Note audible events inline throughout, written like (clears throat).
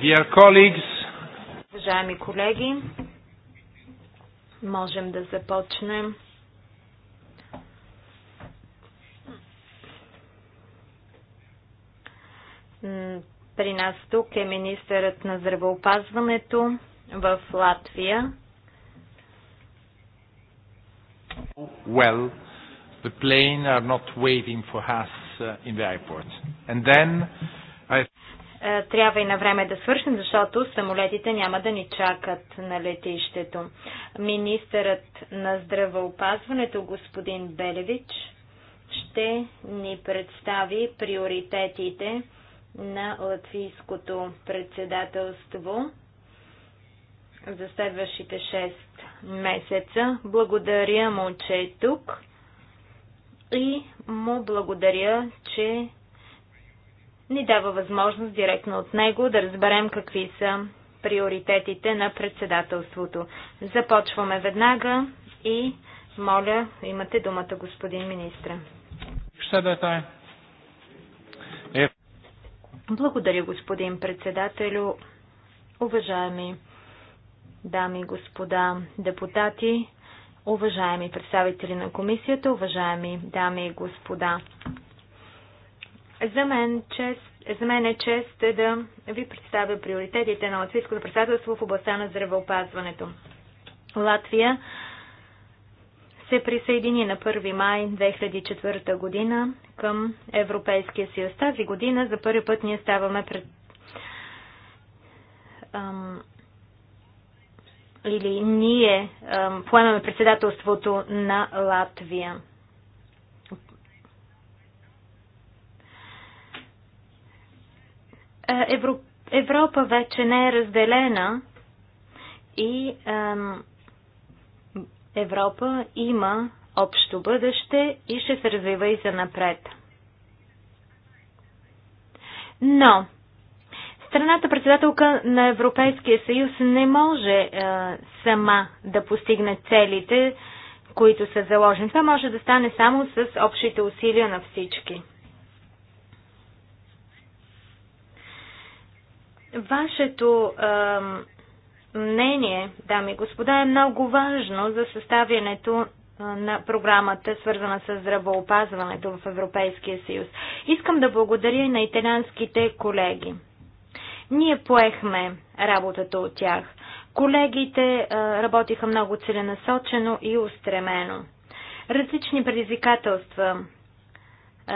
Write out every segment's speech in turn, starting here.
Dear colleagues, Уважаеми колеги, можем да започнем. При нас тук е министърът на здравеопазването в Латвия. Well, the plane are not waiting for us Uh, in the airport. And then I... Е, трябва и на време да свършим, защото самолетите няма да ни чакат на летището. Министърът на здравеопазването, господин Белевич, ще ни представи приоритетите на латвийското председателство за следващите 6 месеца. Благодаря му, че е тук и му благодаря, че ни дава възможност директно от него да разберем какви са приоритетите на председателството. Започваме веднага и моля, имате думата, господин министр. Е. Благодаря, господин председателю. Уважаеми дами и господа депутати, уважаеми представители на комисията, уважаеми дами и господа. За мен, чест, за мен е чест е да ви представя приоритетите на Латвийското председателство в областта на здравеопазването. Латвия се присъедини на 1 май 2004 година към Европейския съюз. Тази година за първи път ние ставаме пред или ние поемаме председателството на Латвия. Е, Европа вече не е разделена и Европа има общо бъдеще и ще се развива и за напред. Но Страната председателка на Европейския съюз не може е, сама да постигне целите, които са заложени. Това може да стане само с общите усилия на всички. Вашето е, мнение, дами и господа, е много важно за съставянето на програмата, свързана с здравоопазването в Европейския съюз. Искам да благодаря и на италянските колеги. Ние поехме работата от тях. Колегите е, работиха много целенасочено и устремено. Различни предизвикателства е,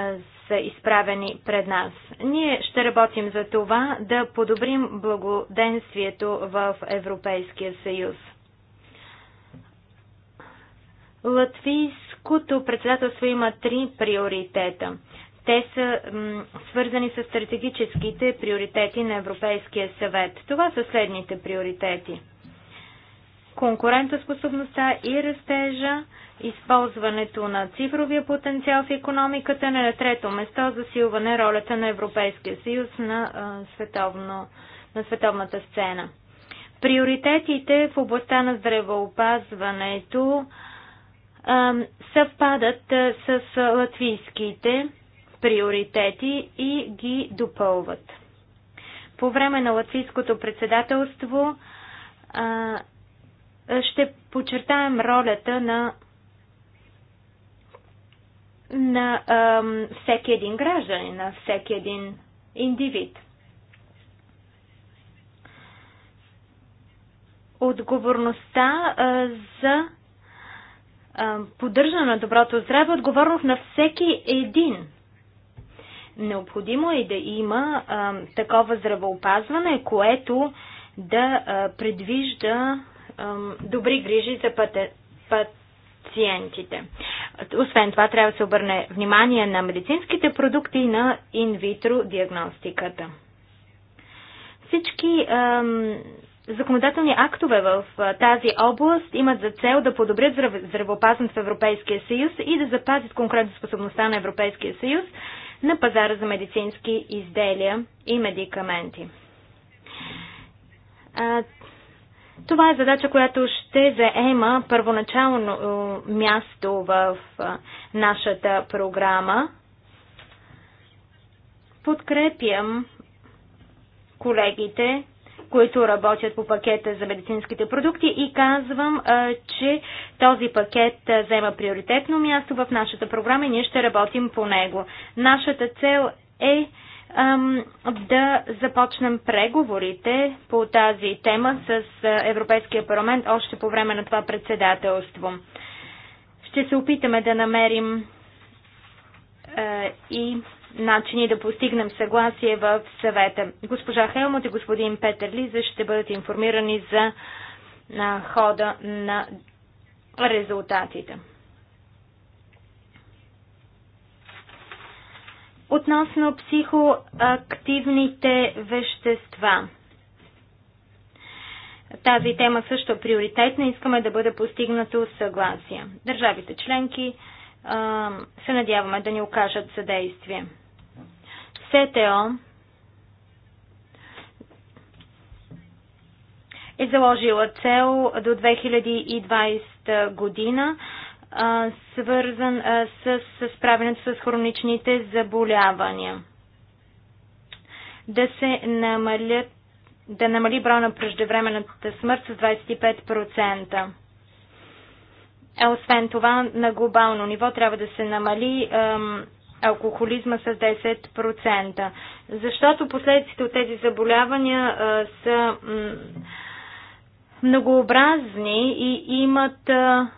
са изправени пред нас. Ние ще работим за това да подобрим благоденствието в Европейския съюз. Латвийското председателство има три приоритета. Те са свързани с стратегическите приоритети на Европейския съвет. Това са следните приоритети. Конкурентоспособността и растежа, използването на цифровия потенциал в економиката, на трето место засилване ролята на Европейския съюз на, световно, на световната сцена. Приоритетите в областта на здравеопазването съвпадат с латвийските приоритети и ги допълват. По време на латвийското председателство ще подчертаем ролята на на ам, всеки един гражданин, на всеки един индивид. Отговорността а, за а, поддържане на доброто здраве е отговорност на всеки един Необходимо е да има а, такова здравеопазване, което да а, предвижда а, добри грижи за пъте, пациентите. Освен това, трябва да се обърне внимание на медицинските продукти и на инвитро диагностиката. Всички а, законодателни актове в тази област имат за цел да подобрят здравеопазването в Европейския съюз и да запазят конкурентоспособността на Европейския съюз на пазара за медицински изделия и медикаменти. Това е задача, която ще заема първоначално е, място в нашата програма. Подкрепям колегите които работят по пакета за медицинските продукти и казвам, че този пакет взема приоритетно място в нашата програма и ние ще работим по него. Нашата цел е да започнем преговорите по тази тема с Европейския парламент още по време на това председателство. Ще се опитаме да намерим и начини да постигнем съгласие в съвета. Госпожа Хелмут и господин Петър Лиза ще бъдат информирани за на хода на резултатите. Относно психоактивните вещества. Тази тема също е приоритетна. Искаме да бъде постигнато съгласие. Държавите членки се надяваме да ни окажат съдействие. СТО е заложила цел до 2020 година, свързан с справянето с хроничните заболявания. Да се намалят да намали броя на преждевременната смърт с 25%. Е, освен това, на глобално ниво трябва да се намали алкохолизма с 10%. Защото последиците от тези заболявания а, са м- многообразни и имат а,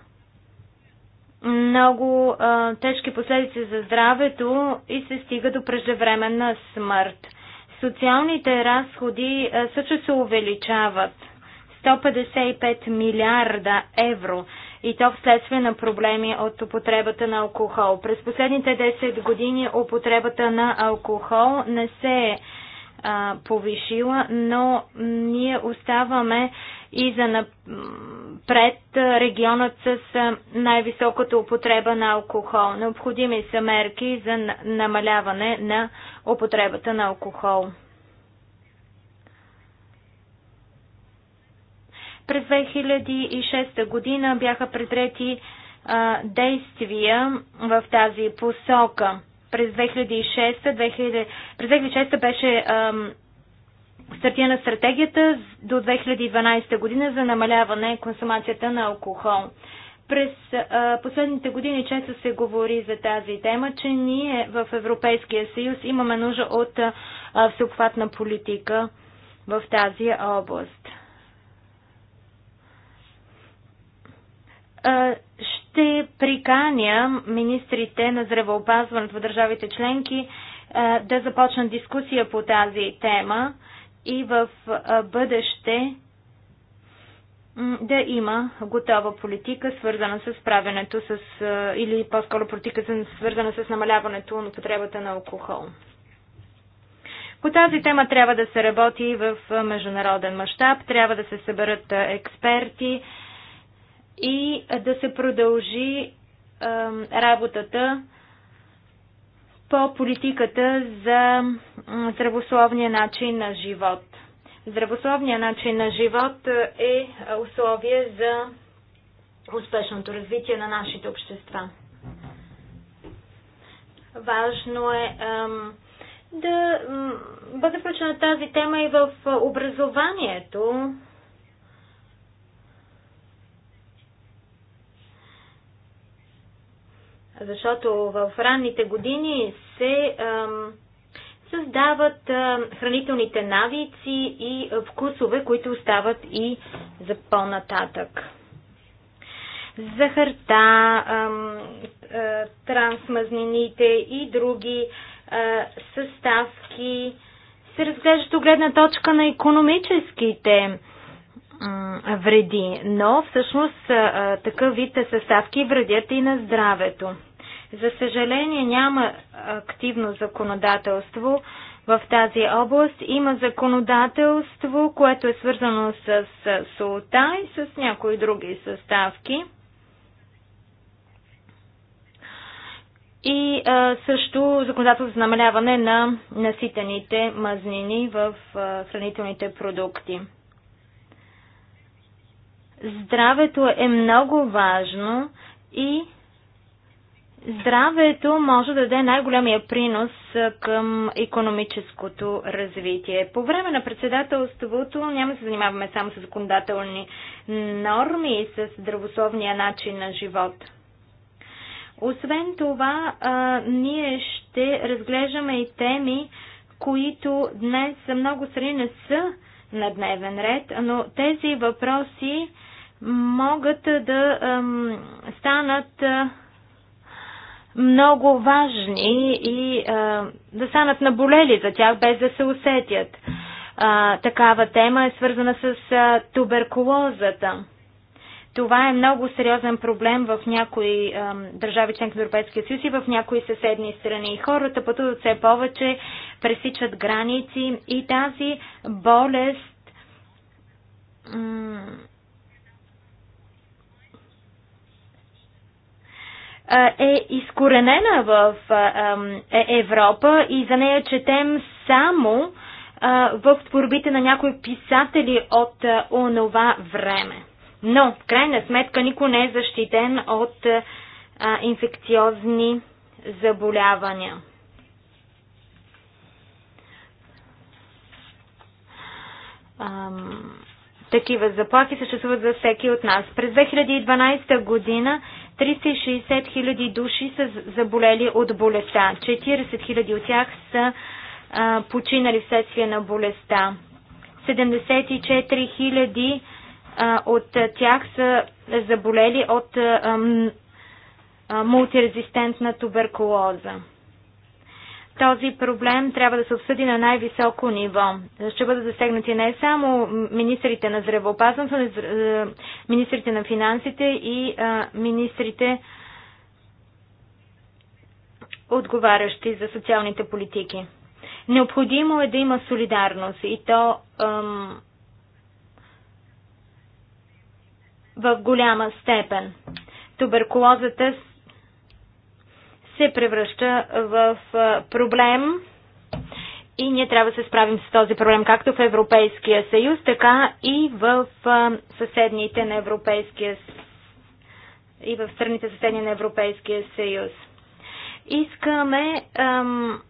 много а, тежки последици за здравето и се стига до преждевременна смърт. Социалните разходи а, също се увеличават. 155 милиарда евро и то вследствие на проблеми от употребата на алкохол. През последните 10 години употребата на алкохол не се е а, повишила, но ние оставаме и за напред регионът с най-високата употреба на алкохол. Необходими са мерки за намаляване на употребата на алкохол. През 2006 година бяха а, действия в тази посока. През 2006, през 2006 беше стартирана стратегията до 2012 година за намаляване консумацията на алкохол. През а, последните години често се говори за тази тема, че ние в Европейския съюз имаме нужда от а, всеобхватна политика в тази област. Е, ще приканя министрите на здравеопазването в държавите членки е, да започнат дискусия по тази тема и в е, бъдеще да има готова политика, свързана с правенето с, или по-скоро политика, свързана с намаляването на потребата на алкохол. По тази тема трябва да се работи в международен мащаб, трябва да се съберат експерти, и да се продължи работата по политиката за здравословния начин на живот. Здравословният начин на живот е, е условие за успешното развитие на нашите общества. Важно е ам, да бъде включена тази тема и в образованието, Защото в ранните години се ам, създават ам, хранителните навици и вкусове, които остават и за по-нататък захарта, трансмазнините и други съставки се разглеждат от гледна точка на економическите вреди, но всъщност такъв вид съставки вредят и на здравето. За съжаление няма активно законодателство в тази област. Има законодателство, което е свързано с солта и с някои други съставки. И а, също законодателство за намаляване на наситените мазнини в а, хранителните продукти. Здравето е много важно и здравето може да даде най-големия принос към економическото развитие. По време на председателството няма да се занимаваме само с законодателни норми и с здравословния начин на живот. Освен това, а, ние ще разглеждаме и теми, които днес са много страни не са на дневен ред, но тези въпроси могат да станат много важни и да станат наболели за тях, без да се усетят. Такава тема е свързана с туберкулозата. Това е много сериозен проблем в някои е, държави членки на Европейския съюз и в някои съседни страни. Хората пътуват все повече, пресичат граници и тази болест е изкоренена в е, Европа и за нея четем само в творбите на някои писатели от онова време. Но, в крайна сметка, никой не е защитен от инфекциозни заболявания. Такива заплахи съществуват за всеки от нас. През 2012 година 360 хиляди души са заболели от болестта. 40 хиляди от тях са а, починали вследствие на болестта. 74 хиляди от тях са заболели от а, а, мултирезистентна туберкулоза. Този проблем трябва да се обсъди на най-високо ниво. Ще бъдат засегнати не само министрите на здравеопазването, е, министрите на финансите и е, министрите отговарящи за социалните политики. Необходимо е да има солидарност и то ам, в голяма степен. Туберкулозата се превръща в проблем и ние трябва да се справим с този проблем както в Европейския съюз, така и в съседните на Европейския и в страните съседни на Европейския съюз. Искаме ам,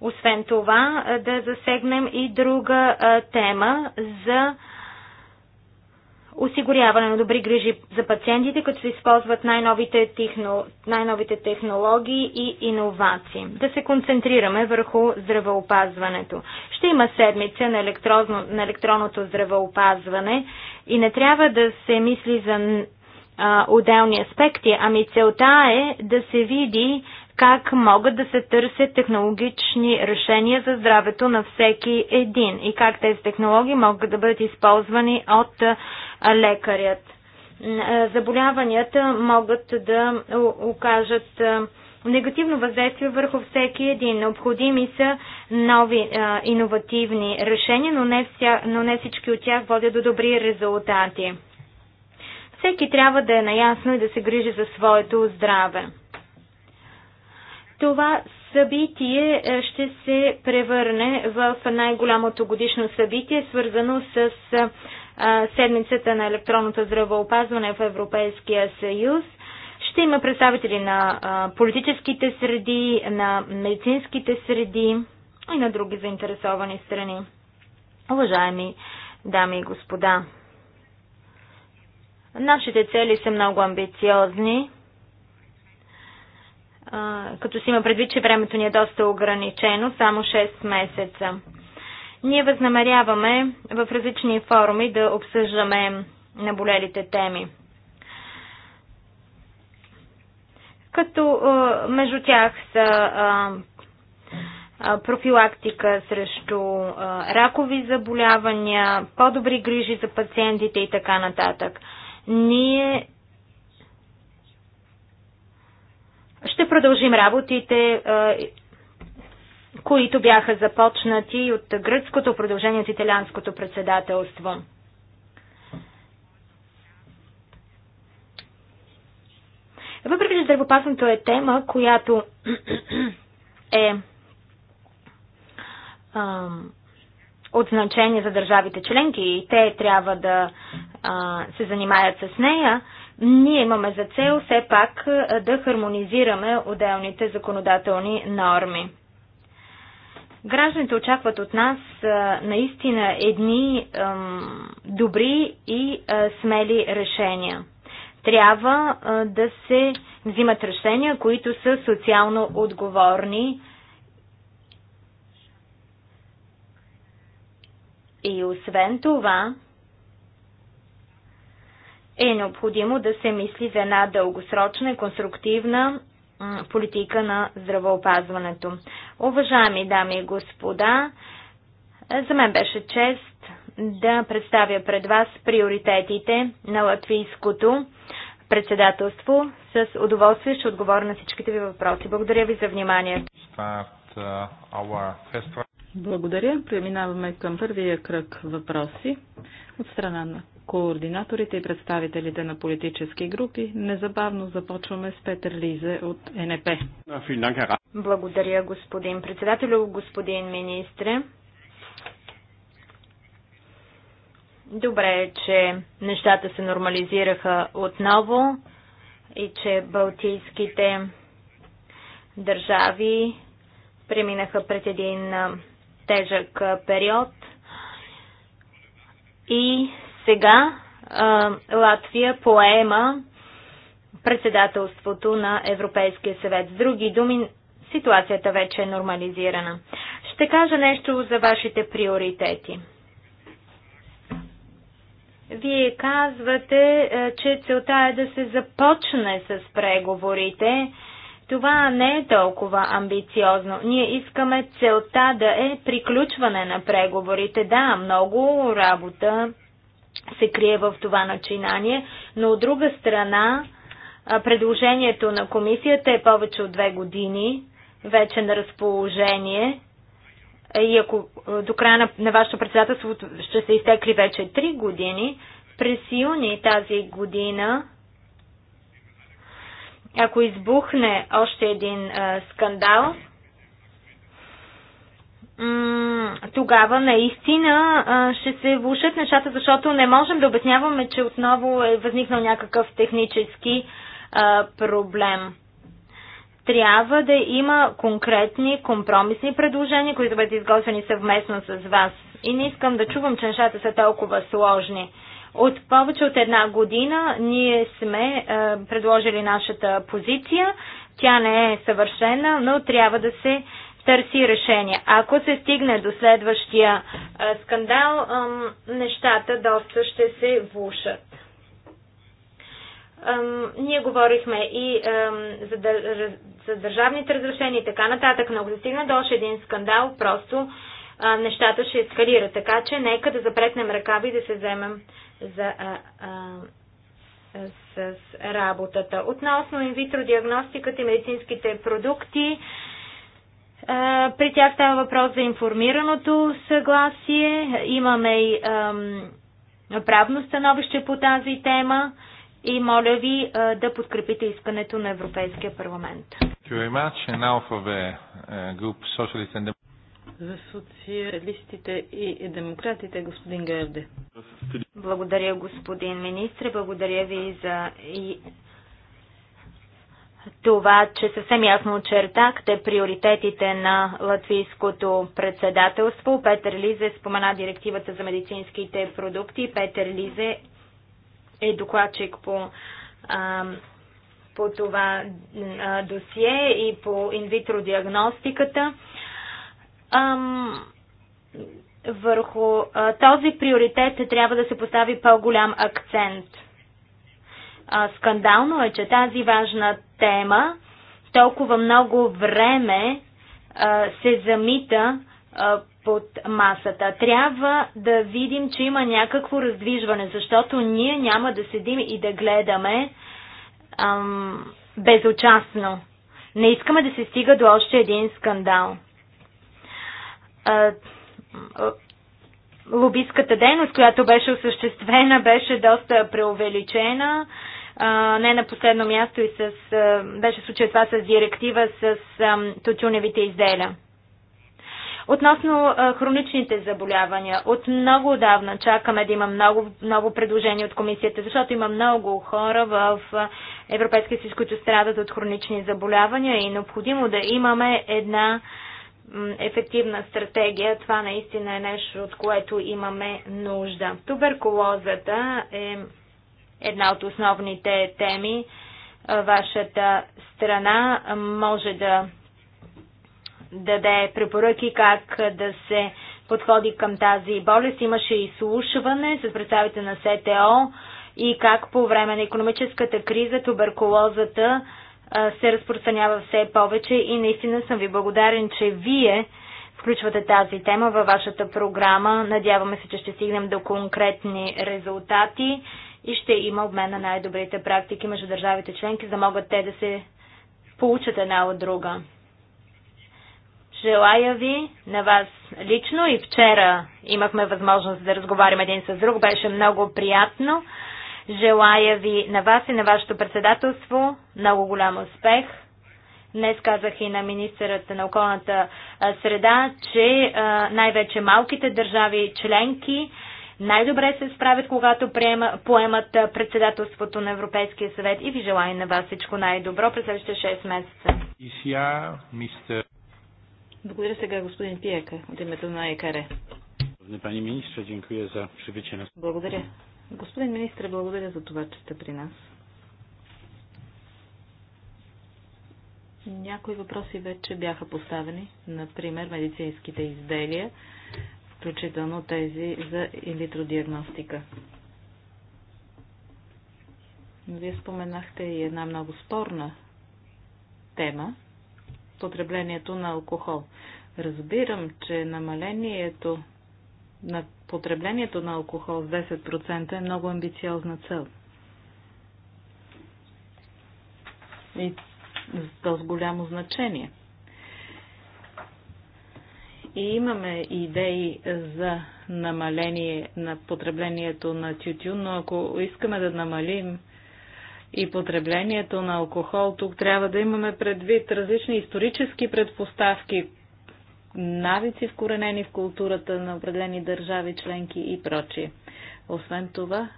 освен това да засегнем и друга а, тема за осигуряване на добри грижи за пациентите, като се използват най-новите, техно, най-новите технологии и иновации. Да се концентрираме върху здравеопазването. Ще има седмица на, електронно, на електронното здравеопазване и не трябва да се мисли за а, отделни аспекти, ами целта е да се види как могат да се търсят технологични решения за здравето на всеки един и как тези технологии могат да бъдат използвани от лекарят. Заболяванията могат да окажат негативно въздействие върху всеки един. Необходими са нови иновативни решения, но не, вся, но не всички от тях водят до добри резултати. Всеки трябва да е наясно и да се грижи за своето здраве. Това събитие ще се превърне в най-голямото годишно събитие, свързано с седмицата на електронното здравеопазване в Европейския съюз. Ще има представители на политическите среди, на медицинските среди и на други заинтересовани страни. Уважаеми дами и господа, нашите цели са много амбициозни като си има предвид, че времето ни е доста ограничено, само 6 месеца. Ние възнамеряваме в различни форуми да обсъждаме наболелите теми. Като между тях са профилактика срещу ракови заболявания, по-добри грижи за пациентите и така нататък. Ние ще продължим работите които бяха започнати от гръцкото продължение от италианското председателство. Въпреки, че здравопасното е тема, която е от значение за държавите членки и те трябва да се занимаят с нея, ние имаме за цел все пак да хармонизираме отделните законодателни норми. Гражданите очакват от нас наистина едни добри и смели решения. Трябва да се взимат решения, които са социално отговорни и освен това е необходимо да се мисли за една дългосрочна и конструктивна политика на здравеопазването. Уважаеми дами и господа, за мен беше чест да представя пред вас приоритетите на латвийското председателство. С удоволствие ще отговоря на всичките ви въпроси. Благодаря ви за вниманието. Благодаря. Преминаваме към първия кръг въпроси от страна на координаторите и представителите на политически групи. Незабавно започваме с Петър Лизе от НП. Благодаря, господин председател, господин министре. Добре е, че нещата се нормализираха отново и че балтийските държави преминаха пред един тежък период и сега Латвия поема председателството на Европейския съвет. С други думи, ситуацията вече е нормализирана. Ще кажа нещо за вашите приоритети. Вие казвате, че целта е да се започне с преговорите. Това не е толкова амбициозно. Ние искаме целта да е приключване на преговорите. Да, много работа се крие в това начинание, но от друга страна предложението на комисията е повече от две години вече на разположение и ако до края на, на вашето председателство ще се изтекли вече 3 години, през юни тази година, ако избухне още един а, скандал, тогава наистина ще се влушат нещата, защото не можем да обясняваме, че отново е възникнал някакъв технически проблем. Трябва да има конкретни компромисни предложения, които бъдат изготвени съвместно с вас. И не искам да чувам, че нещата са толкова сложни. От повече от една година ние сме е, предложили нашата позиция. Тя не е съвършена, но трябва да се търси решение. Ако се стигне до следващия е, скандал, нещата доста ще се влушат. Ние говорихме и за държавните разрешения и така нататък, но ако се стигне до още един скандал, просто нещата ще ескалират. Така че нека да запретнем ръкави и да се вземем за с работата. Относно инвитро диагностиката и медицинските продукти, при тях става въпрос за информираното съгласие. Имаме и правно становище по тази тема и моля ви да подкрепите искането на Европейския парламент. Uh, за социалистите и демократите, господин Герде. Благодаря, господин министр. Благодаря ви за това, че съвсем ясно очертахте приоритетите на латвийското председателство. Петър Лизе спомена директивата за медицинските продукти. Петър Лизе е докладчик по, а, по това а, досие и по инвитро диагностиката. Ам, върху този приоритет трябва да се постави по-голям акцент – а, скандално е, че тази важна тема толкова много време а, се замита а, под масата. Трябва да видим, че има някакво раздвижване, защото ние няма да седим и да гледаме ам, безучастно. Не искаме да се стига до още един скандал. А, лобистката дейност, която беше осъществена, беше доста преувеличена не на последно място и с, беше случай това с директива с тютюневите изделия. Относно хроничните заболявания, от много давна чакаме да има много много предложения от комисията, защото има много хора в Европейския съюз, които страдат от хронични заболявания и е необходимо да имаме една ефективна стратегия. Това наистина е нещо, от което имаме нужда. Туберкулозата е една от основните теми. Вашата страна може да даде препоръки как да се подходи към тази болест. Имаше изслушване с представите на СТО и как по време на економическата криза туберкулозата се разпространява все повече и наистина съм ви благодарен, че вие включвате тази тема във вашата програма. Надяваме се, че ще стигнем до конкретни резултати и ще има обмен на най-добрите практики между държавите членки, за да могат те да се получат една от друга. Желая ви на вас лично и вчера имахме възможност да разговарим един с друг. Беше много приятно. Желая ви на вас и на вашето председателство много голям успех. Днес казах и на министърът на околната среда, че най-вече малките държави членки най-добре се справят, когато приема, поемат председателството на Европейския съвет и ви желая на вас всичко най-добро през следващите 6 месеца. И сега, мистер... Благодаря сега господин Пиека от името на ЕКАРЕ. Благодаря. Господин министр, благодаря за това, че сте при нас. Някои въпроси вече бяха поставени, например медицинските изделия включително тези за инвитродиагностика. Вие споменахте и една много спорна тема – потреблението на алкохол. Разбирам, че намалението на потреблението на алкохол с 10% е много амбициозна цел. И то с голямо значение – и имаме идеи за намаление на потреблението на тютюн, но ако искаме да намалим и потреблението на алкохол, тук трябва да имаме предвид различни исторически предпоставки, навици вкоренени в културата на определени държави, членки и прочие. Освен това,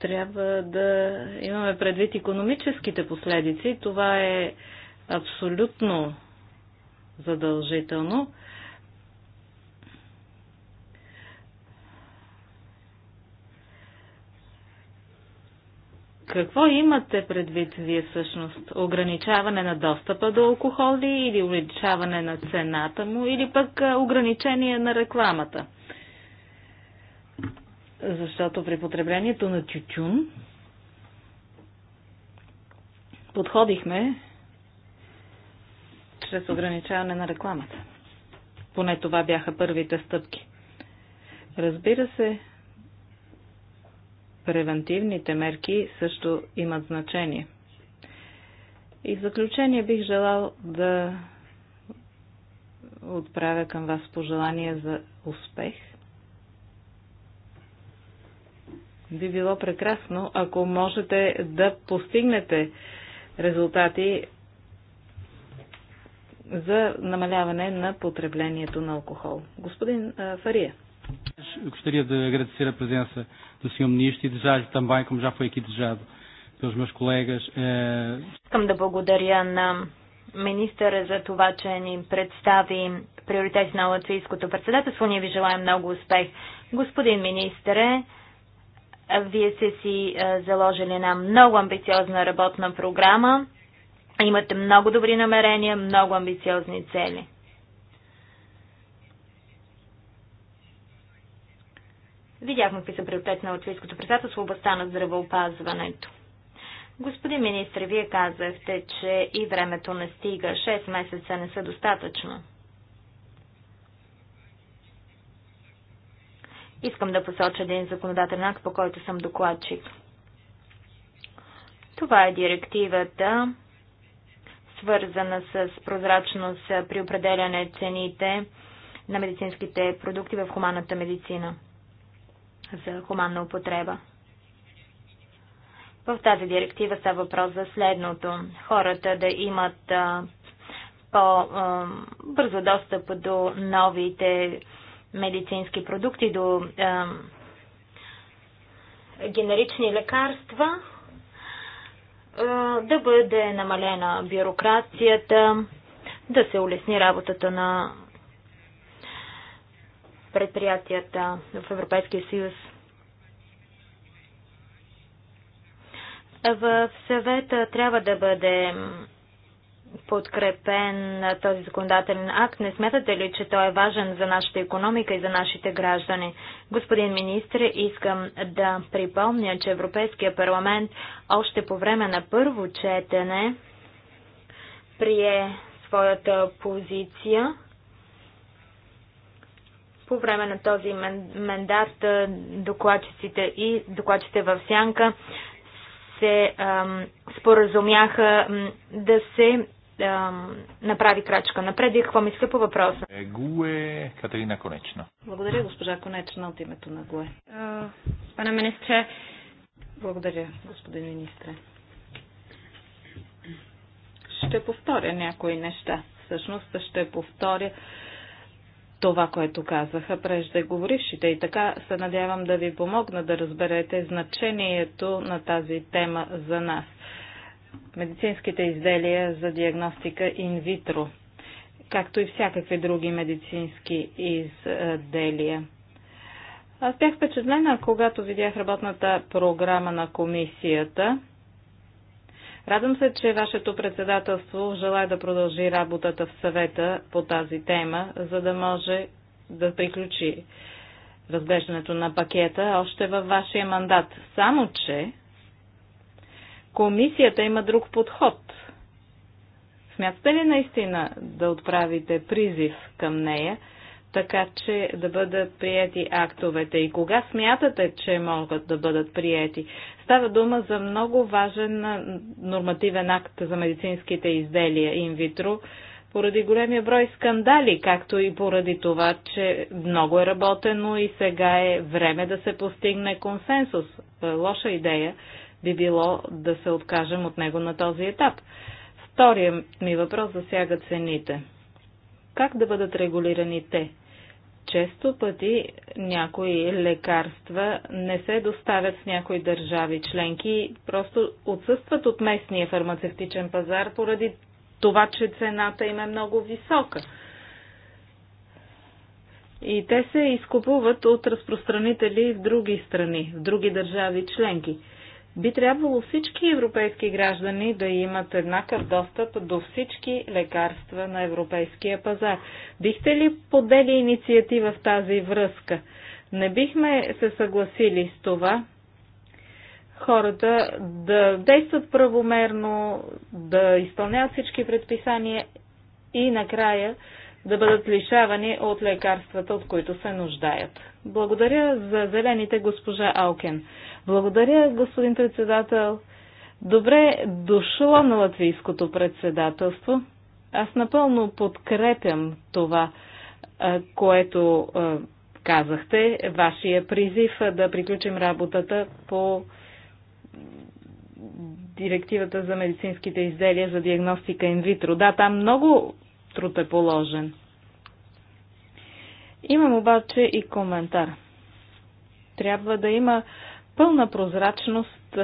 трябва да имаме предвид економическите последици. Това е абсолютно задължително. Какво имате предвид вие всъщност? Ограничаване на достъпа до алкохоли или увеличаване на цената му или пък ограничение на рекламата? Защото при потреблението на тютюн подходихме чрез ограничаване на рекламата. Поне това бяха първите стъпки. Разбира се, превентивните мерки също имат значение. И в заключение бих желал да отправя към вас пожелания за успех. Би било прекрасно, ако можете да постигнете резултати за намаляване на потреблението на алкохол. Господин Фария. gostaria de agradecer a presença do Sr. Ministro e desejar-lhe também, como já foi aqui desejado pelos meus colegas. Eh, Искам да благодаря на министъра за това, че ни представи приоритет на латвийското председателство. Ние ви желаем много успех. Господин министре, вие сте си е, заложили една много амбициозна работна програма. Имате много добри намерения, много амбициозни цели. Видяхме какви са приоритети на латвийското председателство в областта на здравеопазването. Господин министр, вие казахте, че и времето не стига. 6 месеца не са достатъчно. Искам да посоча един законодателен акт, по който съм докладчик. Това е директивата свързана с прозрачност при определяне цените на медицинските продукти в хуманната медицина за хуманна употреба. В тази директива става въпрос за следното. Хората да имат по-бързо достъп до новите медицински продукти, до генерични лекарства, да бъде намалена бюрокрацията, да се улесни работата на предприятията в Европейския съюз. В съвета трябва да бъде подкрепен този законодателен акт. Не смятате ли, че той е важен за нашата економика и за нашите граждани? Господин министр, искам да припомня, че Европейския парламент още по време на първо четене прие своята позиция по време на този мандат докладчиците и докладчите в сянка се ам, споразумяха да се направи крачка напред и какво мисля по въпроса. Е, Гуе Катерина Конечна. Благодаря, госпожа Конечна, от името на Гуе. Е, пане министре. Благодаря, господин министре. Ще повторя някои неща. Всъщност ще повторя това, което казаха преждеговорившите. И така се надявам да ви помогна да разберете значението на тази тема за нас медицинските изделия за диагностика инвитро, както и всякакви други медицински изделия. Аз бях впечатлена, когато видях работната програма на комисията. Радвам се, че вашето председателство желая да продължи работата в съвета по тази тема, за да може да приключи разглеждането на пакета още във вашия мандат. Само, че комисията има друг подход. Смятате ли наистина да отправите призив към нея, така че да бъдат прияти актовете и кога смятате, че могат да бъдат прияти? Става дума за много важен нормативен акт за медицинските изделия инвитро, поради големия брой скандали, както и поради това, че много е работено и сега е време да се постигне консенсус. Е, лоша идея би било да се откажем от него на този етап. Втория ми въпрос засяга цените. Как да бъдат регулирани те? Често пъти някои лекарства не се доставят в някои държави членки, просто отсъстват от местния фармацевтичен пазар поради това, че цената им е много висока. И те се изкупуват от разпространители в други страни, в други държави членки. Би трябвало всички европейски граждани да имат еднакъв достъп до всички лекарства на европейския пазар. Бихте ли подели инициатива в тази връзка? Не бихме се съгласили с това хората да действат правомерно, да изпълняват всички предписания и накрая да бъдат лишавани от лекарствата, от които се нуждаят. Благодаря за зелените госпожа Алкен. Благодаря, господин председател. Добре дошло на латвийското председателство. Аз напълно подкрепям това, което казахте, вашия призив да приключим работата по директивата за медицинските изделия за диагностика инвитро. Да, там много труд е положен. Имам обаче и коментар. Трябва да има пълна прозрачност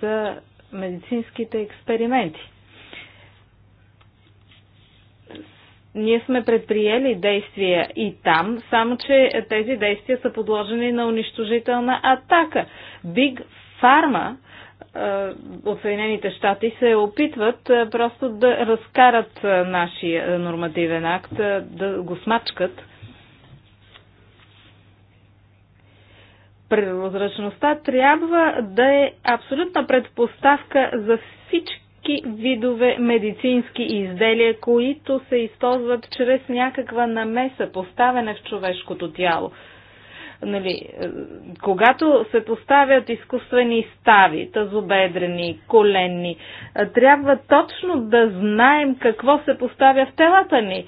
за медицинските експерименти. Ние сме предприели действия и там, само че тези действия са подложени на унищожителна атака. Биг Фарма е, от Съединените щати се опитват е, просто да разкарат е, нашия нормативен акт, да го смачкат Прозрачността трябва да е абсолютна предпоставка за всички видове медицински изделия, които се използват чрез някаква намеса, поставена в човешкото тяло. Нали, е, когато се поставят изкуствени стави, тазобедрени, коленни, е, трябва точно да знаем какво се поставя в телата ни.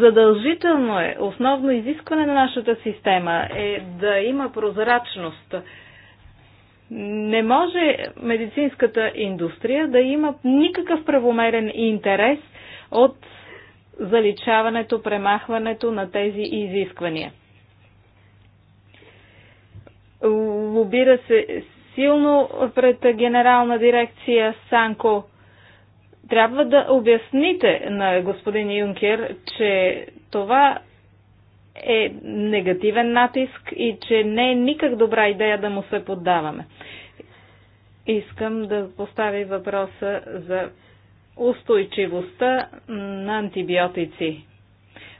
Задължително е, основно изискване на нашата система е да има прозрачност не може медицинската индустрия да има никакъв правомерен интерес от заличаването, премахването на тези изисквания. Лобира се силно пред генерална дирекция Санко. Трябва да обясните на господин Юнкер, че това е негативен натиск и че не е никак добра идея да му се поддаваме. Искам да постави въпроса за устойчивостта на антибиотици.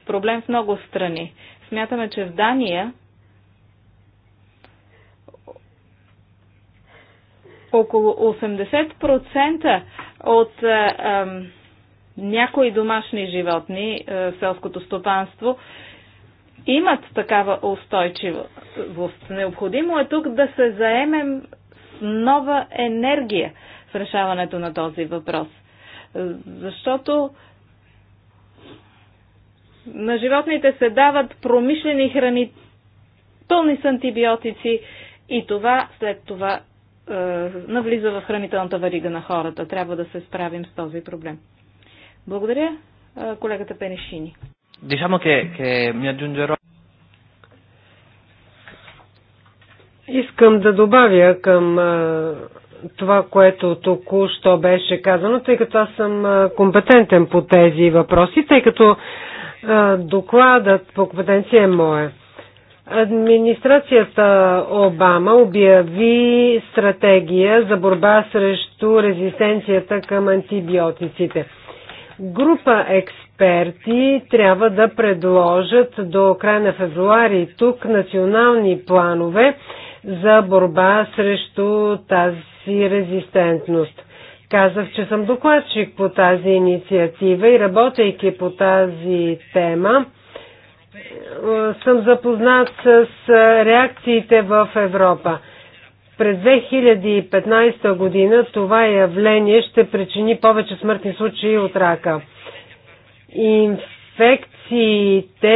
Проблем в много страни. Смятаме, че в Дания около 80% от а, е, а, някои домашни животни а, е, в селското стопанство имат такава устойчивост. Необходимо е тук да се заемем с нова енергия в решаването на този въпрос. Защото на животните се дават промишлени храни, пълни с антибиотици и това след това е, навлиза в хранителната варига на хората. Трябва да се справим с този проблем. Благодаря, е, колегата Пенешини. Дишамо, ке, ке ми аджунджеро. Искам да добавя към е, това, което току-що беше казано, тъй като аз съм компетентен по тези въпроси, тъй като докладът по компетенция е моя. Администрацията Обама обяви стратегия за борба срещу резистенцията към антибиотиците. Група експерти трябва да предложат до края на февруари тук национални планове за борба срещу тази резистентност. Казах, че съм докладчик по тази инициатива и работейки по тази тема, съм запознат с реакциите в Европа. През 2015 година това явление ще причини повече смъртни случаи от рака. Инфекциите,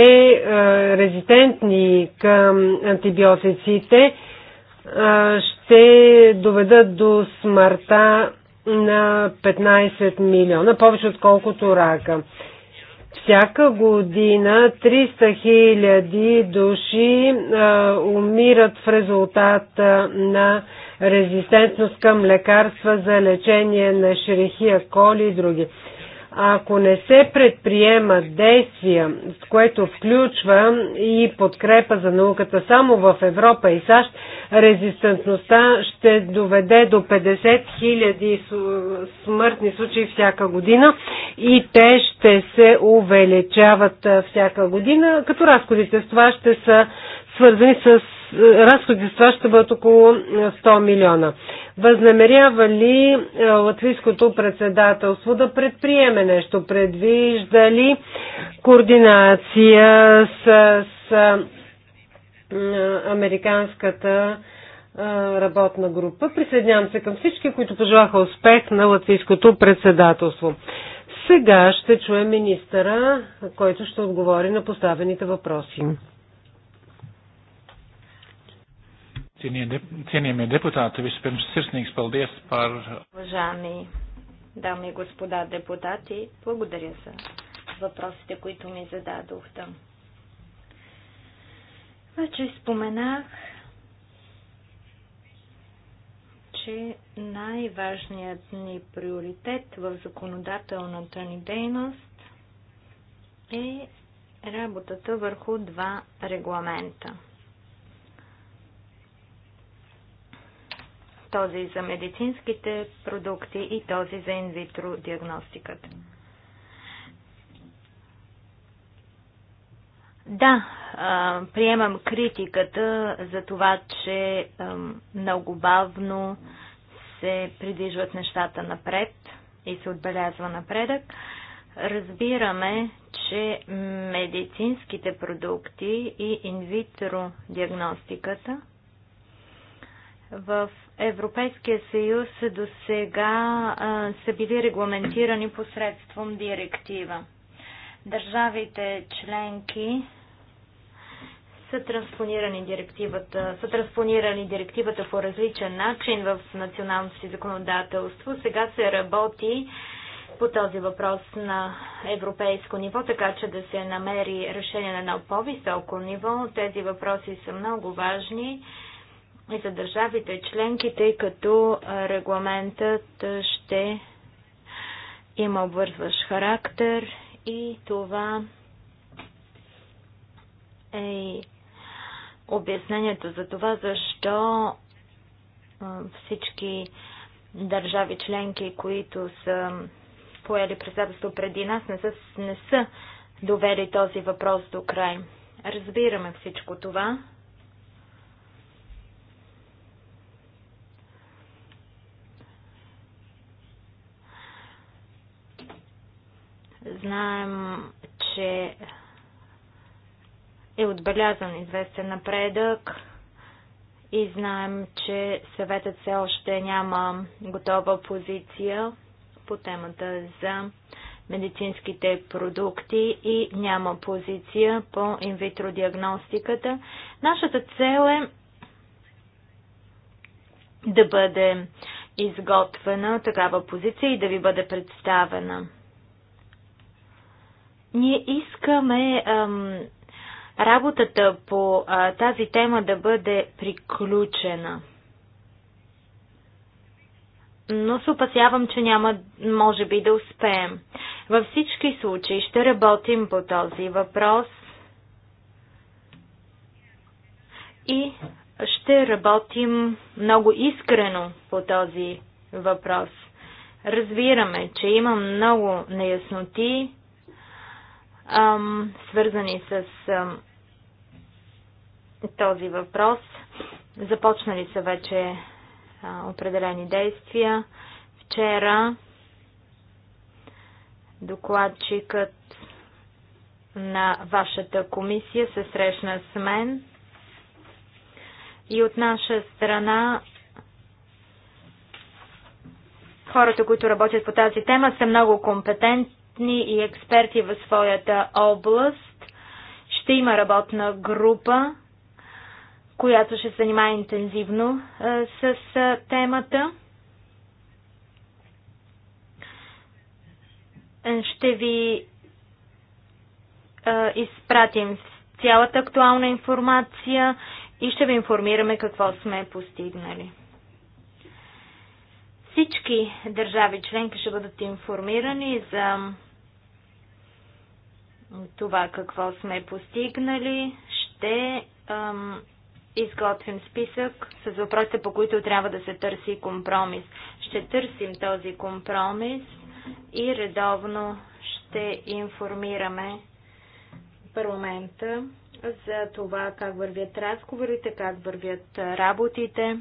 е, резистентни към антибиотиците, е, ще доведат до смъртта на 15 милиона, повече отколкото рака. Всяка година 300 хиляди души а, умират в резултат на резистентност към лекарства за лечение на шерехия, коли и други. Ако не се предприемат действия, което включва и подкрепа за науката само в Европа и САЩ, резистентността ще доведе до 50 000 смъртни случаи всяка година и те ще се увеличават всяка година, като разходите с това ще са свързани с е, разходи за това ще бъдат около 100 е, милиона. Възнамерява ли е, латвийското председателство да предприеме нещо? Предвижда ли координация с, с американската работна група? Присъединявам се към всички, които пожелаха успех на латвийското председателство. Сега ще чуем министъра, който ще отговори на поставените въпроси. Cienījamie deputāti, vispirms sirsnīgs paldies par. Уважаеми дами и господа депутати, благодаря за въпросите, които ми зададохте. Вече споменах, че най-важният ни приоритет в законодателната ни дейност е работата върху два регламента – този за медицинските продукти и този за инвитро диагностиката. Да, приемам критиката за това, че много бавно се придвижват нещата напред и се отбелязва напредък. Разбираме, че медицинските продукти и инвитро диагностиката – в Европейския съюз до сега са били регламентирани посредством директива. Държавите членки са транспонирани директивата, са транспонирани директивата по различен начин в националното си законодателство. Сега се работи по този въпрос на европейско ниво, така че да се намери решение на едно по-високо ниво. Тези въпроси са много важни и за държавите членки, тъй като регламентът ще има обвързващ характер и това е обяснението за това, защо всички държави членки, които са поели председателство преди нас, не са, не са довели този въпрос до край. Разбираме всичко това. Знаем, че е отбелязан известен напредък и знаем, че съветът все още няма готова позиция по темата за медицинските продукти и няма позиция по инвитро диагностиката. Нашата цел е да бъде изготвена такава позиция и да ви бъде представена. Ние искаме ам, работата по а, тази тема да бъде приключена. Но се опасявам, че няма, може би, да успеем. Във всички случаи ще работим по този въпрос и ще работим много искрено по този въпрос. Разбираме, че има много неясноти ам, свързани с ам, този въпрос. Започнали са вече а, определени действия. Вчера докладчикът на вашата комисия се срещна с мен и от наша страна хората, които работят по тази тема, са много компетентни експертни и експерти в своята област. Ще има работна група, която ще се занимава интензивно с темата. Ще ви изпратим цялата актуална информация и ще ви информираме какво сме постигнали. Всички държави членки ще бъдат информирани за това какво сме постигнали. Ще ам, изготвим списък с въпросите, по които трябва да се търси компромис. Ще търсим този компромис и редовно ще информираме парламента за това как вървят разговорите, как вървят работите.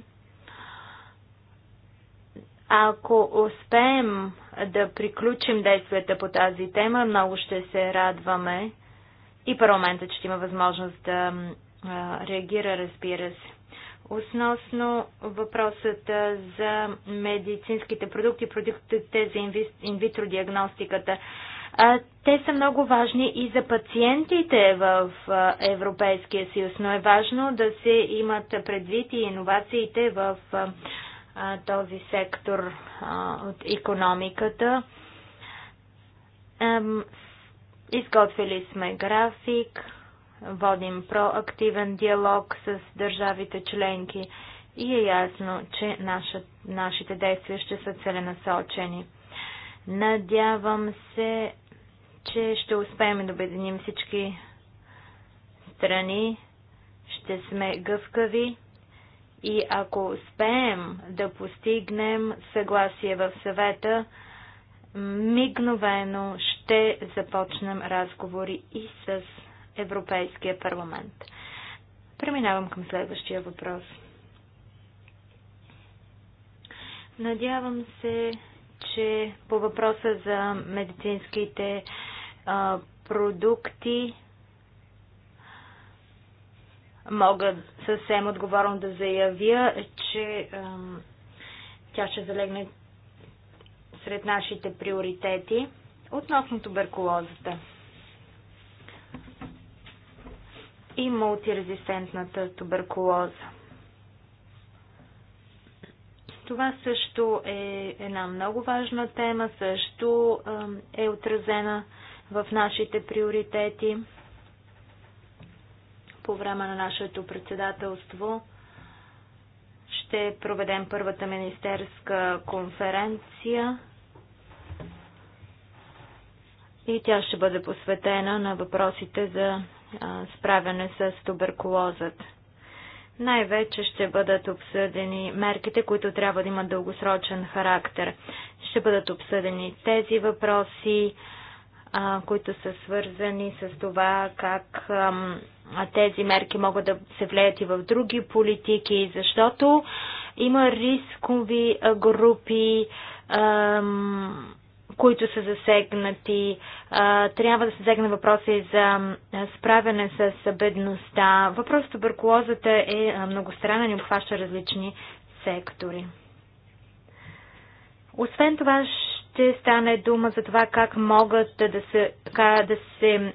Ако успеем да приключим действията по тази тема. Много ще се радваме и парламентът ще има възможност да реагира, разбира се. Относно въпросът за медицинските продукти, продуктите за инвитро диагностиката. Те са много важни и за пациентите в Европейския съюз, но е важно да се имат предвид и иновациите в този сектор от економиката. изготвили сме график, водим проактивен диалог с държавите членки и е ясно, че нашите действия ще са целенасочени. Надявам се, че ще успеем да обединим всички страни, ще сме гъвкави и ако успеем да постигнем съгласие в съвета, мигновено ще започнем разговори и с Европейския парламент. Преминавам към следващия въпрос. Надявам се, че по въпроса за медицинските а, продукти мога съвсем отговорно да заявя, че тя ще залегне сред нашите приоритети относно туберкулозата и мултирезистентната туберкулоза. Това също е една много важна тема, също е отразена в нашите приоритети по време на нашето председателство ще проведем първата министерска конференция и тя ще бъде посветена на въпросите за справяне с туберкулозът. Най-вече ще бъдат обсъдени мерките, които трябва да имат дългосрочен характер. Ще бъдат обсъдени тези въпроси, които са свързани с това как тези мерки могат да се влеят и в други политики, защото има рискови групи, които са засегнати. Трябва да се засегне въпроса и за справяне с бедността. Въпрос туберкулозата е многостранен и обхваща различни сектори. Освен това, ще стане дума за това как могат да се, как да се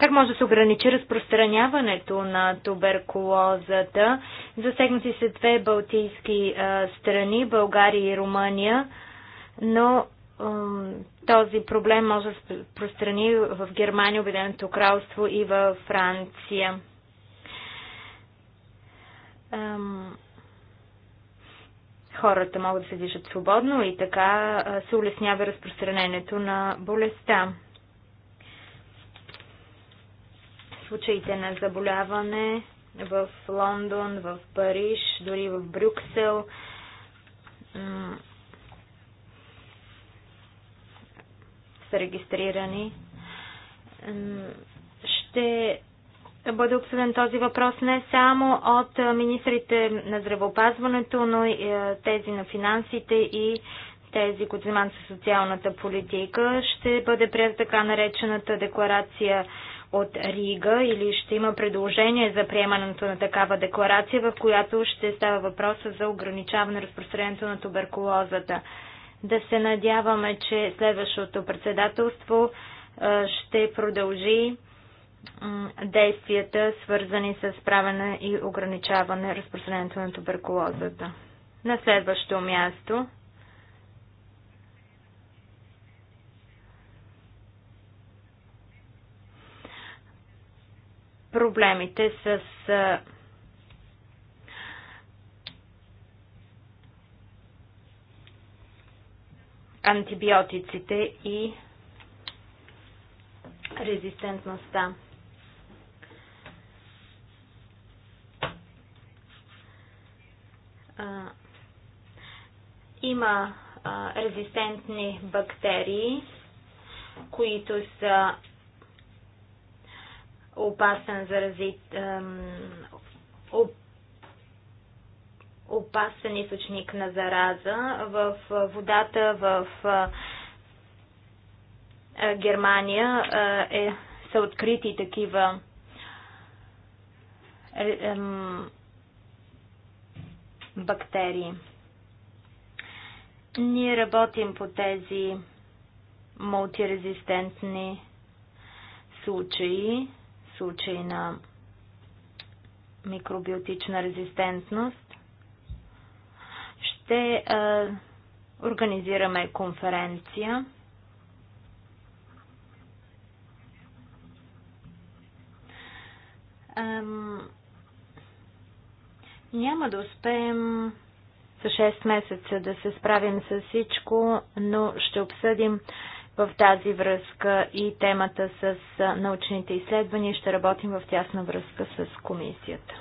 как може да се ограничи разпространяването на туберкулозата? Засегнати се две балтийски а, страни, България и Румъния, но този проблем може да се пространи в Германия, Обединеното кралство и във Франция хората могат да се движат свободно и така се улеснява разпространението на болестта. Случаите на заболяване в Лондон, в Париж, дори в Брюксел са регистрирани. Ще бъде обсъден този въпрос не само от министрите на здравеопазването, но и тези на финансите и тези, които занимават с социалната политика. Ще бъде прията така наречената декларация от Рига или ще има предложение за приемането на такава декларация, в която ще става въпроса за ограничаване разпространението на туберкулозата. Да се надяваме, че следващото председателство ще продължи действията, свързани с правене и ограничаване разпространението на туберкулозата. На следващо място проблемите с антибиотиците и резистентността. има резистентни бактерии, които са опасен заразит, опасен източник на зараза. В водата в Германия е, са открити такива е, бактерии. Ние работим по тези мултирезистентни случаи, случаи на микробиотична резистентност. Ще а, организираме конференция. Ам, няма да успеем за 6 месеца да се справим с всичко, но ще обсъдим в тази връзка и темата с научните изследвания. Ще работим в тясна връзка с комисията.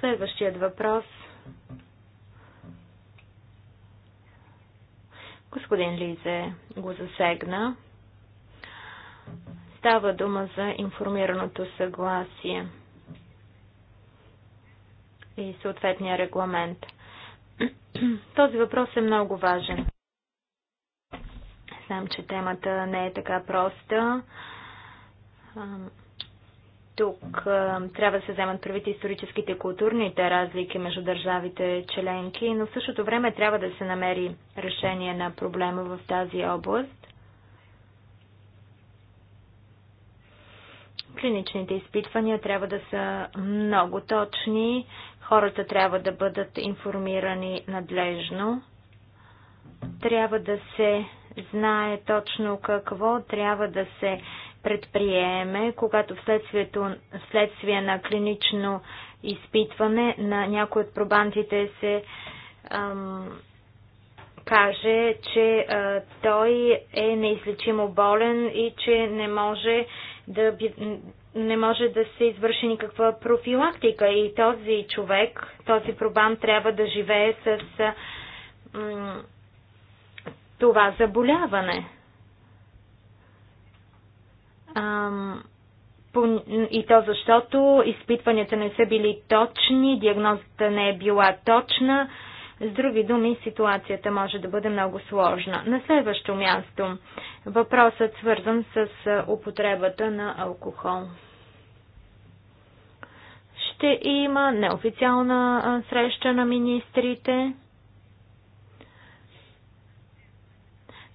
Следващият въпрос. Господин Лизе го засегна. Става дума за информираното съгласие и съответния регламент. (clears throat) Този въпрос е много важен. Знам, че темата не е така проста. Тук трябва да се вземат правите историческите и културните разлики между държавите членки, но в същото време трябва да се намери решение на проблема в тази област. Клиничните изпитвания трябва да са много точни, хората трябва да бъдат информирани надлежно, трябва да се знае точно какво трябва да се предприеме, когато вследствие на клинично изпитване на някои от пробантите се ам, каже, че а, той е неизлечимо болен и че не може да не може да се извърши никаква профилактика и този човек, този пробан трябва да живее с това заболяване. И то защото изпитванията не са били точни, диагнозата не е била точна, с други думи, ситуацията може да бъде много сложна. На следващо място, въпросът свързан с употребата на алкохол. Ще има неофициална среща на министрите.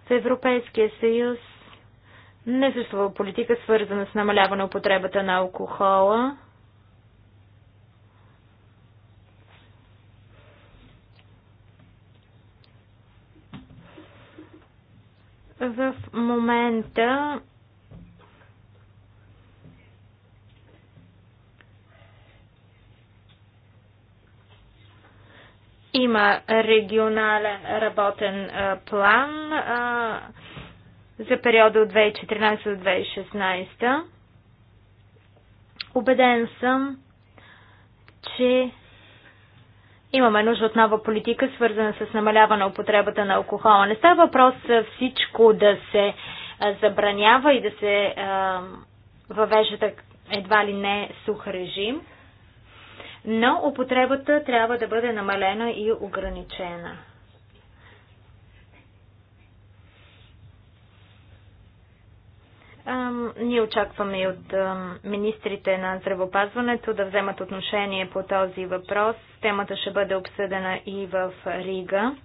В Европейския съюз не съществува политика свързана с намаляване употребата на алкохола. В момента има регионален работен план за периода от 2014 до 2016. Обеден съм, че Имаме нужда от нова политика, свързана с намаляване употребата на алкохола. Не става въпрос всичко да се забранява и да се въвежда едва ли не сух режим, но употребата трябва да бъде намалена и ограничена. Ние очакваме и от министрите на здравопазването да вземат отношение по този въпрос. Темата ще бъде обсъдена и в Рига.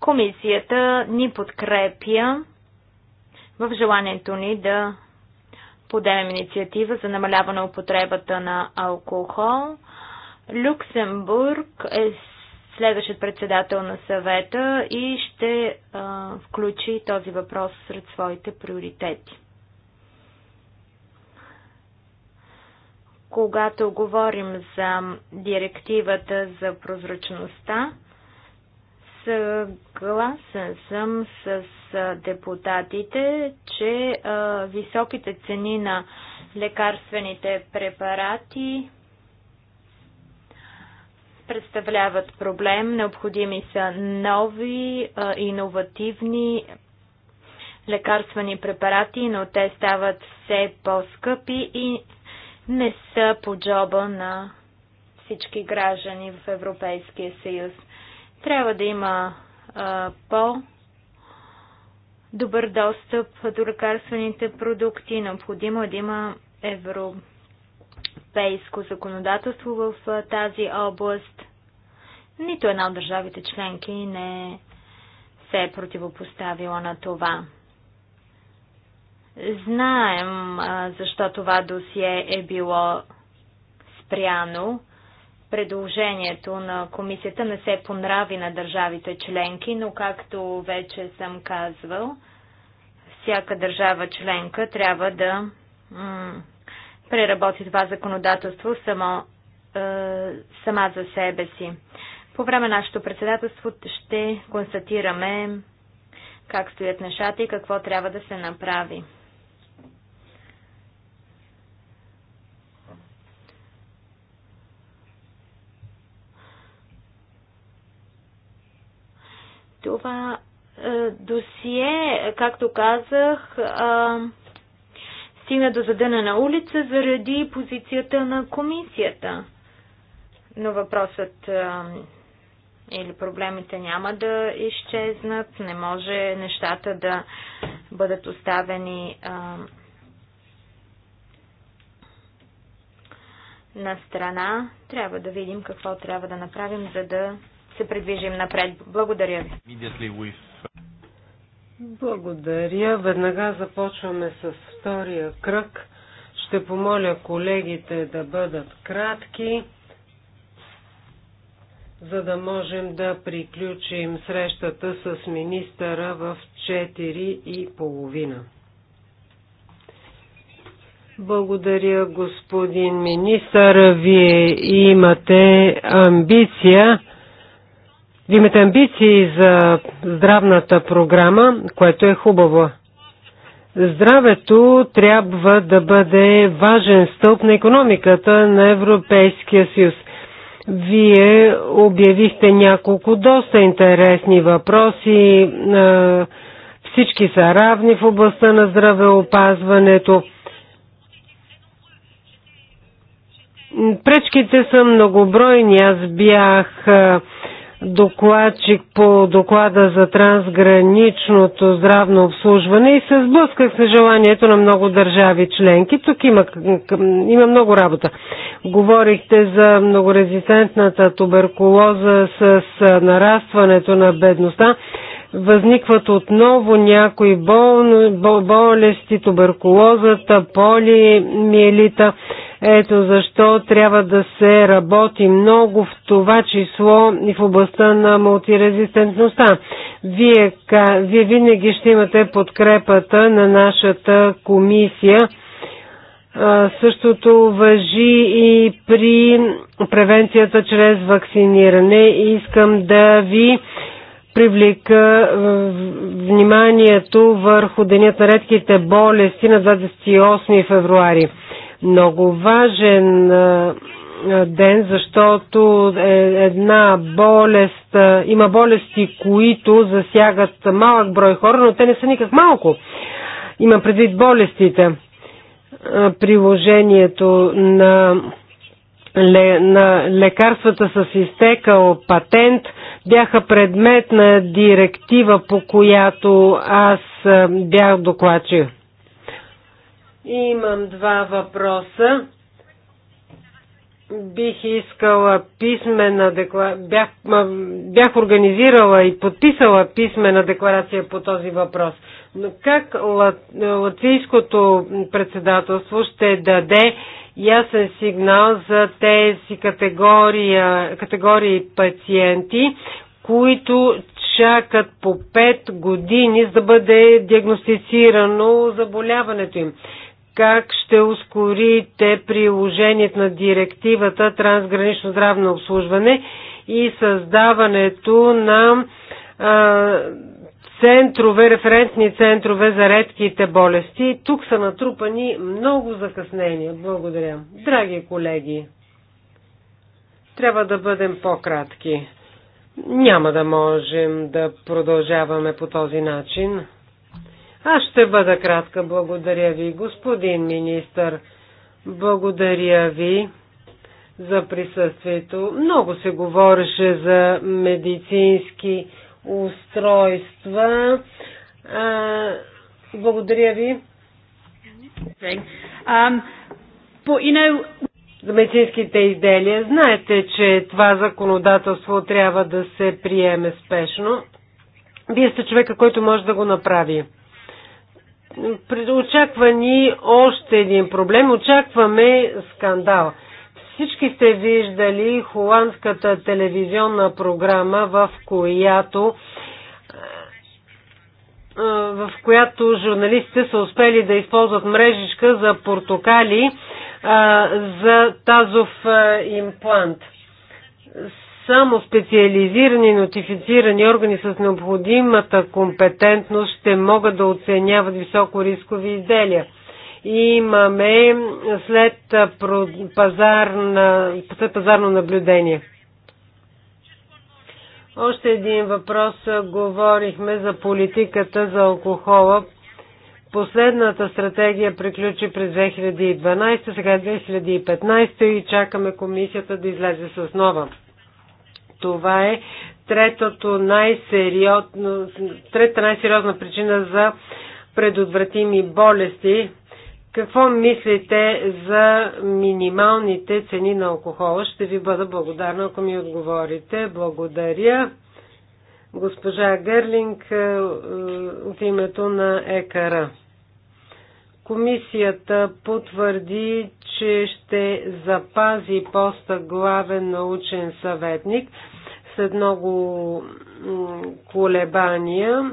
Комисията ни подкрепя в желанието ни да подемем инициатива за намаляване употребата на алкохол. Люксембург е следващият председател на съвета и ще а, включи този въпрос сред своите приоритети. Когато говорим за директивата за прозрачността, съгласен съм с депутатите, че а, високите цени на лекарствените препарати представляват проблем. Необходими са нови, иновативни лекарствени препарати, но те стават все по-скъпи и не са по джоба на всички граждани в Европейския съюз. Трябва да има по- добър достъп до лекарствените продукти. Необходимо е да има евро европейско законодателство в тази област. Нито една от държавите членки не се е противопоставила на това. Знаем защо това досие е било спряно. Предложението на комисията не се понрави на държавите членки, но както вече съм казвал, всяка държава членка трябва да преработи това законодателство само, е, сама за себе си. По време на нашето председателство ще констатираме как стоят нещата и какво трябва да се направи. Това е, досие, както казах, е, стигна до задъна на улица заради позицията на комисията. Но въпросът или проблемите няма да изчезнат, не може нещата да бъдат оставени а, на страна. Трябва да видим какво трябва да направим, за да се придвижим напред. Благодаря ви. Благодаря. Веднага започваме с втория кръг. Ще помоля колегите да бъдат кратки, за да можем да приключим срещата с министъра в 4 и половина. Благодаря, господин министър. Вие имате амбиция. Вие имате амбиции за здравната програма, което е хубаво. Здравето трябва да бъде важен стълб на економиката на Европейския съюз. Вие обявихте няколко доста интересни въпроси. Всички са равни в областта на здравеопазването. Пречките са многобройни. Аз бях докладчик по доклада за трансграничното здравно обслужване и се сблъсках с желанието на много държави членки. Тук има, има много работа. Говорихте за многорезистентната туберкулоза с нарастването на бедността. Възникват отново някои болни, болести, туберкулозата, полимиелита. Ето защо трябва да се работи много в това число и в областта на мултирезистентността. Вие, вие винаги ще имате подкрепата на нашата комисия. Същото въжи и при превенцията чрез вакциниране. Искам да ви привлека вниманието върху Денят на редките болести на 28 февруари много важен ден, защото е една болест, има болести, които засягат малък брой хора, но те не са никак малко. Има предвид болестите. Приложението на, на лекарствата с изтекал патент бяха предмет на директива, по която аз бях докладчик. Имам два въпроса. Бих искала писмена декларация. Бях, бях организирала и подписала писмена декларация по този въпрос. Но как латвийското председателство ще даде ясен сигнал за тези категория, категории пациенти, които чакат по 5 години, за да бъде диагностицирано заболяването им как ще ускорите приложението на директивата трансгранично здравно обслужване и създаването на а, центрове, референтни центрове за редките болести. Тук са натрупани много закъснения. Благодаря. Драги колеги, трябва да бъдем по-кратки. Няма да можем да продължаваме по този начин. Аз ще бъда кратка. Благодаря ви, господин министър. Благодаря ви за присъствието. Много се говореше за медицински устройства. А, благодаря ви. За медицинските изделия знаете, че това законодателство трябва да се приеме спешно. Вие сте човека, който може да го направи. Очаква ни още един проблем. Очакваме скандал. Всички сте виждали холандската телевизионна програма, в която в която журналистите са успели да използват мрежичка за портокали а, за тазов а, имплант. Само специализирани нотифицирани органи с необходимата компетентност ще могат да оценяват високо рискови изделия. Имаме след, пазарна, след пазарно наблюдение. Още един въпрос. Говорихме за политиката за алкохола. Последната стратегия приключи през 2012, сега 2015 е и чакаме комисията да излезе с нова. Това е третото най-сериозно, трета най-сериозна причина за предотвратими болести. Какво мислите за минималните цени на алкохола? Ще ви бъда благодарна, ако ми отговорите. Благодаря. Госпожа Гърлинг е, е, от името на ЕКАРА. Комисията потвърди, че ще запази поста главен научен съветник – след много колебания.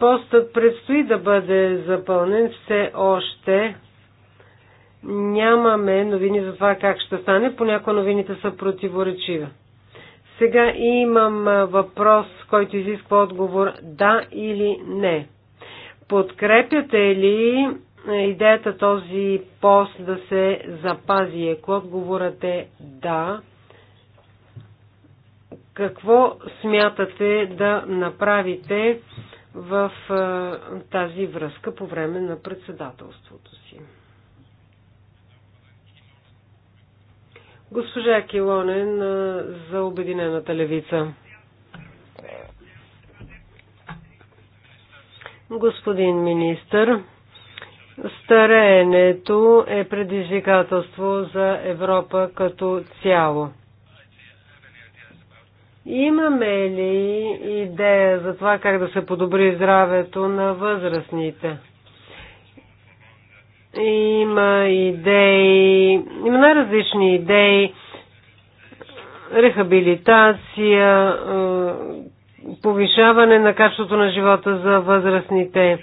Постът предстои да бъде запълнен все още. Нямаме новини за това как ще стане. Понякога новините са противоречиви. Сега имам въпрос, който изисква отговор да или не. Подкрепяте ли идеята този пост да се запази? Ако отговорът е да, какво смятате да направите в тази връзка по време на председателството си? Госпожа Килонен за Обединената левица. Господин министър, стареенето е предизвикателство за Европа като цяло. Имаме ли идея за това как да се подобри здравето на възрастните? Има идеи, има най-различни идеи, рехабилитация, повишаване на качеството на живота за възрастните.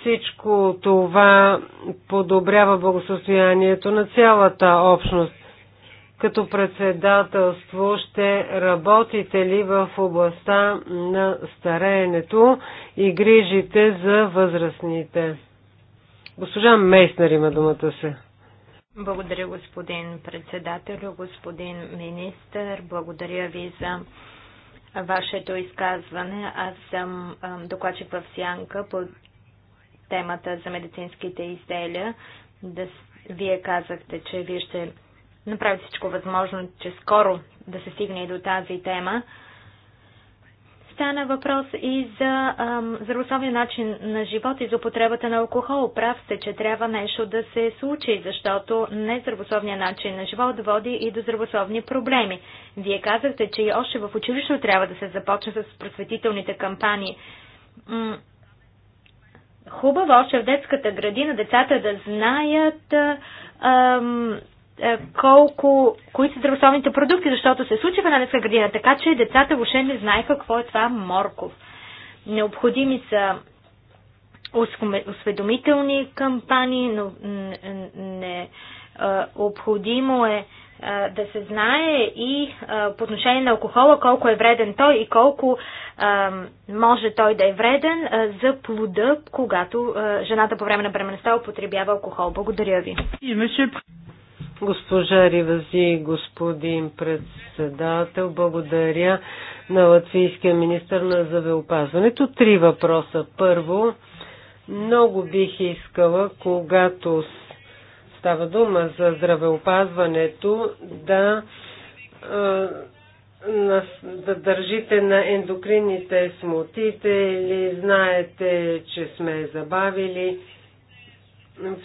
Всичко това подобрява благосостоянието на цялата общност като председателство ще работите ли в областта на стареенето и грижите за възрастните? Госпожа Мейснер има думата се. Благодаря, господин председател, господин министр. Благодаря ви за вашето изказване. Аз съм докладчик в Сянка по темата за медицинските изделия. вие казахте, че вие ще направи всичко възможно, че скоро да се стигне и до тази тема. Стана въпрос и за здравословния начин на живот и за употребата на алкохол. Прав се, че трябва нещо да се случи, защото нездравословният начин на живот води и до здравословни проблеми. Вие казахте, че и още в училищно трябва да се започне с просветителните кампании. Хубаво още в детската градина децата да знаят е, колко, кои са здравословните продукти, защото се случи в една детска градина, така че децата въобще не знае какво е това морков. Необходими са осведомителни кампании, но не, необходимо е, е да се знае и е, по отношение на алкохола колко е вреден той и колко може той да е вреден за плода, когато жената по време на бременността употребява алкохол. Благодаря ви. Госпожа Ривази, господин председател, благодаря на латвийския министр на завеопазването. Три въпроса. Първо, много бих искала, когато става дума за здравеопазването, да, да държите на ендокринните смутите или знаете, че сме забавили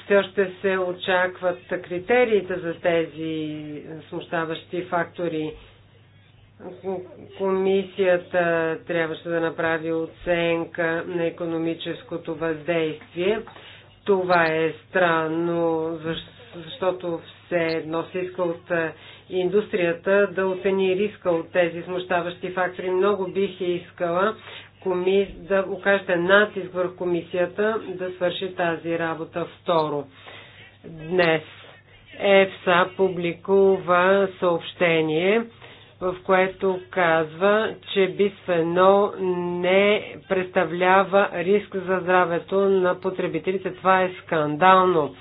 все още се очакват критериите за тези смущаващи фактори. Комисията трябваше да направи оценка на економическото въздействие. Това е странно, защото все едно се иска от индустрията да оцени риска от тези смущаващи фактори. Много бих искала да окажете натиск върху комисията да свърши тази работа. Второ, днес ЕФСА публикува съобщение, в което казва, че бисфено не представлява риск за здравето на потребителите. Това е скандално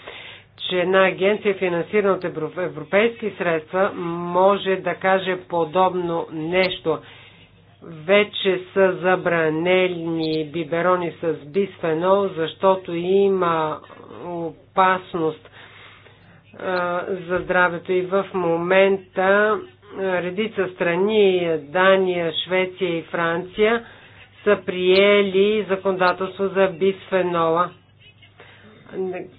че една агенция, финансирана от европейски средства, може да каже подобно нещо вече са забранени биберони с бисфенол, защото има опасност за здравето и в момента редица страни, Дания, Швеция и Франция, са приели законодателство за бисфенола.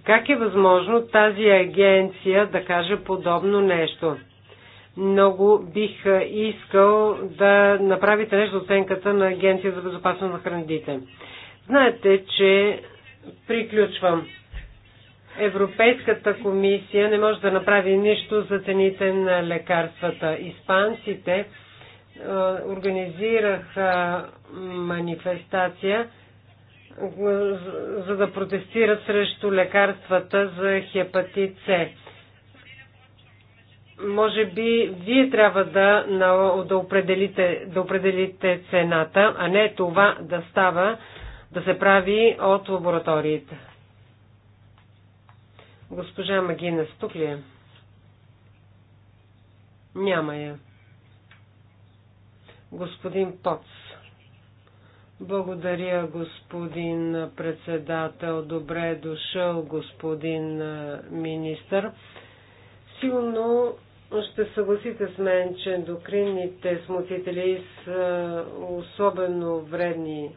Как е възможно тази агенция да каже подобно нещо? Много бих искал да направите нещо оценката на Агенция за безопасност на храните. Знаете, че приключвам. Европейската комисия не може да направи нищо за цените на лекарствата. Испанците организираха манифестация, за да протестират срещу лекарствата за хепатит С може би вие трябва да, да, определите, да определите цената, а не това да става, да се прави от лабораториите. Госпожа Магина, тук ли е? Няма я. Господин Поц. Благодаря, господин председател. Добре е дошъл, господин министър. Сигурно ще съгласите с мен, че ендокринните смутители са особено вредни.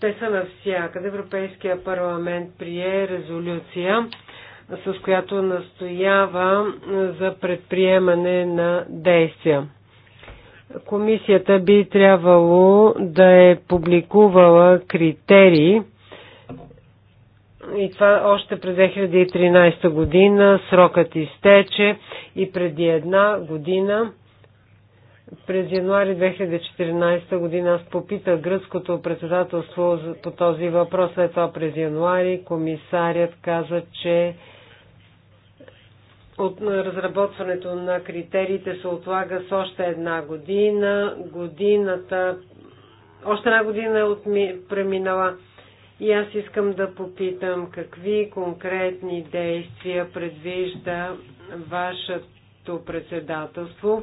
Те са навсякъде. Европейския парламент прие резолюция, с която настоява за предприемане на действия. Комисията би трябвало да е публикувала критерии, и това още през 2013 година срокът изтече и преди една година през януари 2014 година аз попитах гръцкото председателство по този въпрос. След това през януари комисарят каза, че от разработването на критериите се отлага с още една година. Годината, още една година е преминала. И аз искам да попитам какви конкретни действия предвижда вашето председателство,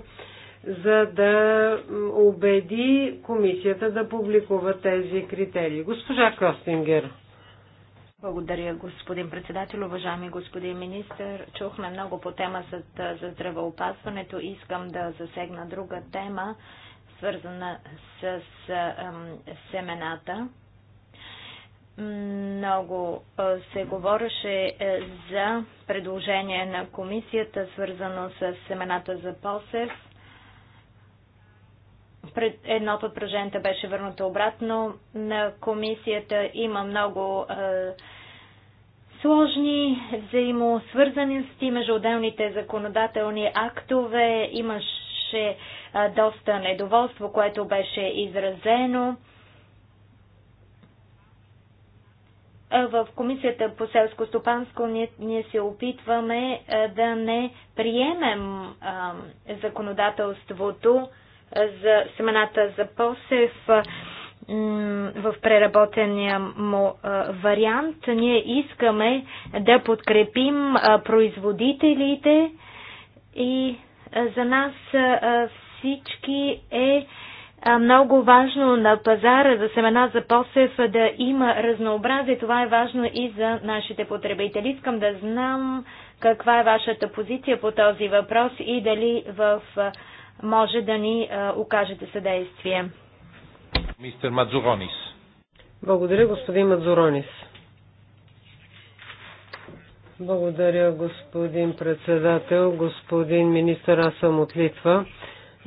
за да убеди комисията да публикува тези критерии. Госпожа Костингер. Благодаря, господин председател. Уважаеми господин министр, чухме много по тема за здравеопазването. Искам да засегна друга тема, свързана с семената. Много се говореше за предложение на комисията, свързано с семената за посев. Пред едното от предложенията беше върнато обратно на комисията. Има много е, сложни взаимосвързаности между отделните законодателни актове. Имаше е, доста недоволство, което беше изразено. Е, в Комисията по селско стопанско ние, ние се опитваме да не приемем а, законодателството за семената за посев в преработения му вариант. Ние искаме да подкрепим производителите и за нас всички е много важно на пазара за семена за посев да има разнообразие. Това е важно и за нашите потребители. Искам да знам каква е вашата позиция по този въпрос и дали в, може да ни окажете съдействие. Мистер Мадзуронис. Благодаря, господин Мадзуронис. Благодаря, господин председател, господин министър, аз съм от Литва.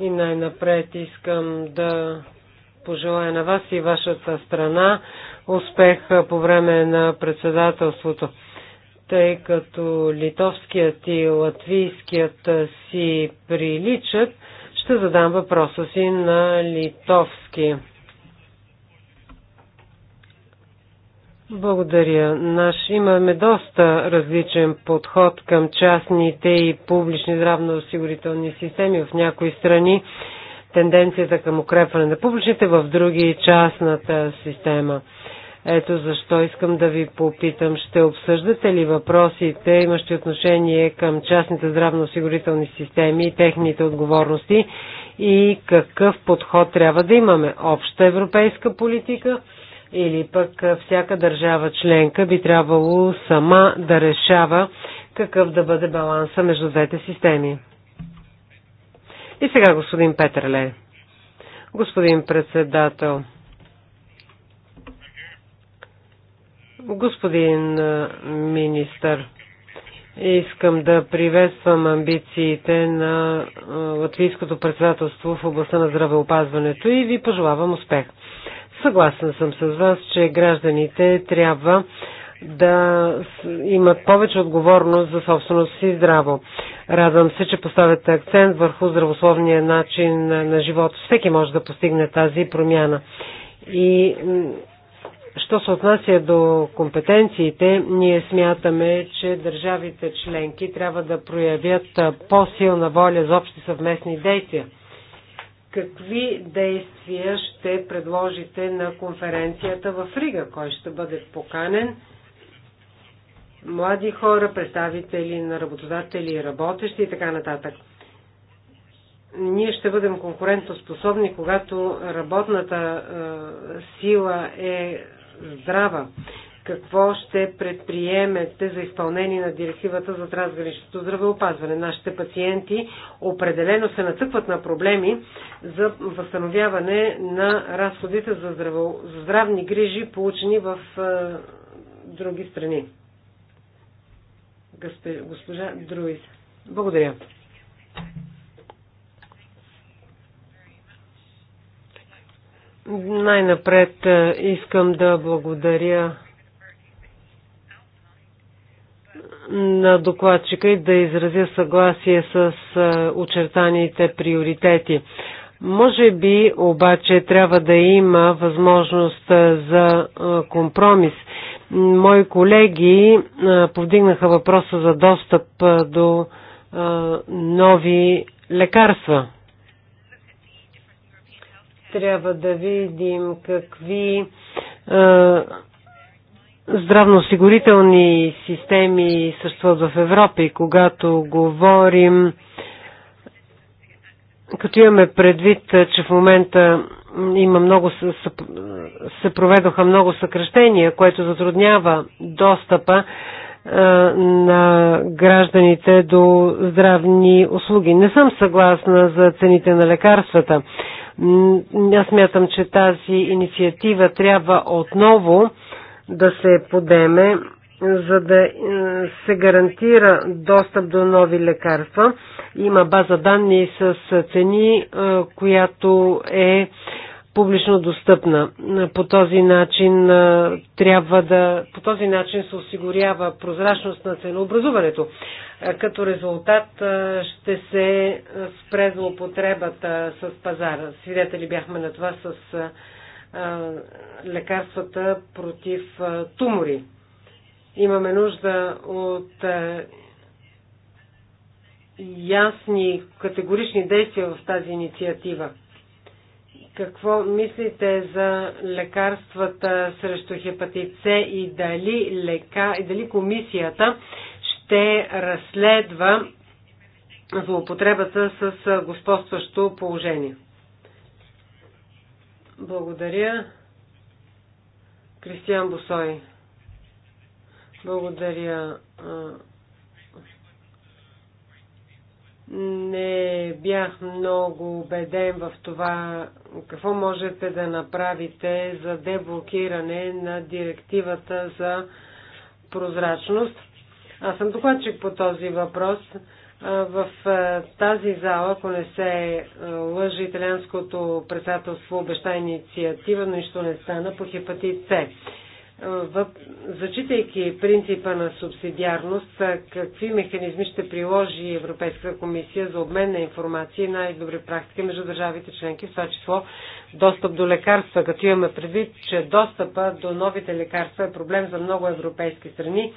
И най-напред искам да пожелая на вас и вашата страна успех по време на председателството, тъй като литовският и латвийският си приличат. Ще задам въпроса си на литовски. Благодаря. Наш имаме доста различен подход към частните и публични здравноосигурителни системи. В някои страни тенденцията към укрепване на публичните, в други частната система. Ето защо искам да ви попитам, ще обсъждате ли въпросите, имащи отношение към частните здравноосигурителни системи и техните отговорности и какъв подход трябва да имаме? Обща европейска политика – или пък всяка държава членка би трябвало сама да решава какъв да бъде баланса между двете системи. И сега господин Петърле. Господин председател. Господин министър, искам да приветствам амбициите на латвийското председателство в областта на здравеопазването и ви пожелавам успех. Съгласен съм с вас, че гражданите трябва да имат повече отговорност за собственото си здраво. Радвам се, че поставяте акцент върху здравословния начин на живот. Всеки може да постигне тази промяна. И що се отнася до компетенциите, ние смятаме, че държавите членки трябва да проявят по-силна воля за общи съвместни действия какви действия ще предложите на конференцията в Рига? Кой ще бъде поканен? Млади хора, представители на работодатели, работещи и така нататък. Ние ще бъдем конкурентоспособни, когато работната сила е здрава какво ще предприемете за изпълнение на директивата за трансграничното здравеопазване. Нашите пациенти определено се натъкват на проблеми за възстановяване на разходите за, здраво, за здравни грижи, получени в е, други страни. Госпе, госпожа Друис. Благодаря. Най-напред е, искам да благодаря на докладчика и да изразя съгласие с очертаните приоритети. Може би обаче трябва да има възможност за компромис. Мои колеги повдигнаха въпроса за достъп до нови лекарства. Трябва да видим какви здравноосигурителни системи съществуват в Европа и когато говорим, като имаме предвид, че в момента има много, се проведоха много съкръщения, което затруднява достъпа е, на гражданите до здравни услуги. Не съм съгласна за цените на лекарствата. Аз мятам, че тази инициатива трябва отново да се подеме, за да е, се гарантира достъп до нови лекарства. Има база данни с цени, е, която е публично достъпна. По този начин е, трябва да, по този начин се осигурява прозрачност на ценообразуването. Като резултат ще се спре злоупотребата с пазара. Свидетели бяхме на това с лекарствата против тумори. Имаме нужда от ясни, категорични действия в тази инициатива. Какво мислите за лекарствата срещу хепатит С и дали, лека, и дали комисията ще разследва злоупотребата с господстващо положение? Благодаря. Кристиан Босой. Благодаря. Не бях много убеден в това какво можете да направите за деблокиране на директивата за прозрачност. Аз съм докладчик по този въпрос в тази зала, ако не се лъжи, италианското председателство обеща инициатива, но нищо не стана по хепатит С. Зачитайки принципа на субсидиарност, какви механизми ще приложи Европейска комисия за обмен на информация и най-добри практики между държавите членки, в това число достъп до лекарства, като имаме предвид, че достъпа до новите лекарства е проблем за много европейски страни,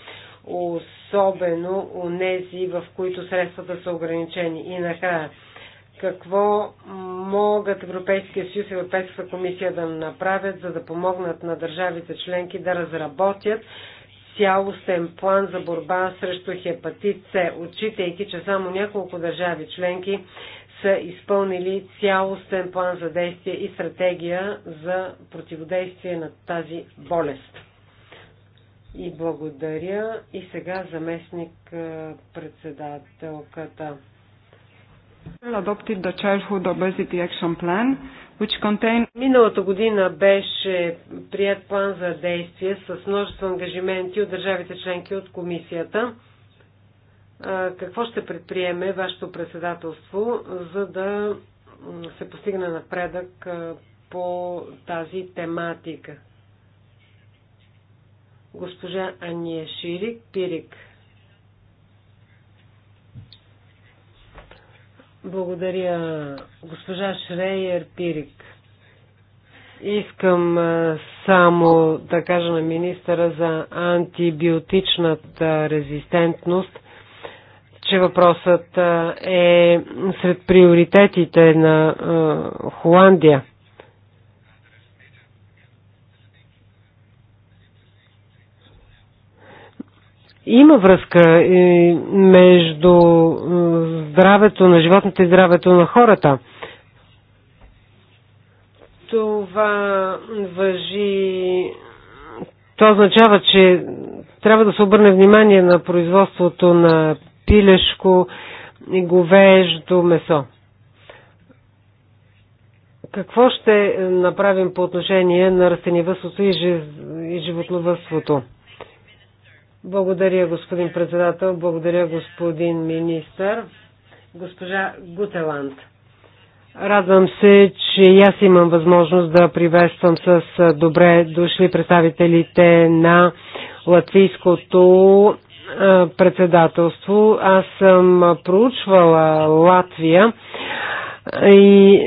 особено у нези, в които средствата са ограничени. И накрая, какво могат Европейския съюз и Европейската комисия да направят, за да помогнат на държавите членки да разработят цялостен план за борба срещу хепатит С, отчитайки, че само няколко държави членки са изпълнили цялостен план за действие и стратегия за противодействие на тази болест и благодаря. И сега заместник председателката. Adopted the Childhood Obesity Action Plan, which contain... Миналата година беше прият план за действие с множество ангажименти от държавите членки от комисията. Какво ще предприеме вашето председателство, за да се постигне напредък по тази тематика? Госпожа Ания Ширик Пирик. Благодаря, госпожа Шрейер Пирик. Искам само да кажа на министъра за антибиотичната резистентност, че въпросът е сред приоритетите на Холандия. Има връзка е, между е, здравето на животните и здравето на хората. Това въжи. Това означава, че трябва да се обърне внимание на производството на пилешко и говеждо месо. Какво ще направим по отношение на растениевъзството и животновъзството? Благодаря, господин председател. Благодаря, господин министър. Госпожа Гутеланд. Радвам се, че и аз имам възможност да приветствам с добре дошли представителите на латвийското председателство. Аз съм проучвала Латвия и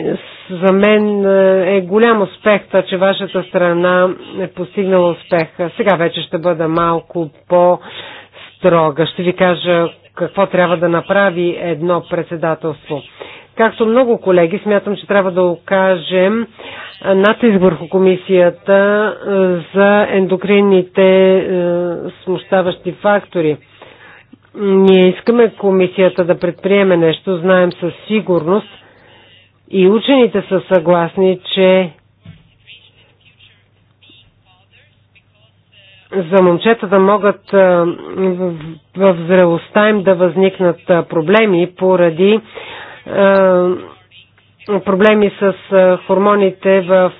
за мен е, е голям успех, това, че вашата страна е постигнала успех. Сега вече ще бъда малко по-строга. Ще ви кажа какво трябва да направи едно председателство. Както много колеги, смятам, че трябва да окажем натиск върху комисията е, за ендокринните е, смущаващи фактори. Ние искаме комисията да предприеме нещо, знаем със сигурност, и учените са съгласни, че за момчета да могат в зрелостта им да възникнат проблеми поради проблеми с хормоните в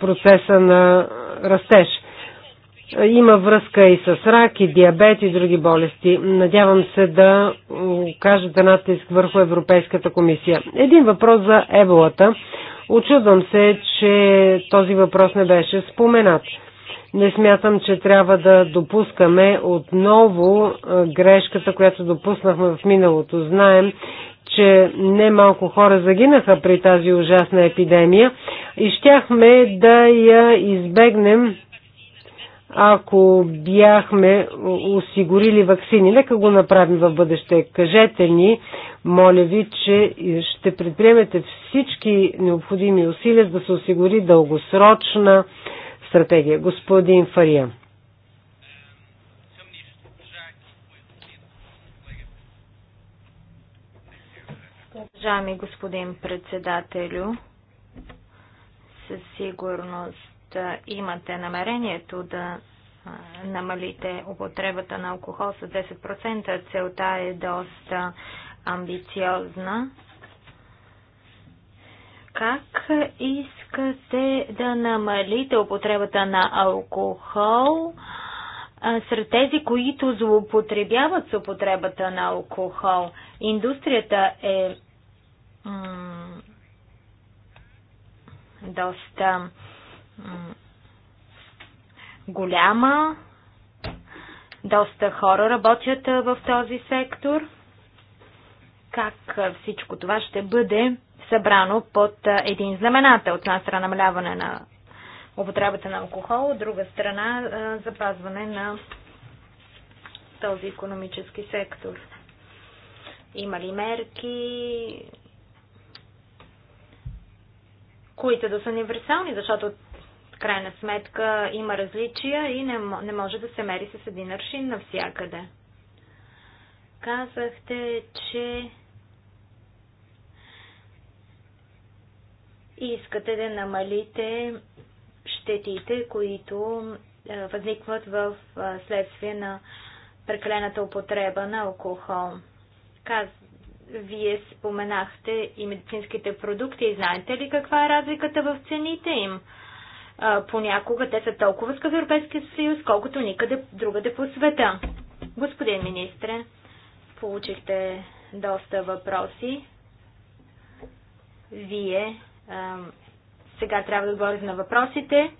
процеса на растеж. Има връзка и с рак, и диабет, и други болести. Надявам се да кажете натиск върху Европейската комисия. Един въпрос за еболата. Очудвам се, че този въпрос не беше споменат. Не смятам, че трябва да допускаме отново грешката, която допуснахме в миналото. Знаем, че немалко хора загинаха при тази ужасна епидемия и щяхме да я избегнем ако бяхме осигурили вакцини. Нека го направим в бъдеще. Кажете ни, моля ви, че ще предприемете всички необходими усилия, за да се осигури дългосрочна стратегия. Господин Фария. Уважаеми господин председателю, със сигурност имате намерението да намалите употребата на алкохол с 10%. Целта е доста амбициозна. Как искате да намалите употребата на алкохол сред тези, които злоупотребяват с употребата на алкохол? Индустрията е доста голяма. Доста хора работят в този сектор. Как всичко това ще бъде събрано под един знаменател? От една страна намаляване на употребата на алкохол, от друга страна запазване на този економически сектор. Има ли мерки, които да са универсални, защото крайна сметка има различия и не, не може да се мери с един аршин навсякъде. Казахте, че искате да намалите щетите, които е, възникват в е, следствие на прекалената употреба на алкохол. Каз... Вие споменахте и медицинските продукти. Знаете ли каква е разликата в цените им? понякога те са толкова скъпи в Европейския съюз, колкото никъде другаде по света. Господин министре, получихте доста въпроси. Вие а, сега трябва да отговорите на въпросите,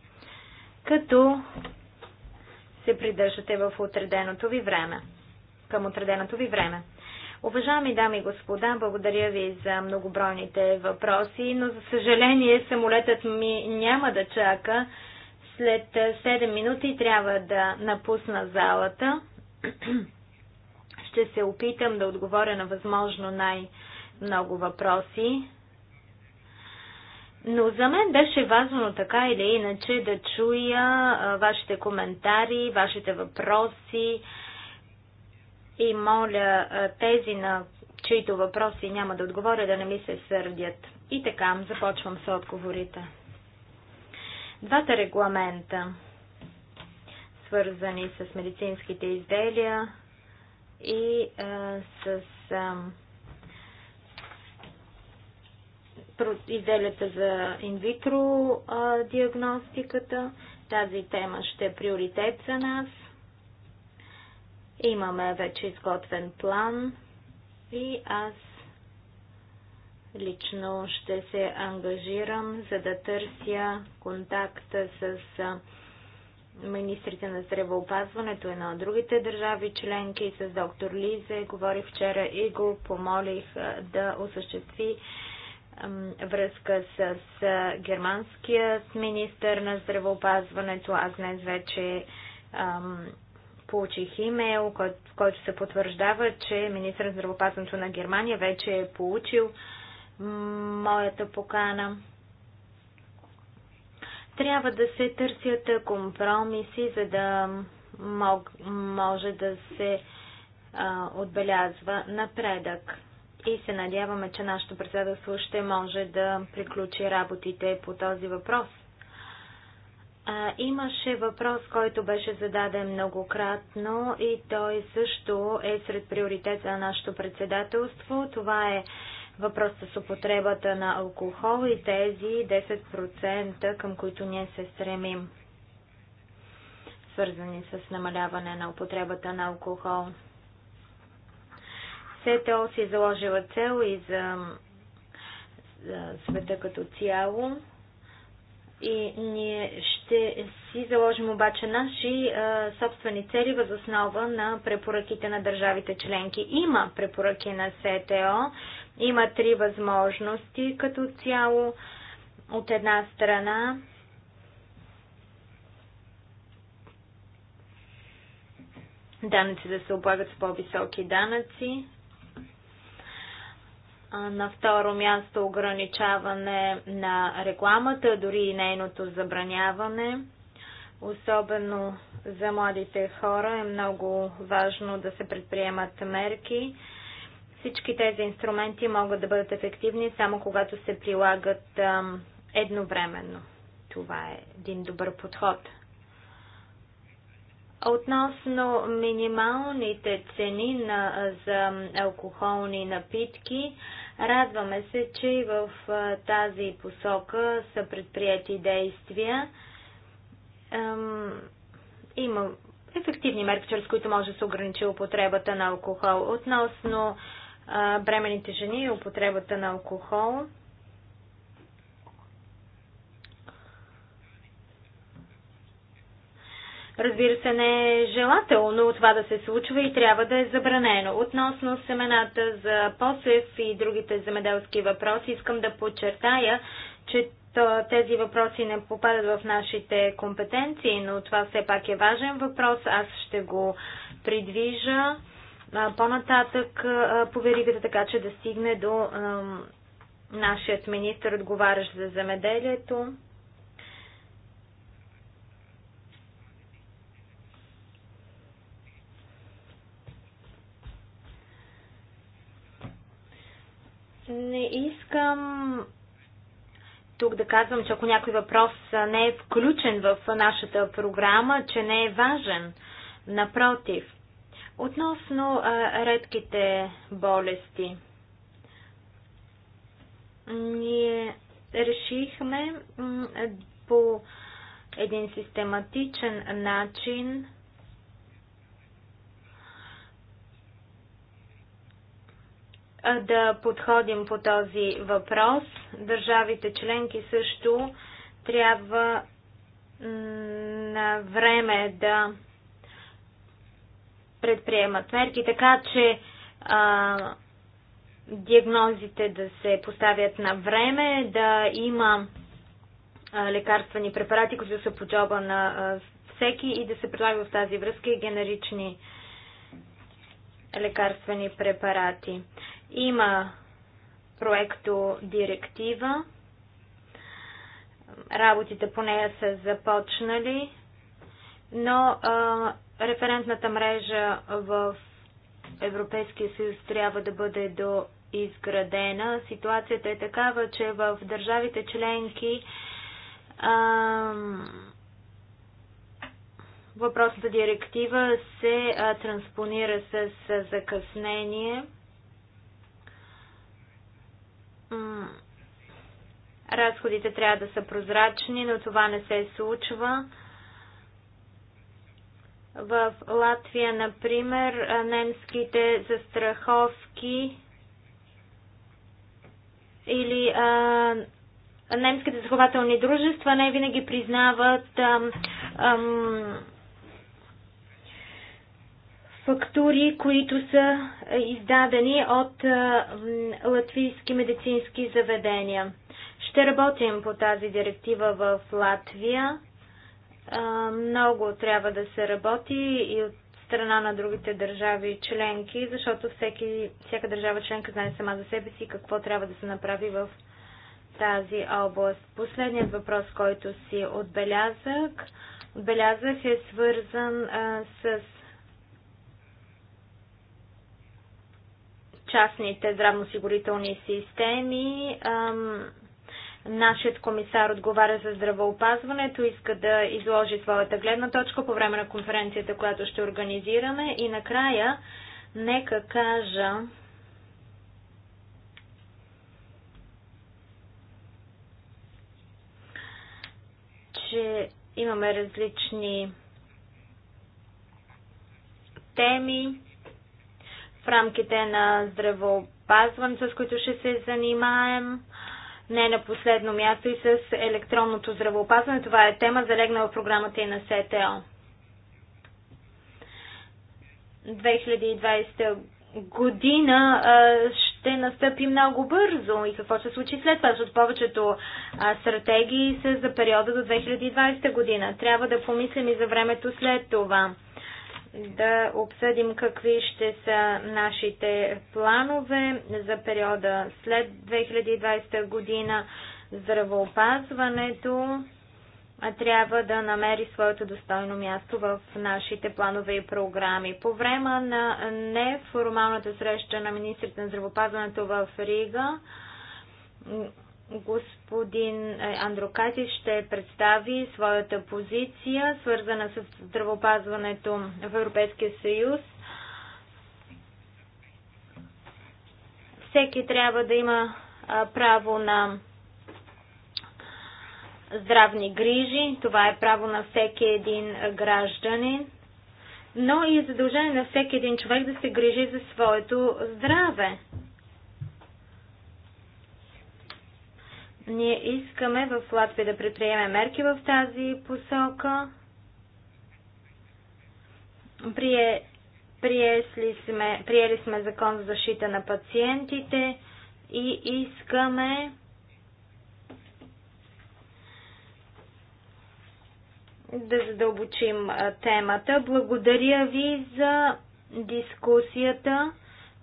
като се придържате в отреденото ви време. Към отреденото ви време. Уважаеми дами и господа, благодаря ви за многобройните въпроси, но за съжаление самолетът ми няма да чака. След 7 е, минути трябва да напусна залата. Ще се опитам да отговоря на възможно най-много въпроси. Но за мен беше важно така или иначе да чуя вашите коментари, вашите въпроси, и моля тези, на чието въпроси няма да отговоря, да не ми се сърдят. И така, започвам с отговорите. Двата регламента, свързани с медицинските изделия и а, с а, изделията за инвитро а, диагностиката, тази тема ще е приоритет за нас – Имаме вече изготвен план и аз лично ще се ангажирам, за да търся контакта с министрите на здравеопазването и на другите държави членки с доктор Лизе. Говорих вчера и го помолих да осъществи връзка с германският министр на здравеопазването. Аз днес вече Получих имейл, в който се потвърждава, че министър на здравопазването на Германия вече е получил моята покана. Трябва да се търсят компромиси, за да мог, може да се а, отбелязва напредък. И се надяваме, че нашето председателство ще може да приключи работите по този въпрос. А, имаше въпрос, който беше зададен многократно и той също е сред приоритета на нашето председателство. Това е въпрос с употребата на алкохол и тези 10% към които ние се стремим, свързани с намаляване на употребата на алкохол. СТО си е заложила цел и за, за света като цяло и ние ще си заложим обаче наши а, собствени цели въз основа на препоръките на държавите членки. Има препоръки на СТО, има три възможности като цяло. От една страна данъци да се облагат с по-високи данъци, на второ място ограничаване на рекламата, дори и нейното забраняване. Особено за младите хора е много важно да се предприемат мерки. Всички тези инструменти могат да бъдат ефективни само когато се прилагат едновременно. Това е един добър подход. Относно минималните цени на, за алкохолни напитки, Радваме се, че и в тази посока са предприяти действия. Има ефективни мерки, чрез които може да се ограничи употребата на алкохол. Относно бременните жени и употребата на алкохол, Разбира се, не е желателно това да се случва и трябва да е забранено. Относно семената за посев и другите земеделски въпроси, искам да подчертая, че тези въпроси не попадат в нашите компетенции, но това все пак е важен въпрос. Аз ще го придвижа по-нататък по веригата, така че да стигне до нашият министр, отговарящ за земеделието. Не искам тук да казвам, че ако някой въпрос не е включен в нашата програма, че не е важен. Напротив, относно а, редките болести, ние решихме по един систематичен начин да подходим по този въпрос. Държавите членки също трябва на време да предприемат мерки, така че а, диагнозите да се поставят на време, да има а, лекарствени препарати, които са по джоба на а, всеки и да се предлагат в тази връзка и генерични а, лекарствени препарати. Има проекто директива. Работите по нея са започнали, но а, референтната мрежа в Европейския съюз трябва да бъде до изградена. Ситуацията е такава, че в държавите членки Въпросната директива се транспонира с закъснение. Разходите трябва да са прозрачни, но това не се случва. В Латвия, например, немските застраховки или а, немските застрахователни дружества не винаги признават А, а, фактури, които са е, издадени от е, латвийски медицински заведения. Ще работим по тази директива в Латвия. Е, много трябва да се работи и от страна на другите държави членки, защото всеки, всяка държава членка знае сама за себе си какво трябва да се направи в тази област. Последният въпрос, който си отбелязах, отбелязах е свързан а, с частните здравноосигурителни системи. Нашият комисар отговаря за здравеопазването, иска да изложи своята гледна точка по време на конференцията, която ще организираме. И накрая, нека кажа, че имаме различни теми рамките на здравоопазване, с които ще се занимаем. Не на последно място и с електронното здравоопазване. Това е тема, залегнала в програмата и на СТО. 2020 година ще настъпи много бързо и какво ще случи след това, От повечето стратегии са за периода до 2020 година. Трябва да помислим и за времето след това да обсъдим какви ще са нашите планове за периода след 2020 година. Здравоопазването трябва да намери своето достойно място в нашите планове и програми. По време на неформалната среща на министрите на здравопазването в Рига, Господин е, Андрокати ще представи своята позиция, свързана с здравопазването в Европейския съюз. Всеки трябва да има право на здравни грижи. Това е право на всеки един гражданин, но и е задължение на всеки един човек да се грижи за своето здраве. Ние искаме в Латвия да предприеме мерки в тази посока. Прие, приесли сме, приели сме закон за защита на пациентите и искаме да задълбочим темата. Благодаря ви за дискусията.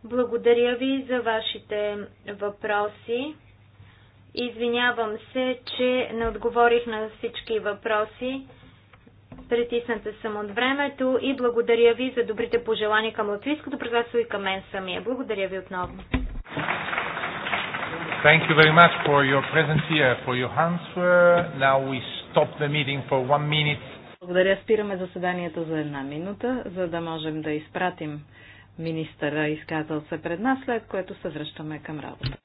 Благодаря ви за вашите въпроси. Извинявам се, че не отговорих на всички въпроси. Притисната съм от времето и благодаря ви за добрите пожелания към латвийското производство и към мен самия. Благодаря ви отново. Thank you very much for your presence here, for your answer. Now we stop the meeting for one minute. Благодаря. Спираме заседанието за една минута, за да можем да изпратим министъра, изказал се пред нас, след което се връщаме към работа.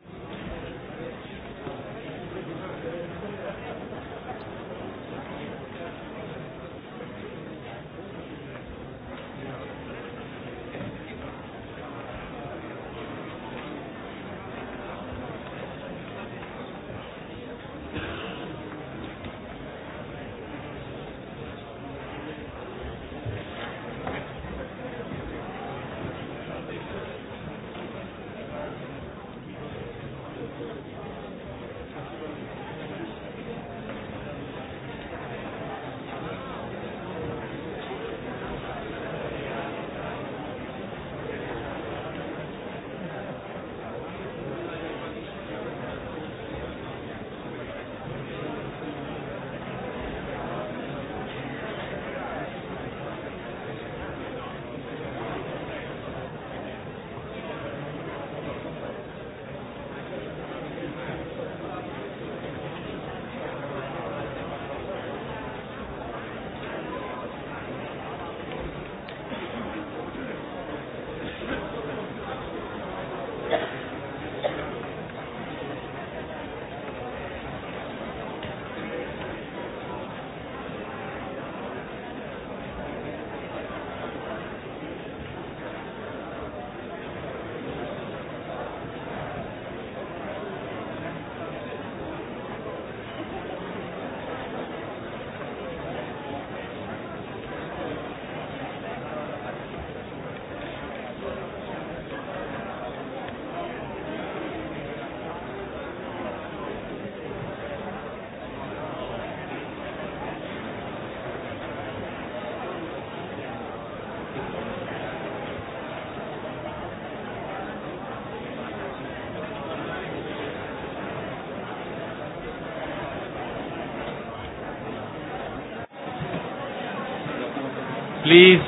please,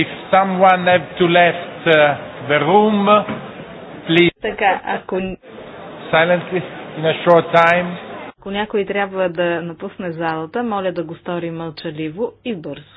if someone have to left uh, the room, please. Така, ако... Silently, in a short time. Ако някой трябва да напусне залата, моля да го стори мълчаливо и бързо.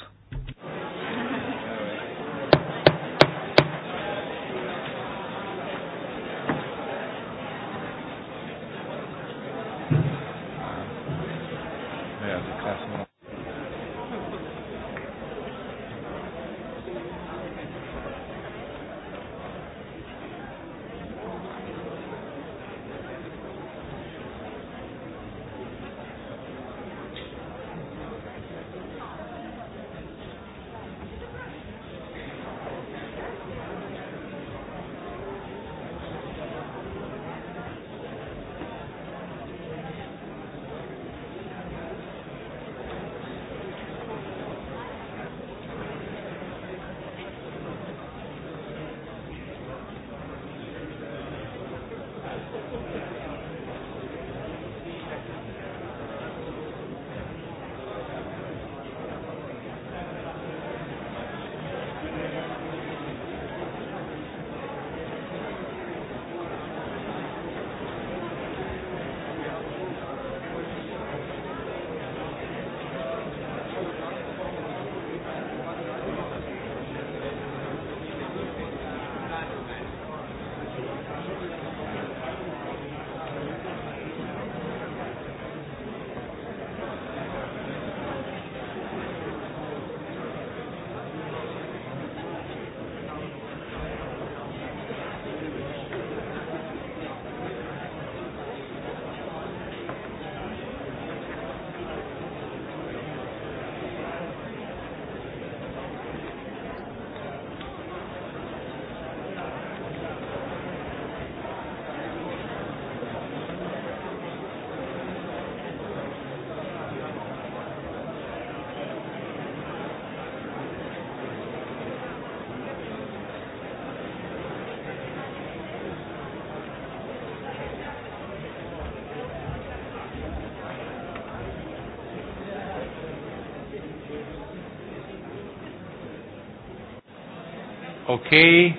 Okay.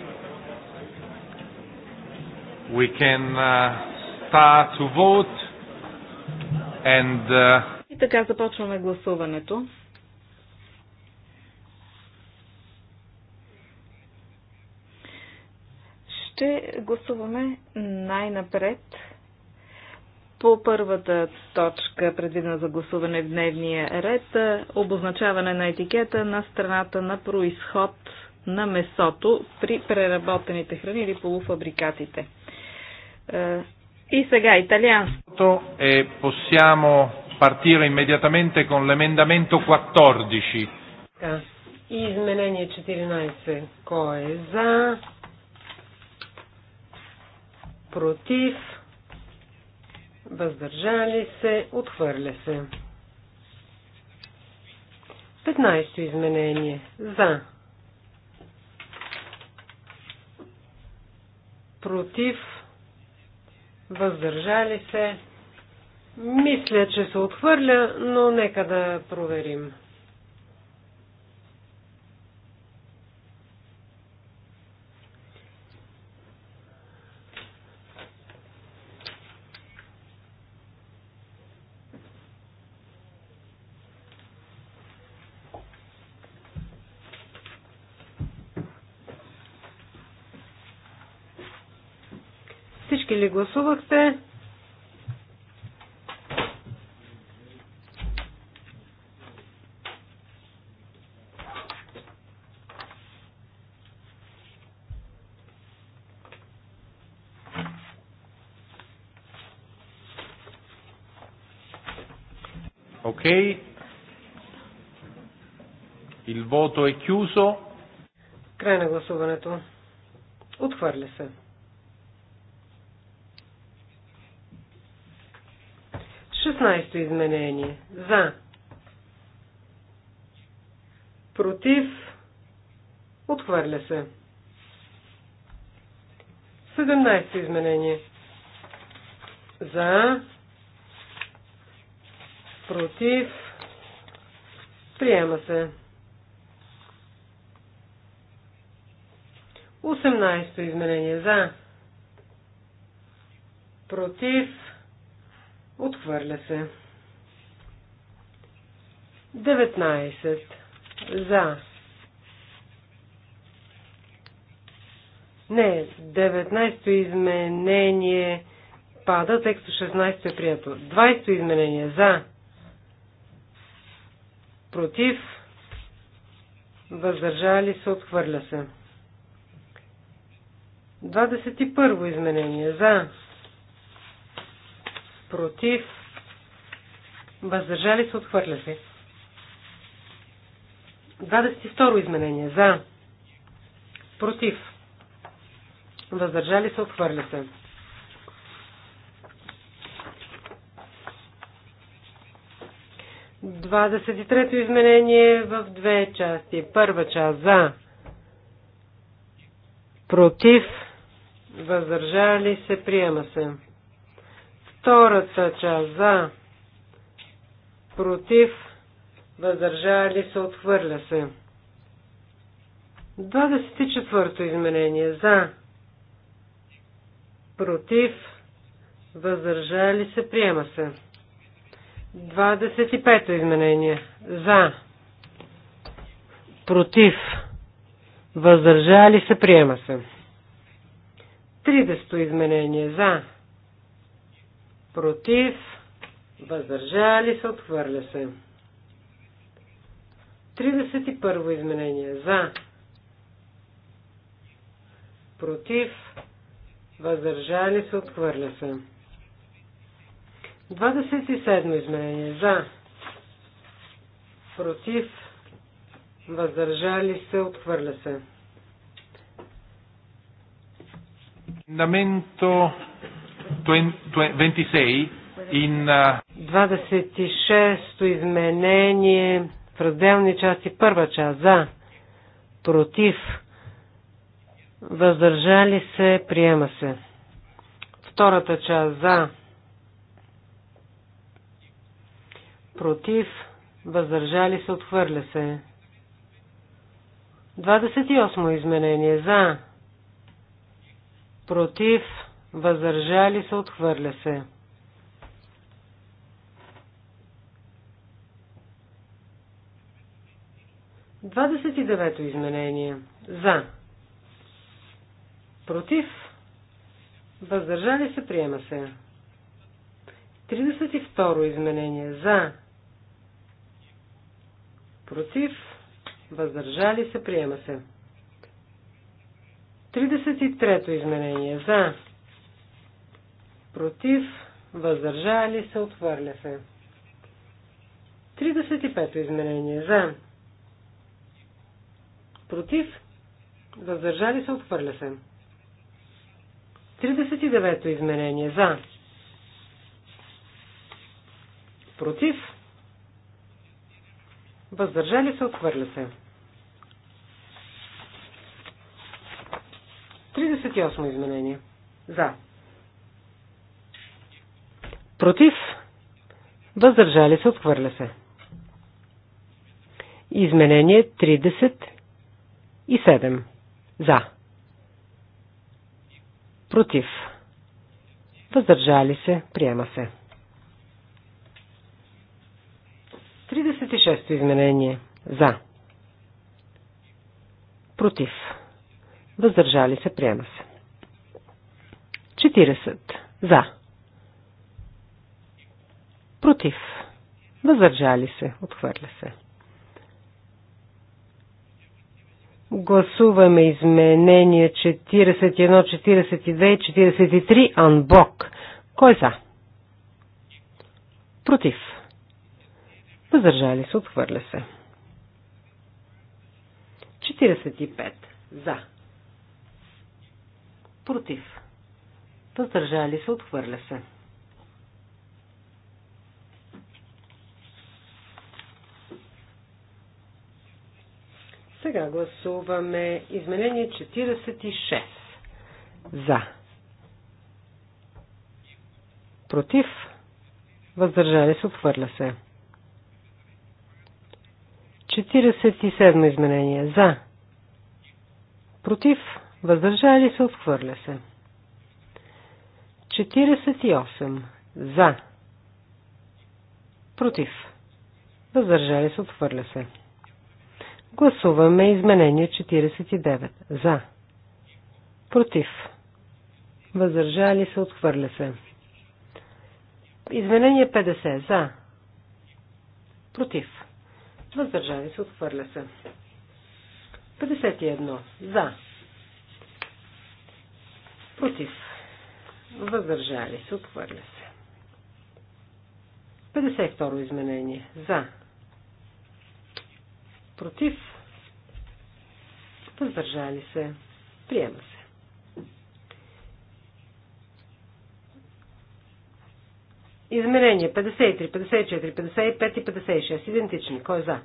We can uh, start to vote and uh... И така започваме гласуването. Ще гласуваме най-напред по първата точка, предвидена за гласуване в дневния ред, обозначаване на етикета на страната на происход на месото при преработените храни или полуфабрикатите. Е, и сега италианското. Е, possiamo partire immediatamente con l'emendamento 14. Е, изменение 14. Кой е за? Против? Въздържали се? Отхвърля се. 15 изменение. За. против, въздържали се. Мисля, че се отхвърля, но нека да проверим. или гласувахте? Ok, il voto è chiuso. Край на гласуването. Отхвърля се. 16 изменение. За. Против. Отхвърля се. 17 изменение. За. Против. Приема се. 18 изменение. За. Против. Отхвърля се. 19. За. Не, 19-то изменение пада, тексто 16 е прието. 20-то изменение за. Против. Въздържали се, отхвърля се. 21-во изменение за против, въздържали се, отхвърля се. 22 изменение. За. Против. Въздържали се, отхвърля се. Двадесет и трето изменение в две части. Първа част за, против, въздържали се, приема се. Втората част за, против, въздържали се, отхвърля се. 24-то изменение за, против, въздържали се, приема се. 25-то изменение за, против, въздържали се, приема се. 30-то изменение за, против, въздържали се, отхвърля се. 31 изменение. За. Против. Въздържали се. Отхвърля се. 27 изменение. За. Против. Въздържали се. Отхвърля се. Наменто 26 in... 26-то uh, изменение в разделни части. Първа част за, против, въздържали се, приема се. Втората част за, против, въздържали се, отхвърля се. 28 изменение за, против, въздържали се, отхвърля се. Двадесет и девето изменение. За. Против. Въздържали се, приема се. 32 изменение. За. Против. Въздържали се, приема се. 33 изменение. За против, въздържали се, отхвърля се. 35-то изменение за, против, въздържали се, отхвърля се. 39-то изменение за, против, въздържали се, отхвърля се. 38 изменение. За. Против. Въздържали се. Отхвърля се. Изменение 37. За. Против. Въздържали се. Приема се. 36 изменение. За. Против. Въздържали се. Приема се. 40. За. Против. Въздържали се. Отхвърля се. Гласуваме изменения 41, 42 и 43 Анбок. Кой е за? Против. Въздържали се, отхвърля се. 45. За. Против. Въздържали се, отхвърля се. Сега гласуваме изменение 46. За. Против. Въздържали се, отхвърля се. 47 изменение. За. Против. Въздържали се, отхвърля се. 48. За. Против. Въздържали се, отхвърля се. Гласуваме изменение 49. За. Против. Въздържали се, отхвърля се. Изменение 50. За. Против. Въздържали се, отхвърля се. 51. За. Против. Въздържали се, отхвърля се. 52 изменение. За. Против. Въздържали се. Приема се. Измерение 53, 54, 55 и 56. Идентични. Кой е за?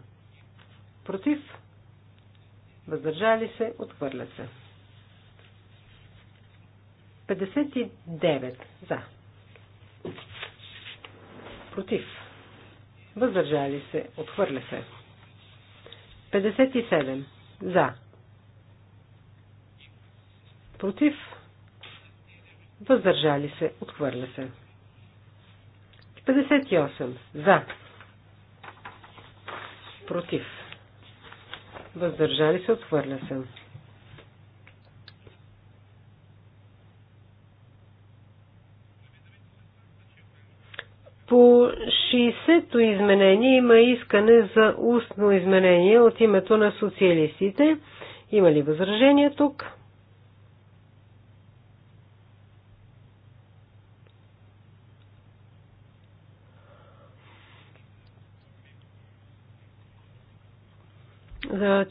Против? Въздържали се? Отхвърля се. 59. За. Против. Въздържали се? Отхвърля се. 57. За. Против. Въздържали се. Отхвърля се. 58. За. Против. Въздържали се. Отхвърля се. 60-то изменение има искане за устно изменение от името на социалистите. Има ли възражение тук?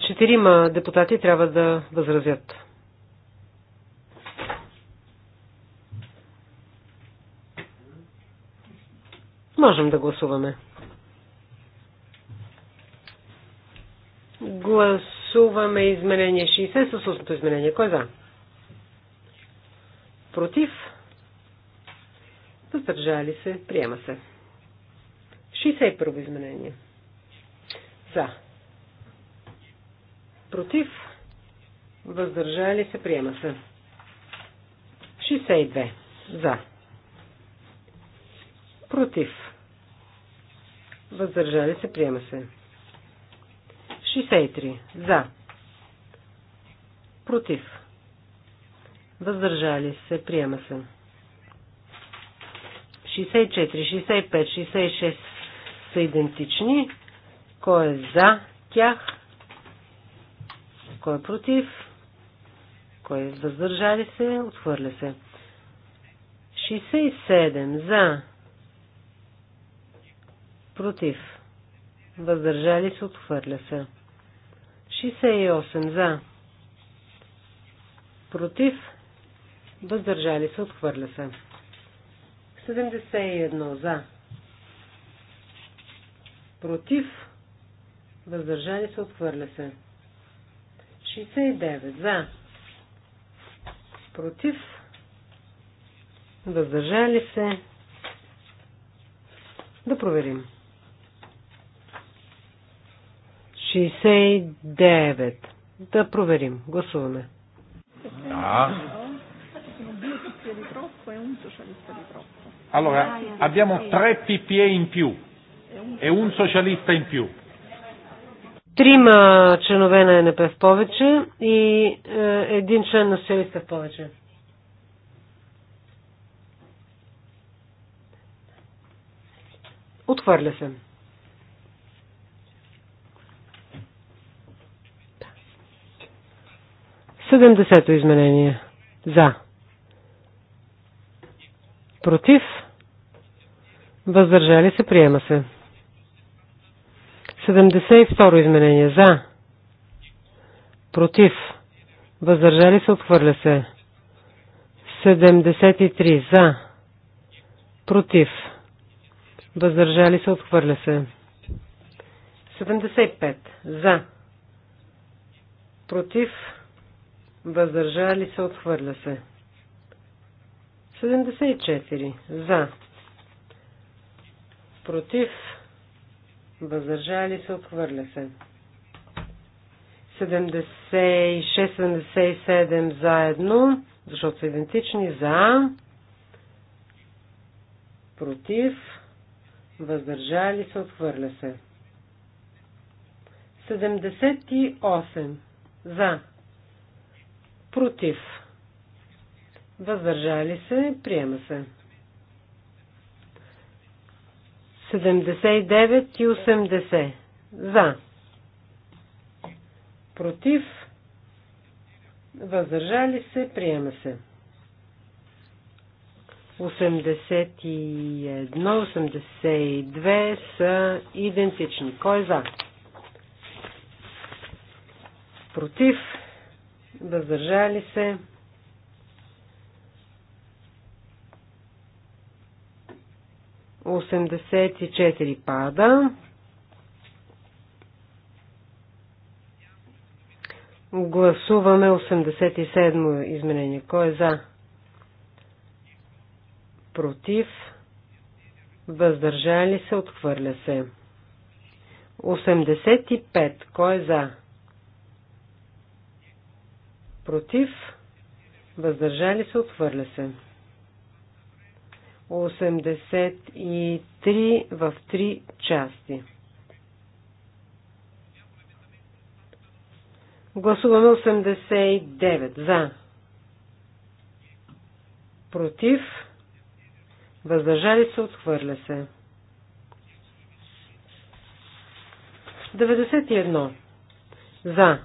Четирима депутати трябва да възразят. Можем да гласуваме. Гласуваме изменение 60 с устното изменение. Кой е за? Против? Въздържали се? Приема се. 61 изменение. За. Против? Въздържали се? Приема се. 62. За. Против? Въздържали се, приема се. 63. За. Против. Въздържали се, приема се. 64, 65, 66 са идентични. Кой е за тях? Кой е против? Кой е въздържали се? Отхвърля се. 67 за Против. Въздържали се, отхвърля се. 68 за. Против. Въздържали се, отхвърля се. 71 за. Против. Въздържали се, отхвърля се. 69 за. Против. Въздържали се. Да проверим. 69. Да проверим. Гласуваме. Да. Allora, abbiamo tre PPA e in più e un socialista in più. Трима членове на НП в повече и е, един член на социалиста в повече. Отхвърля се. 70-то изменение. За. Против. Въздържали се. Приема се. 72-ро изменение. За. Против. Въздържали се. Отхвърля се. 73. За. Против. Въздържали се. Отхвърля се. 75. За. Против въздържали се, отхвърля се. 74 за, против, въздържали се, отхвърля се. 76-77 заедно, защото са идентични, за, против, въздържали се, отхвърля се. 78 за, Против. Въздържали се. Приема се. 79 и 80. За. Против. Въздържали се. Приема се. 81-82 са идентични. Кой е за? Против въздържали се. Осемдесет и четири пада. Гласуваме 87 изменение. Кой е за? Против. Въздържали се, отхвърля се. 85. Кой е за? против, въздържали се, отхвърля се. 83 в 3 части. Гласуваме 89 за. Против. Въздържали се, отхвърля се. 91 за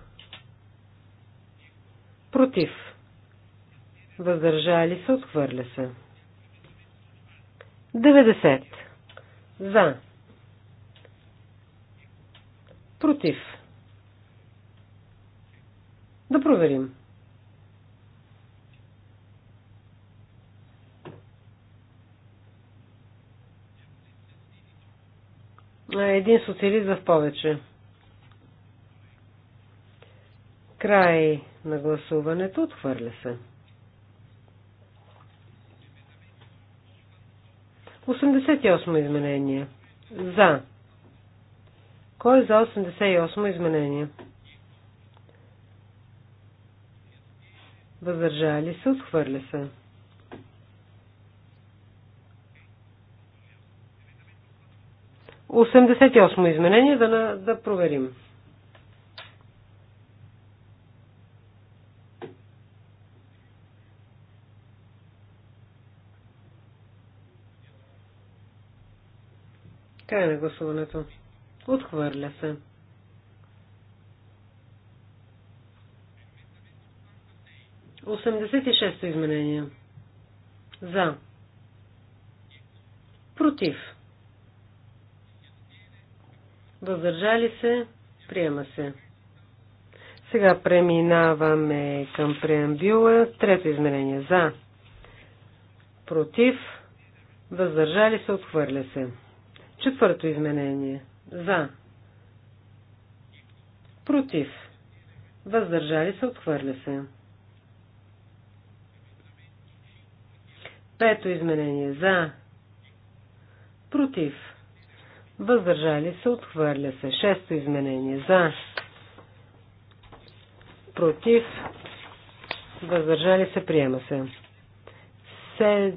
Против. Въздържали се, отхвърля се. 90. За. Против. Да проверим. Един социалист в повече. Край на гласуването. Отхвърля се. 88 изменение. За. Кой е за 88 изменение? Въздържали се, отхвърля се. Осемдесет и осмо изменение да, да проверим. Край на гласуването. Отхвърля се. Осемдесет и шесто изменение. За. Против. Въздържали се. Приема се. Сега преминаваме към преамбюла. Трето измерение. За. Против. Въздържали се. Отхвърля се. Четвърто изменение. За. Против. Въздържали се, отхвърля се. Пето изменение. За. Против. Въздържали се, отхвърля се. Шесто изменение. За. Против. Въздържали се, приема се. Се...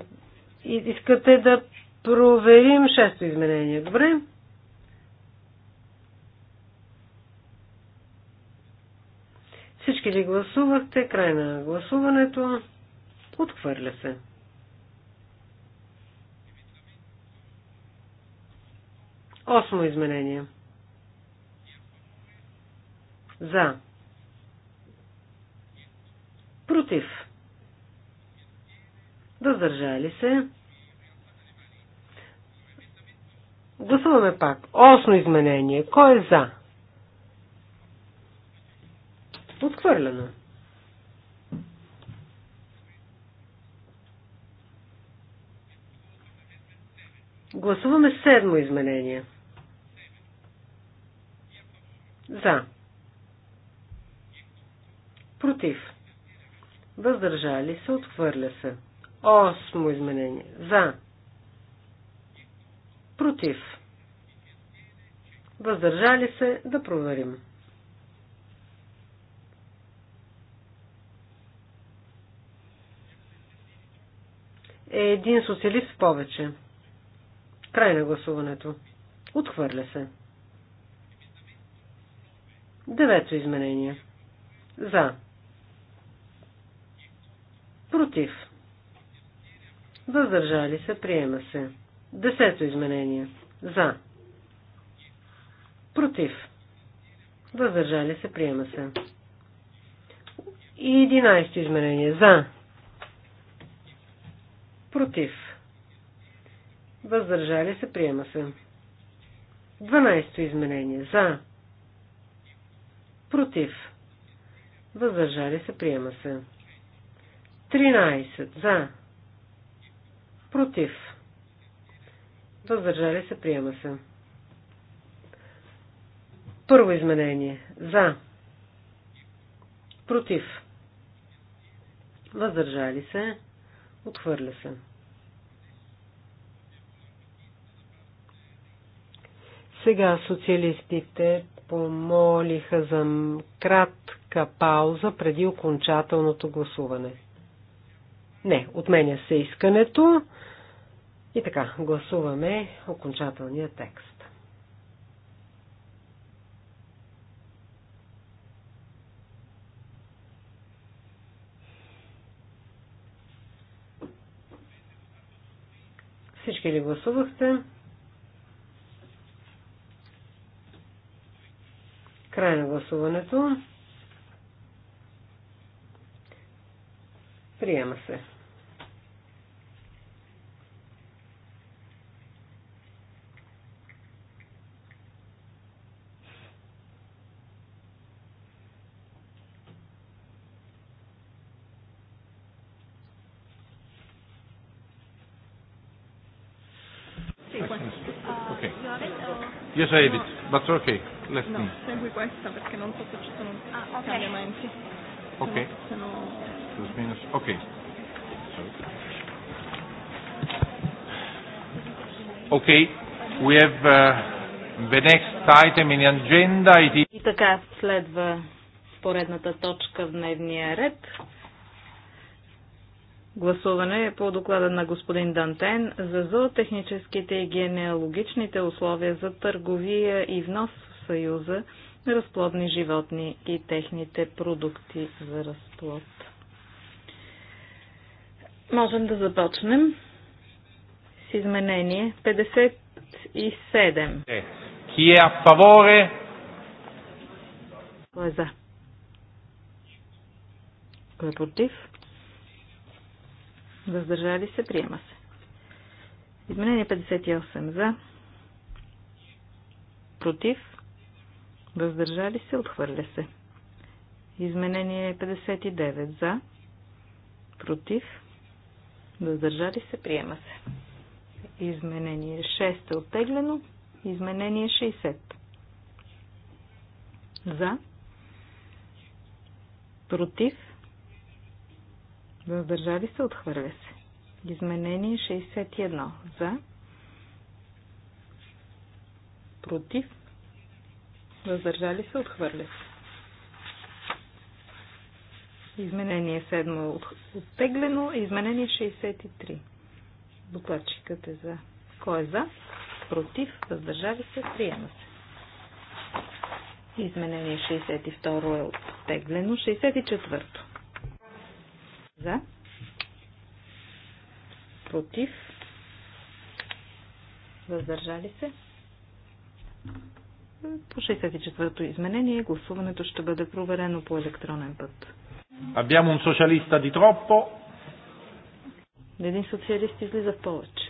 Искате да проверим шесто изменение. Добре? Всички ли гласувахте? Край на гласуването. Отхвърля се. Осмо изменение. За. Против. Въздържали се. Гласуваме пак. Осно изменение. Кой е за? Отхвърлено. Гласуваме седмо изменение. За. Против. Въздържали се, отхвърля се. Осмо изменение. За. Против. Въздържали се да проверим. Е един социалист повече. Край на гласуването. Отхвърля се. Девето изменение. За. Против. Въздържали се, приема се. Десето изменение. За. Против. Въздържали се. Приема се. И единайсто изменение. За. Против. Въздържали се. Приема се. Дванайсто изменение. За. Против. Въздържали се. Приема се. 13. За. Против Въздържали се, приема се. Първо изменение. За. Против. Въздържали се. Отхвърля се. Сега социалистите помолиха за кратка пауза преди окончателното гласуване. Не, отменя се искането. И така, гласуваме окончателния текст. Всички ли гласувахте? Край на гласуването. Приема се. Yes, I did, but ok, let's No, segui questa perché non so se ci sono ah, okay. cambiamenti. Ok. Se no... Plus minus, ok. Okay, we have uh, the next item in agenda. It is... И така следва поредната точка в дневния ред гласуване е по доклада на господин Дантен за зоотехническите и генеалогичните условия за търговия и внос в Съюза на разплодни животни и техните продукти за разплод. Можем да започнем с изменение 57. Е, ки е а фаворе? Кой е за? Кой е против? Въздържали се. Приема се. Изменение 58 за. Против. Въздържали се. Отхвърля се. Изменение 59 за. Против. Въздържали се. Приема се. Изменение 6 е оттеглено. Изменение 60. За. Против. Въздържали се, отхвърля се. Изменение 61. За. Против. Въздържали се, отхвърля се. Изменение 7 оттеглено. Изменение 63. Докладчикът е за. Кой е за? Против. Въздържали се, приема се. Изменение 62 е оттеглено. 64. За. Против. Въздържали се. По 64-то изменение гласуването ще бъде проверено по електронен път. Abbiamo un socialista di troppo. Един социалист излиза в повече.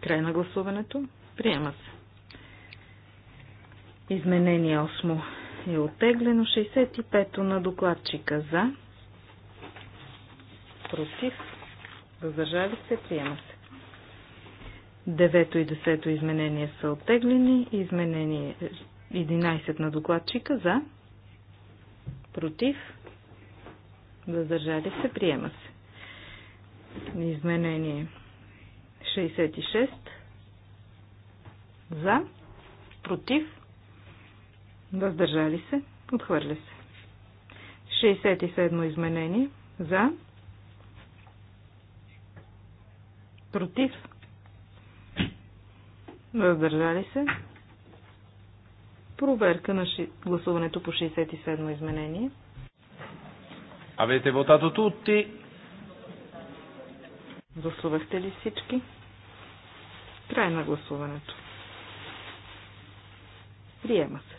Край на гласуването. Приема се. Изменение 8 е оттеглено. 65-то на докладчика за. Против. Въздържали се. Приема се. Девето и десето изменение са оттеглени. Изменение 11 на докладчика за. Против. Въздържали се. Приема се. Изменение 66 за. Против Въздържали се. Отхвърля се. 67 изменение. За. Против. Въздържали се. Проверка на ши... гласуването по 67 изменение. Avete вотато тути. Гласувахте ли всички? Край на гласуването. Приема се.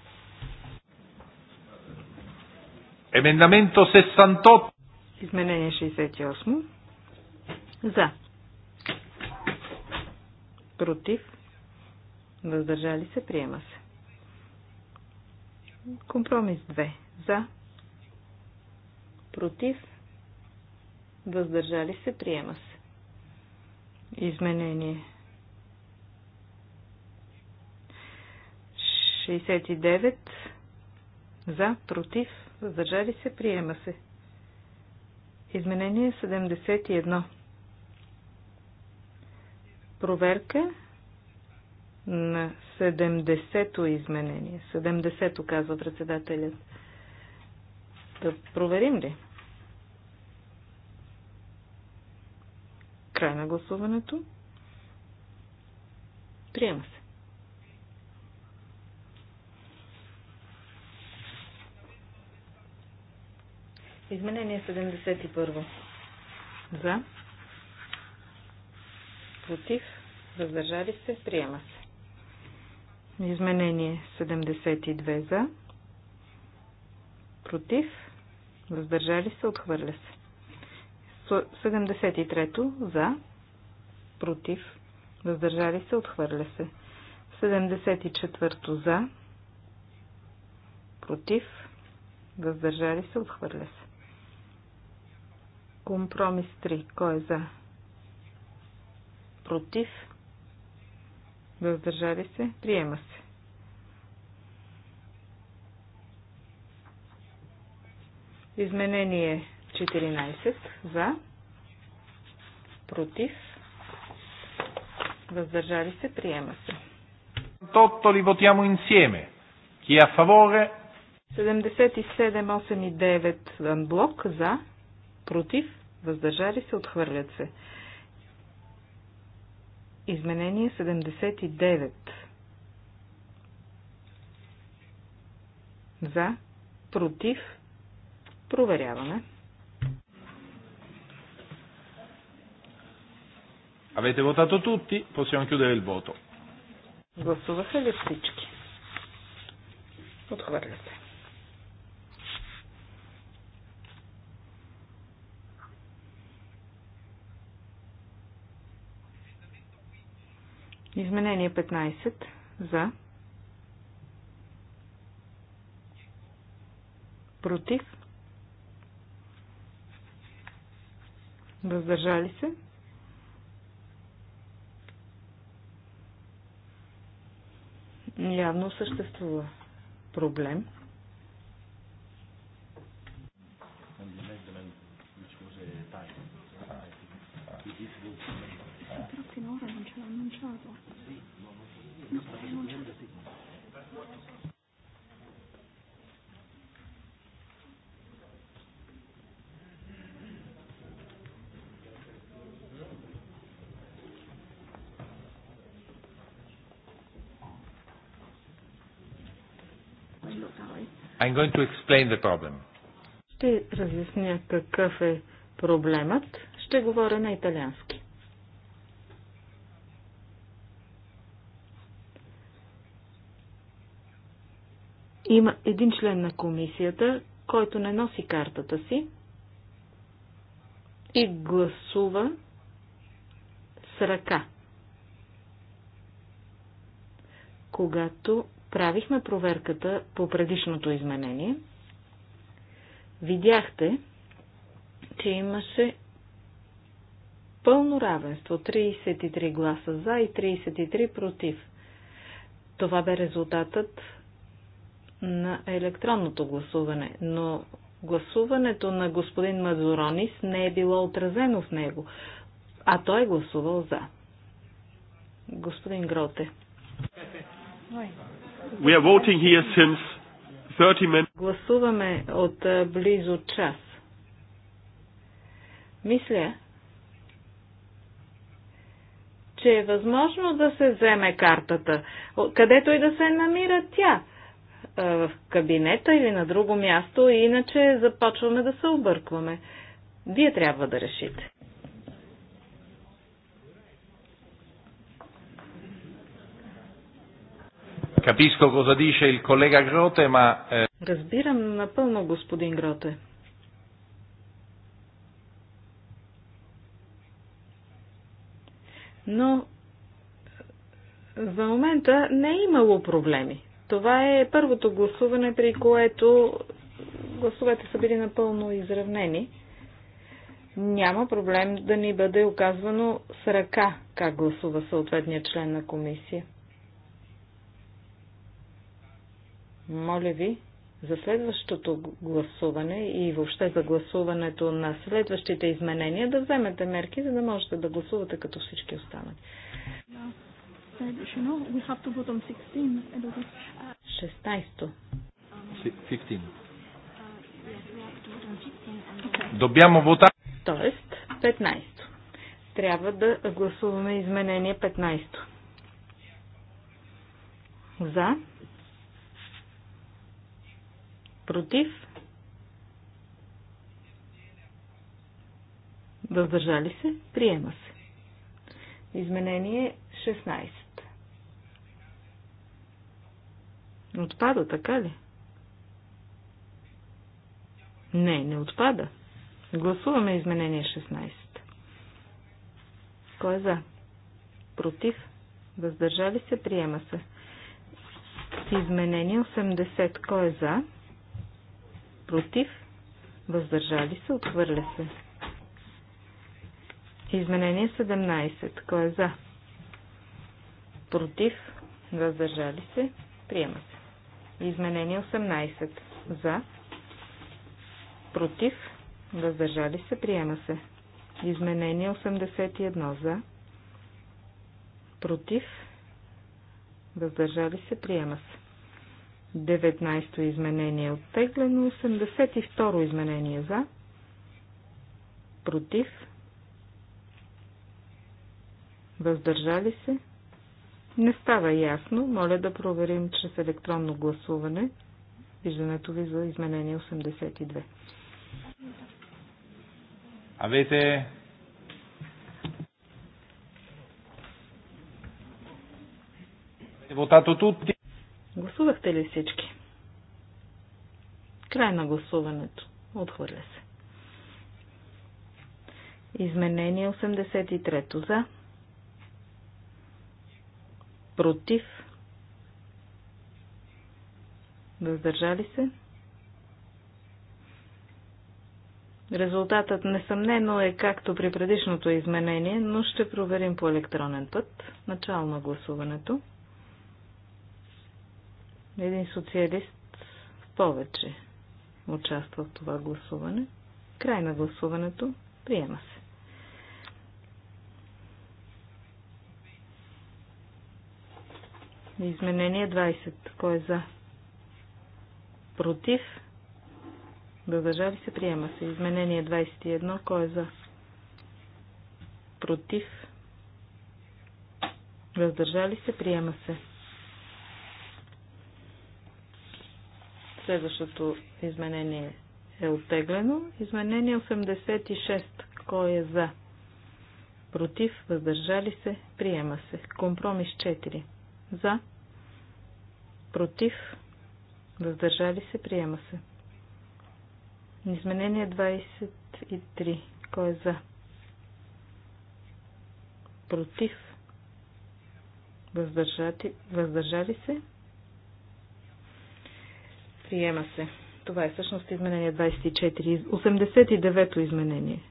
Emendamento 68. Изменение 68. За. Против. Въздържали се. Приема се. Компромис 2. За. Против. Въздържали се. Приема се. Изменение 69. За. Против въздържали се, приема се. Изменение 71. Проверка на 70-то изменение. 70-то, казва председателят. Да проверим ли? Край на гласуването. Приема се. Изменение 71. За. Против. Въздържали се. Приема се. Изменение 72 за. Против. Въздържали се. Отхвърля се. 73 за. Против. Въздържали се. Отхвърля се. 74 за. Против. Въздържали се. Отхвърля се. Компромис 3. Кой е за? Против? Въздържали се? Приема се. Изменение 14. За? Против? Въздържали се? Приема се. Тото ли votiamo инсиеме? Chi è 77, 8 и 9 за, против, въздържали се, отхвърлят се. Изменение 79. За, против, проверяваме. Avete votato tutti? Possiamo chiudere il voto. Гласуваха ли всички? Отхвърлят. Изменение 15 за. Против. Въздържали се. Явно съществува проблем. Thank uh, you che ora non ce l'ha annunciato. I'm going to explain the problem. Ще разясня какъв е проблемът. Ще говоря на италиански. Има един член на комисията, който не носи картата си и гласува с ръка. Когато правихме проверката по предишното изменение, видяхте, че имаше пълно равенство 33 гласа за и 33 против. Това бе резултатът на електронното гласуване, но гласуването на господин Мазуронис не е било отразено в него, а той е гласувал за. Господин Гроте. We are voting here since 30 minutes. Гласуваме от близо час. Мисля, че е възможно да се вземе картата, където и да се намира тя в кабинета или на друго място, иначе започваме да се объркваме. Вие трябва да решите. Capisco cosa dice il collega Grote, ma... Eh, Разбирам напълно, господин Гроте. Но за момента не е имало проблеми. Това е първото гласуване, при което гласовете са били напълно изравнени. Няма проблем да ни бъде оказвано с ръка как гласува съответният член на комисия. Моля ви, за следващото гласуване и въобще за гласуването на следващите изменения да вземете мерки, за да можете да гласувате като всички останали. 16. 16. Добямо вота. Тоест, 15. Трябва да гласуваме изменение 15. За. Против. Въздържали се? Приема се. Изменение 16. Отпада, така ли? Не, не отпада. Гласуваме изменение 16. Кой е за? Против? Въздържали се? Приема се. Изменение 80. Кой е за? Против? Въздържали се? Отхвърля се. Изменение 17. Кой е за? Против? Въздържали се? Приема се. Изменение 18. За. Против. Въздържали се. Приема се. Изменение 81. За. Против. Въздържали се. Приема се. 19 изменение е оттеглено, 82 изменение за, против, въздържали се, не става ясно. Моля да проверим чрез електронно гласуване виждането ви за изменение 82. Авете. Е Гласувахте ли всички? Край на гласуването. Отхвърля се. Изменение 83 за против, въздържали се. Резултатът несъмнено е както при предишното изменение, но ще проверим по електронен път. Начало на гласуването. Един социалист в повече участва в това гласуване. Край на гласуването. Приема се. Изменение 20. Кой е за? Против? Въздържали се? Приема се. Изменение 21. Кой е за? Против? Въздържали се? Приема се. Следващото изменение е оттеглено. Изменение 86. Кой е за? Против? Въздържали се? Приема се. Компромис 4. За. Против. Въздържали се. Приема се. Изменение 23. Кой е за? Против. Въздържати, въздържали се. Приема се. Това е всъщност изменение 24. 89-то изменение.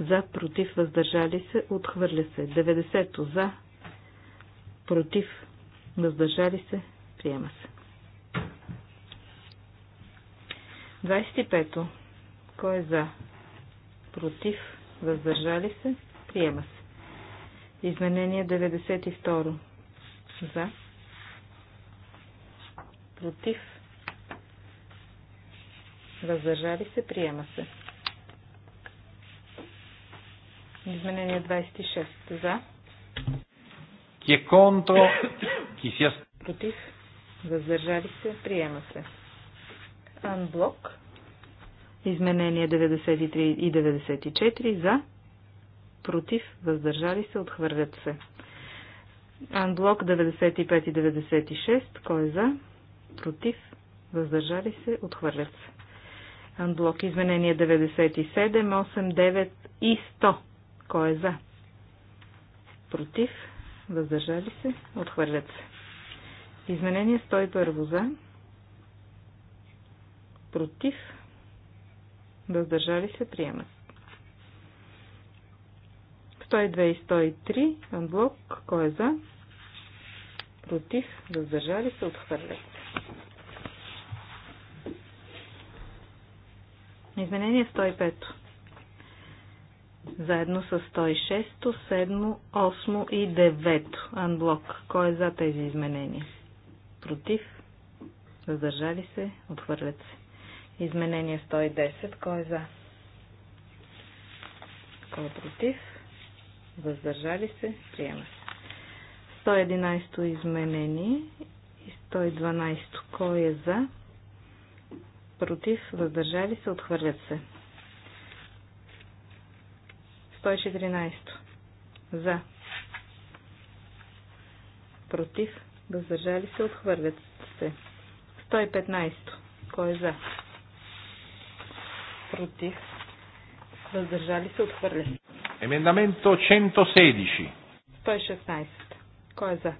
За, против, въздържали се, отхвърля се. 90-то за, против, въздържали се, приема се. 25. Кой е за? Против, въздържали се, приема се. Изменение 92. За. Против. Въздържали се, приема се. Изменение 26. За. Chi è contro? Chi si Против? Въздържали се? Приема се. Анблок. Изменение 93 и 94 за. Против? Въздържали се? Отхвърлят се. Анблок 95 и 96. Кой е за? Против? Въздържали се? Отхвърлят се. Анблок изменение 97, 8, 9 и 100. Кой е за? Против? въздържали се, отхвърлят се. Изменение 101 за, против, въздържали се, приемат. 102 и 103, анблок, кой е за, против, въздържали се, отхвърлят се. Изменение 105 заедно с 106, 7, 8 и 9 анблок. Кой е за тези изменения? Против? Задържали се? Отхвърлят се. Изменение 110. Кой е за? Кой е против? Въздържали се? Приема се. 111 изменение и 112. Кой е за? Против? Въздържали се? Отхвърлят се. 114. За. Против. Въздържали се. Отхвърлят се. 115. Кой е за? Против. Въздържали се. Отхвърля се. Емендаменто 116. 116. Кой е за?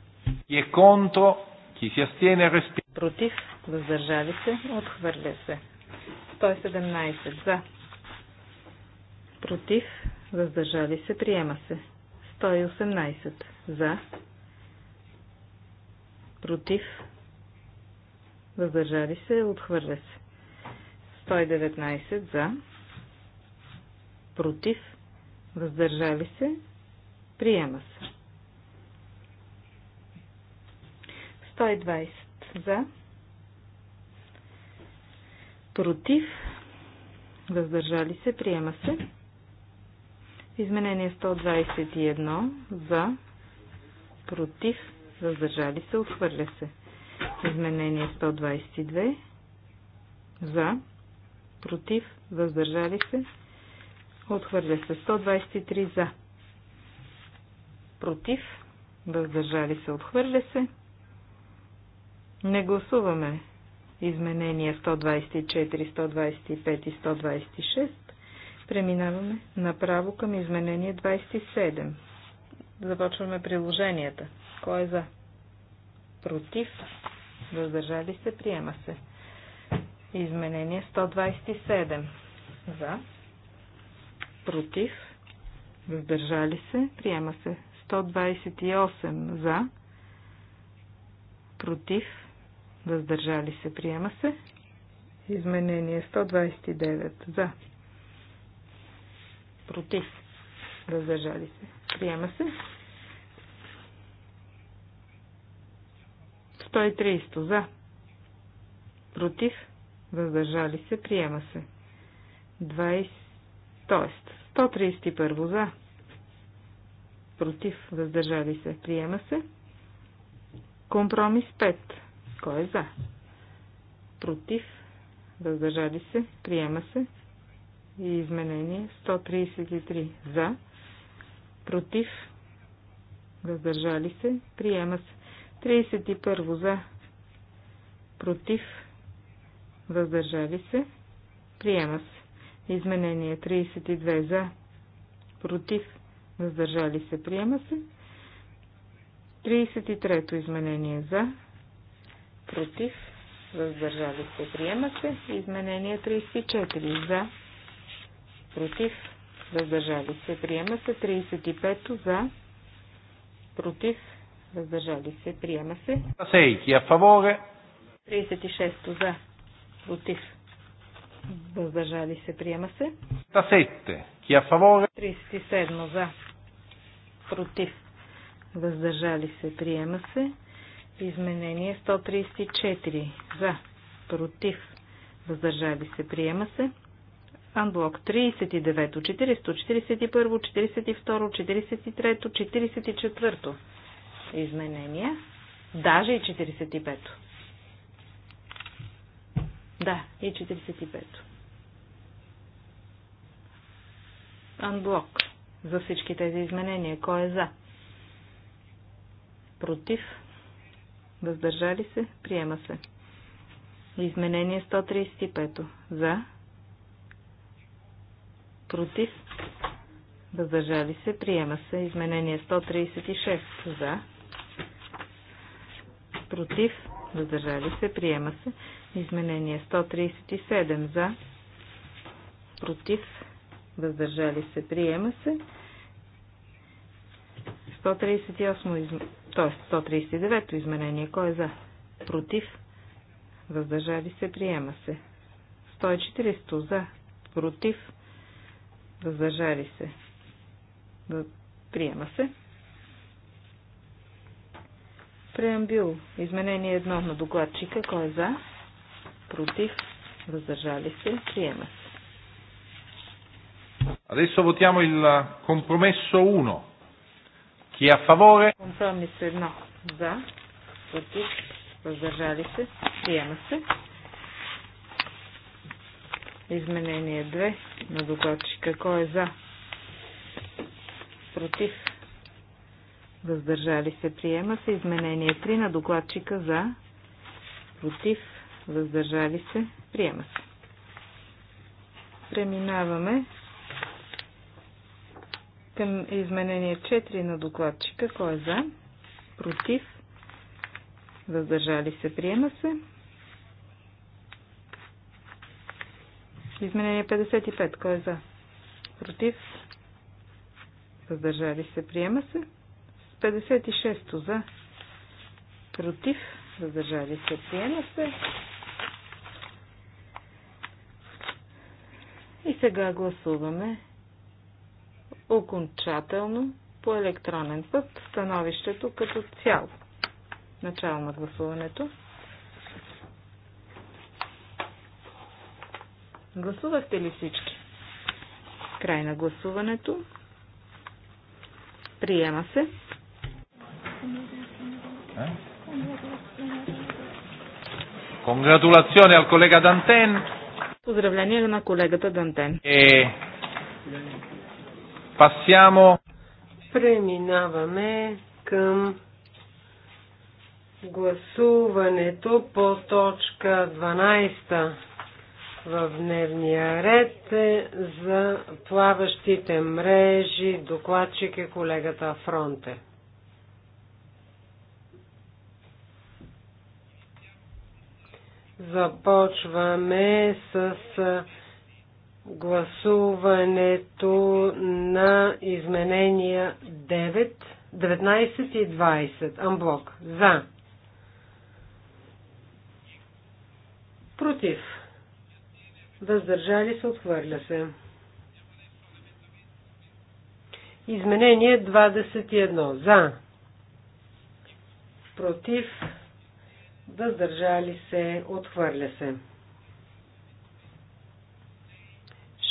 Ки е контро. Ки си астиене respinge. Против, въздържали се, отхвърля се. 117 за. Против, въздържали се, приема се. 118 за, против, въздържали се, отхвърля се. 119 за, против, въздържали се, приема се. 120 за, против, въздържали се, приема се. Изменение 121 за, против, въздържали се, отхвърля се. Изменение 122 за, против, въздържали се, отхвърля се. 123 за, против, въздържали се, отхвърля се. Не гласуваме изменения 124, 125 и 126. Преминаваме направо към изменение 27. Започваме приложенията. Кой е за? Против? Въздържали се? Приема се. Изменение 127. За? Против? Въздържали се? Приема се. 128. За? Против? Въздържали се? Приема се. Изменение 129. За? против, Раздържали се, приема се. 130 за, против, въздържали се, приема се. 20, тоест, 131 за, против, въздържали се, приема се. Компромис 5. Кой е за? Против, въздържали се, приема се и изменение 133 за, против, въздържали се, приема се 31 за, против, въздържали се, приема се. Изменение 32 за, против, въздържали се, приема се. 33-то изменение за, против, въздържали се, приема се. Изменение 34 за, против, въздържали се, приема се. 35 за, против, въздържали се, приема се. 36 за, против, въздържали се, приема се. 37 за, против, въздържали се, приема се. Изменение 134 за, против, въздържали се, приема се. Анблок 39, 40, 41, 42, 43, 44 изменения, даже и 45. Да, и 45. Анблок за всички тези изменения. Кой е за? Против? Въздържали се? Приема се. Изменение 135. За? против, въздържали се, приема се. Изменение 136 за, против, въздържали се, приема се. Изменение 137 за, против, въздържали се, приема се. 138, т.е. 139 изменение, кой е за? Против, въздържали се, приема се. 140 за, против, Въздържали се. Приема се. Преамбил. Изменение едно на докладчика. Кой е за? Против. Въздържали се. Приема се. Adesso votiamo il compromesso 1. Chi è a favore? Compromesso 1. За. Против. Въздържали се. Приема се. Изменение 2 на докладчика. Кой е за? Против. Въздържали се. Приема се. Изменение 3 на докладчика за. Против. Въздържали се. Приема се. Преминаваме към изменение 4 на докладчика. Кой е за? Против. Въздържали се. Приема се. Изменение 55. Кой е за? Против? Въздържали се. Приема се. 56 за. Против? Въздържали се. Приема се. И сега гласуваме окончателно по електронен път становището като цяло. Начало на гласуването. Гласувахте ли всички? Край на гласуването. Приема се. Е? Congratulazioni al колега Дантен. Поздравление на колегата Дантен. Е, пасямо. Преминаваме към гласуването по точка 12 в дневния ред е за плаващите мрежи. Докладчик е колегата Фронте. Започваме с гласуването на изменения 9, 19 и 20. Амблок. За. Против въздържали се, отхвърля се. Изменение 21. За. Против. Въздържали се. Отхвърля се.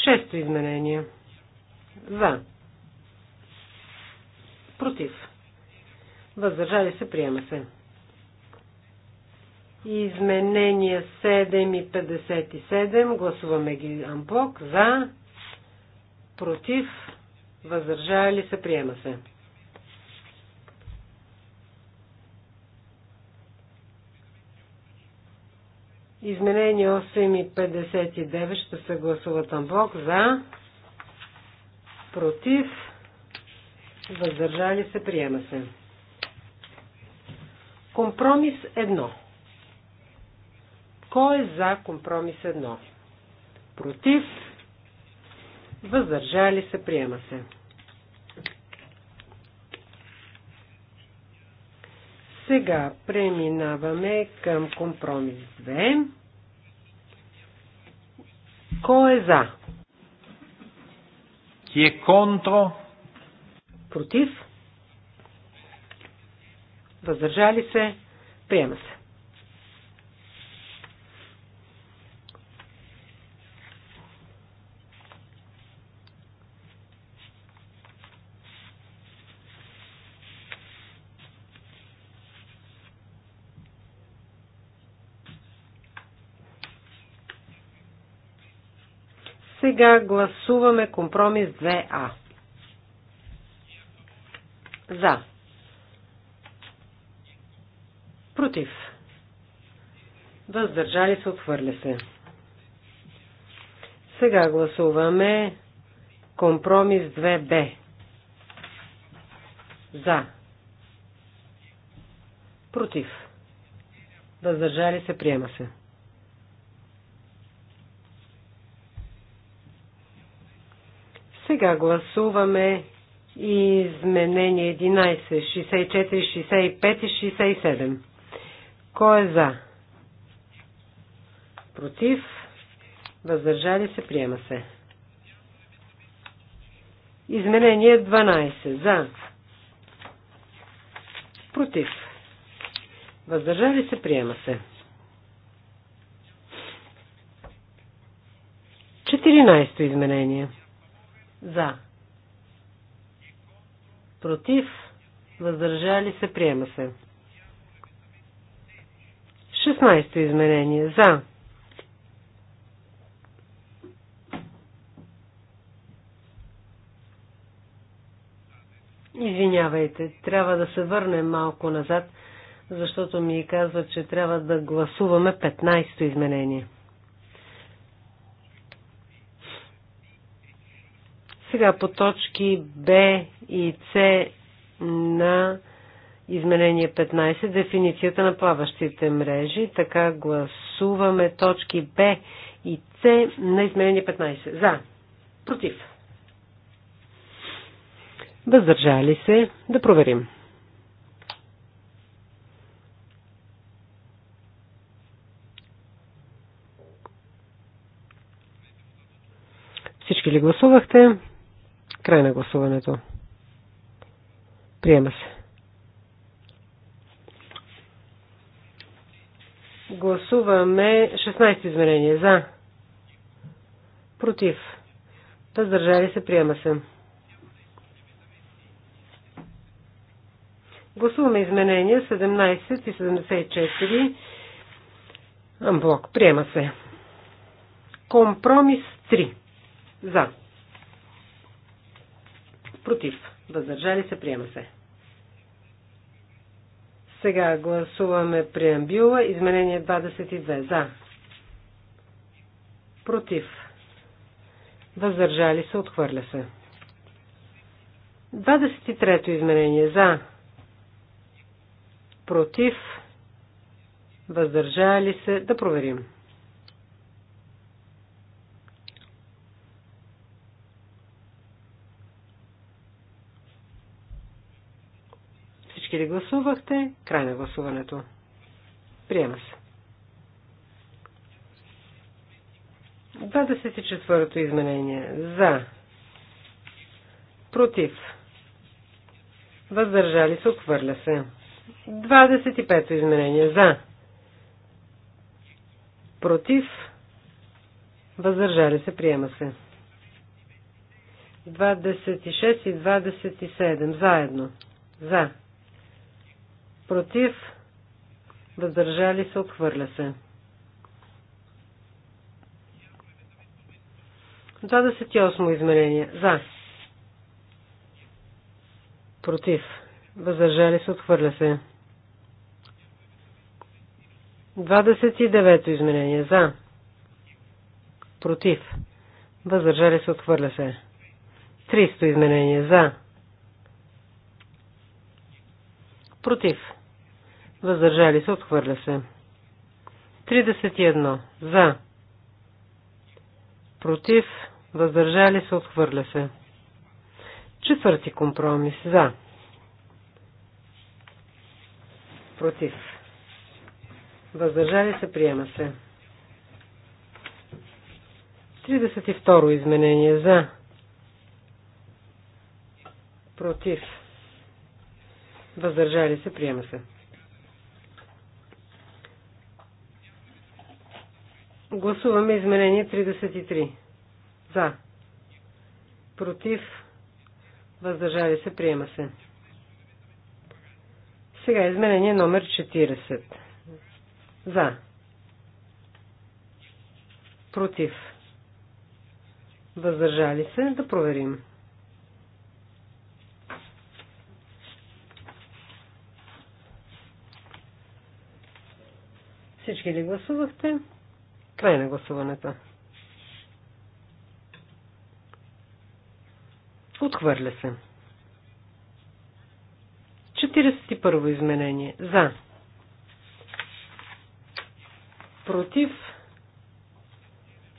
Шесто изменение. За. Против. Въздържали се. Приема се. Изменения 7 и 57. Гласуваме ги амблок. За. Против. Въздържали се. Приема се. Изменение 8 и 59 ще се гласуват амблок. За. Против. Въздържали се. Приема се. Компромис 1. Кой е за компромис 1? Против? Въздържали се? Приема се. Сега преминаваме към компромис 2. Кой е за? Ки е контро? Против? Въздържали се? Приема се. Сега гласуваме компромис 2А. За. Против. Въздържали се, отхвърля се. Сега гласуваме компромис 2Б. За. Против. Въздържали се, приема се. Сега гласуваме изменение 11, 64, 65 и 67. Кой е за? Против? Въздържали се? Приема се. Изменение 12. За. Против. Въздържали се? Приема се. 14 изменение. За. Против. Въздържали се. Приема се. 16 изменение. За. Извинявайте, трябва да се върнем малко назад, защото ми казва, че трябва да гласуваме 15-то изменение. Сега по точки Б и С на изменение 15, дефиницията на плаващите мрежи. Така гласуваме точки Б и С на изменение 15. За. Против. Въздържали се. Да проверим. Всички ли гласувахте? Край на гласуването. Приема се. Гласуваме 16 изменения. За. Против. Въздържали се. Приема се. Гласуваме изменения 17 и 74. Амблок. Приема се. Компромис 3. За. Против. Въздържали се. Приема се. Сега гласуваме преамбюла. Изменение 22. За. Против. Въздържали се. Отхвърля се. 23-то изменение. За. Против. Въздържали се. Да проверим. Всички ли гласувахте? Край на гласуването. Приема се. 24-то изменение. За. Против. Въздържали се, отхвърля се. 25-то изменение. За. Против. Въздържали се, приема се. 26 и 27. Заедно. За против, въздържали се, отхвърля се. 28 изменение. За. Против. Въздържали се, отхвърля се. 29 изменение. За. Против. Въздържали се, отхвърля се. 300 изменение. За. Против. Въздържали се, отхвърля се. 31. За. Против. Въздържали се, отхвърля се. Четвърти компромис. За. Против. Въздържали се, приема се. 32 изменение за. Против. Въздържали се, приема се. Гласуваме изменение 33. За. Против. Въздържали се. Приема се. Сега изменение номер 40. За. Против. Въздържали се. Да проверим. Всички ли гласувахте? Край на гласуването. Отхвърля се. 41 во изменение. За. Против.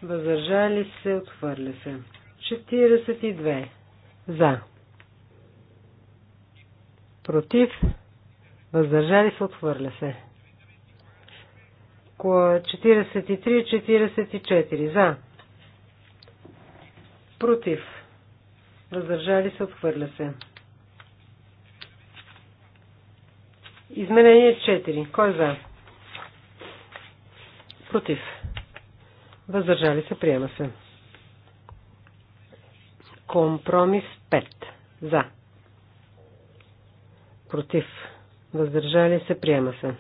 възържали се. Отхвърля се. 42. За. Против. Въздържали се. Отхвърля се. 43-44 за. Против. Въздържали се, отхвърля се. Изменение 4. Кой е за? Против. Въздържали се, приема се. Компромис 5. За. Против. Въздържали се, приема се.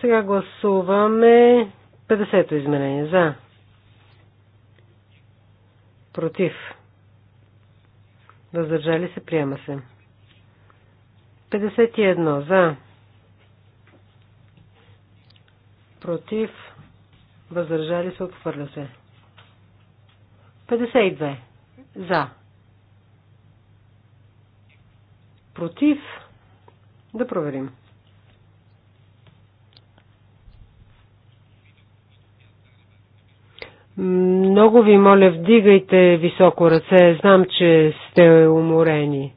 Сега гласуваме 50-то изменение. За. Против. Въздържали се, приема се. 51. За. Против. Въздържали се, отхвърля се. 52. За. Против. Да проверим. Много ви моля, вдигайте високо ръце. Знам, че сте уморени.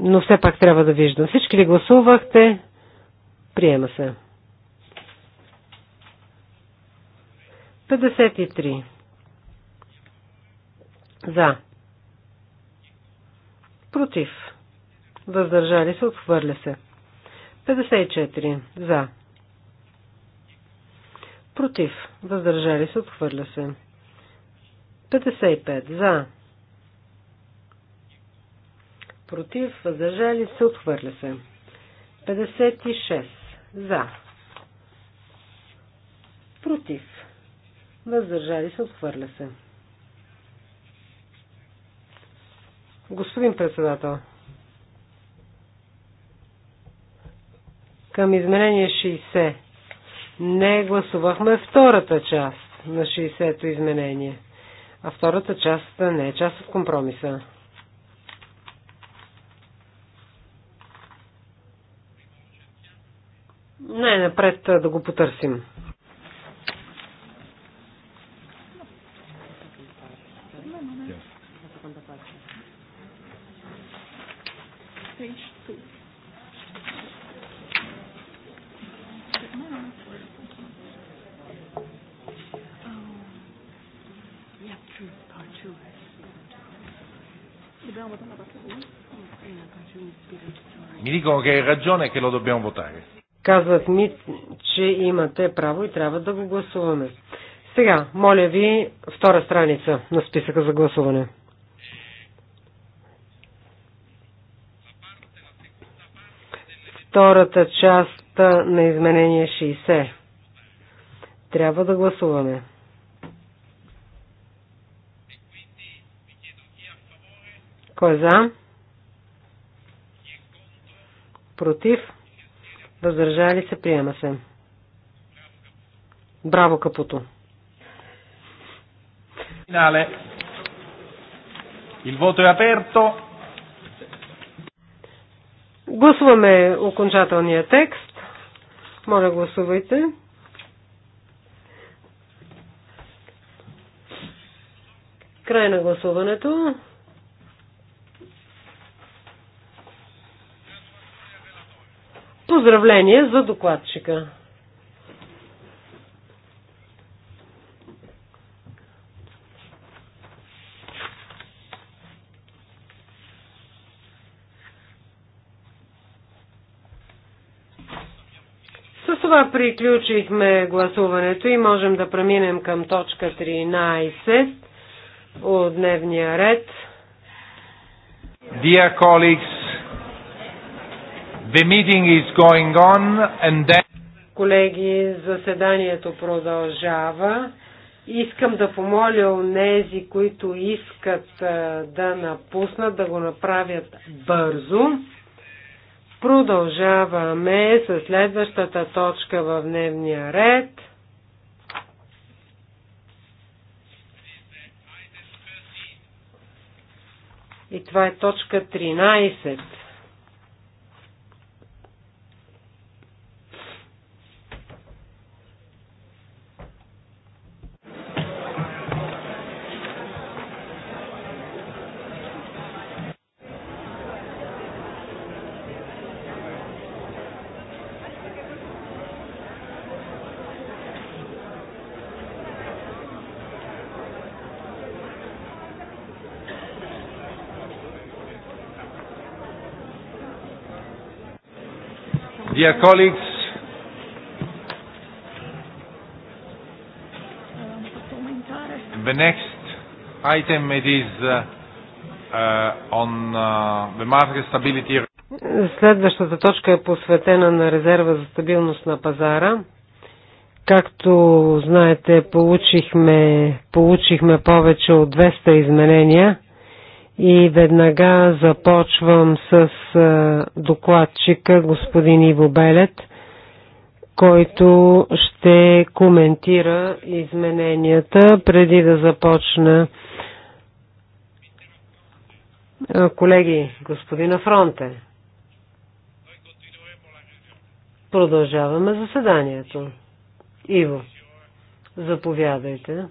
Но все пак трябва да виждам. Всички ли гласувахте? Приема се. 53. За. Против. Въздържали се, отхвърля се. 54. За. Против. Въздържали се. Отхвърля се. 55. За. Против. Въздържали се. Отхвърля се. 56. За. Против. Въздържали се. Отхвърля се. Господин председател, към изменение 60 не гласувахме втората част на 60-то изменение. А втората част не е част от компромиса. Не, напред да го потърсим. dicono che hai ragione e che lo dobbiamo votare. Казват ми, че имате право и трябва да го гласуваме. Сега, моля ви, втора страница на списъка за гласуване. Втората част на изменение 60. Трябва да гласуваме. Кой е за? Против. Въздържали се. Приема се. Браво, Капуто. Финале. Il voto è aperto. Гласуваме окончателния текст. Моля, гласувайте. Край на гласуването. Поздравление за докладчика. С това приключихме гласуването и можем да преминем към точка 13 от дневния ред. Dear colleagues, The meeting is going on and then... Колеги, заседанието продължава. Искам да помоля нези, които искат да напуснат, да го направят бързо. Продължаваме с следващата точка в дневния ред. И това е точка 13. Dear colleagues, the next item it is uh, uh, on uh, the market stability. Следващата точка е посветена на резерва за стабилност на пазара. Както знаете, получихме, получихме повече от 200 изменения – и веднага започвам с докладчика господин Иво Белет, който ще коментира измененията преди да започна. Колеги, господина Фронте, продължаваме заседанието. Иво, заповядайте.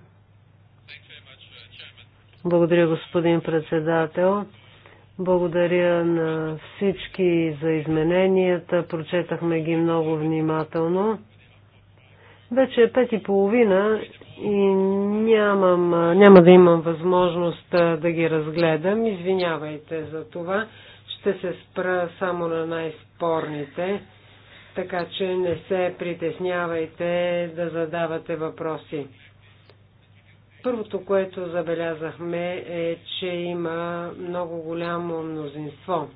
Благодаря, господин председател. Благодаря на всички за измененията. Прочетахме ги много внимателно. Вече е пет и половина и нямам, няма да имам възможност да ги разгледам. Извинявайте за това. Ще се спра само на най-спорните, така че не се притеснявайте да задавате въпроси. Първото, което забелязахме е, че има много голямо мнозинство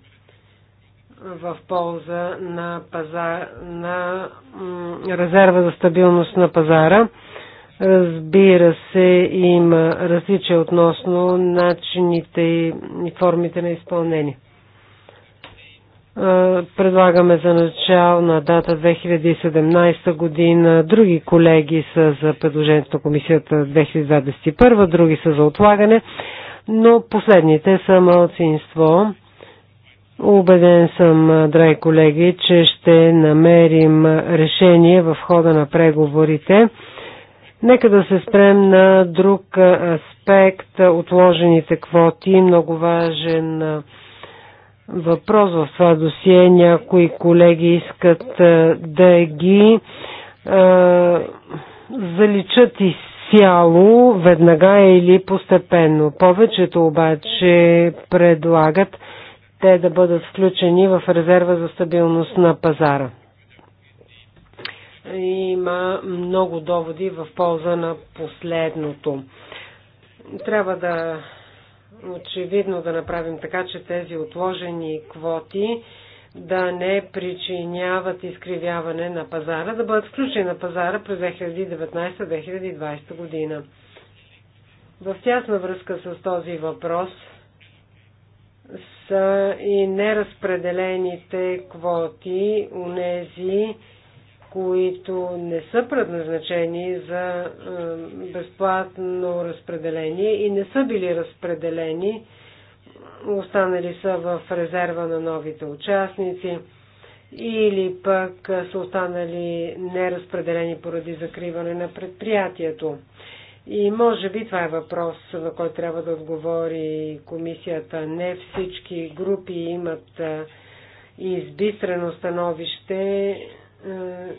в полза на, пазар, на резерва за стабилност на пазара. Разбира се, има различия относно начините и формите на изпълнение. Е, предлагаме за на дата 2017 година, други колеги са за предложението на комисията 2021, други са за отлагане, но последните са малцинство. Убеден съм, драги колеги, че ще намерим решение в хода на преговорите. Нека да се спрем на друг аспект, отложените квоти, много важен въпрос в това досие. Някои колеги искат да ги е, заличат изцяло, веднага или постепенно. Повечето обаче предлагат те да бъдат включени в резерва за стабилност на пазара. Има много доводи в полза на последното. Трябва да очевидно да направим така, че тези отложени квоти да не причиняват изкривяване на пазара, да бъдат включени на пазара през 2019-2020 година. В тясна връзка с този въпрос са и неразпределените квоти, унези, които не са предназначени за е, безплатно разпределение и не са били разпределени, останали са в резерва на новите участници или пък са останали неразпределени поради закриване на предприятието. И може би това е въпрос, на който трябва да отговори комисията. Не всички групи имат е, избистрено становище е,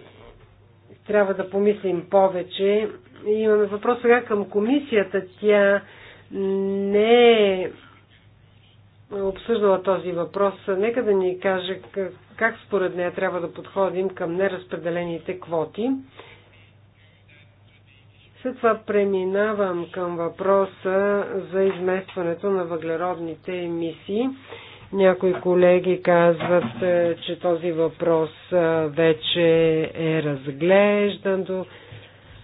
трябва да помислим повече. Имаме въпрос сега към комисията. Тя не е обсъждала този въпрос. Нека да ни каже как според нея трябва да подходим към неразпределените квоти. След това преминавам към въпроса за изместването на въглеродните емисии някои колеги казват, е, че този въпрос е, вече е разглеждан до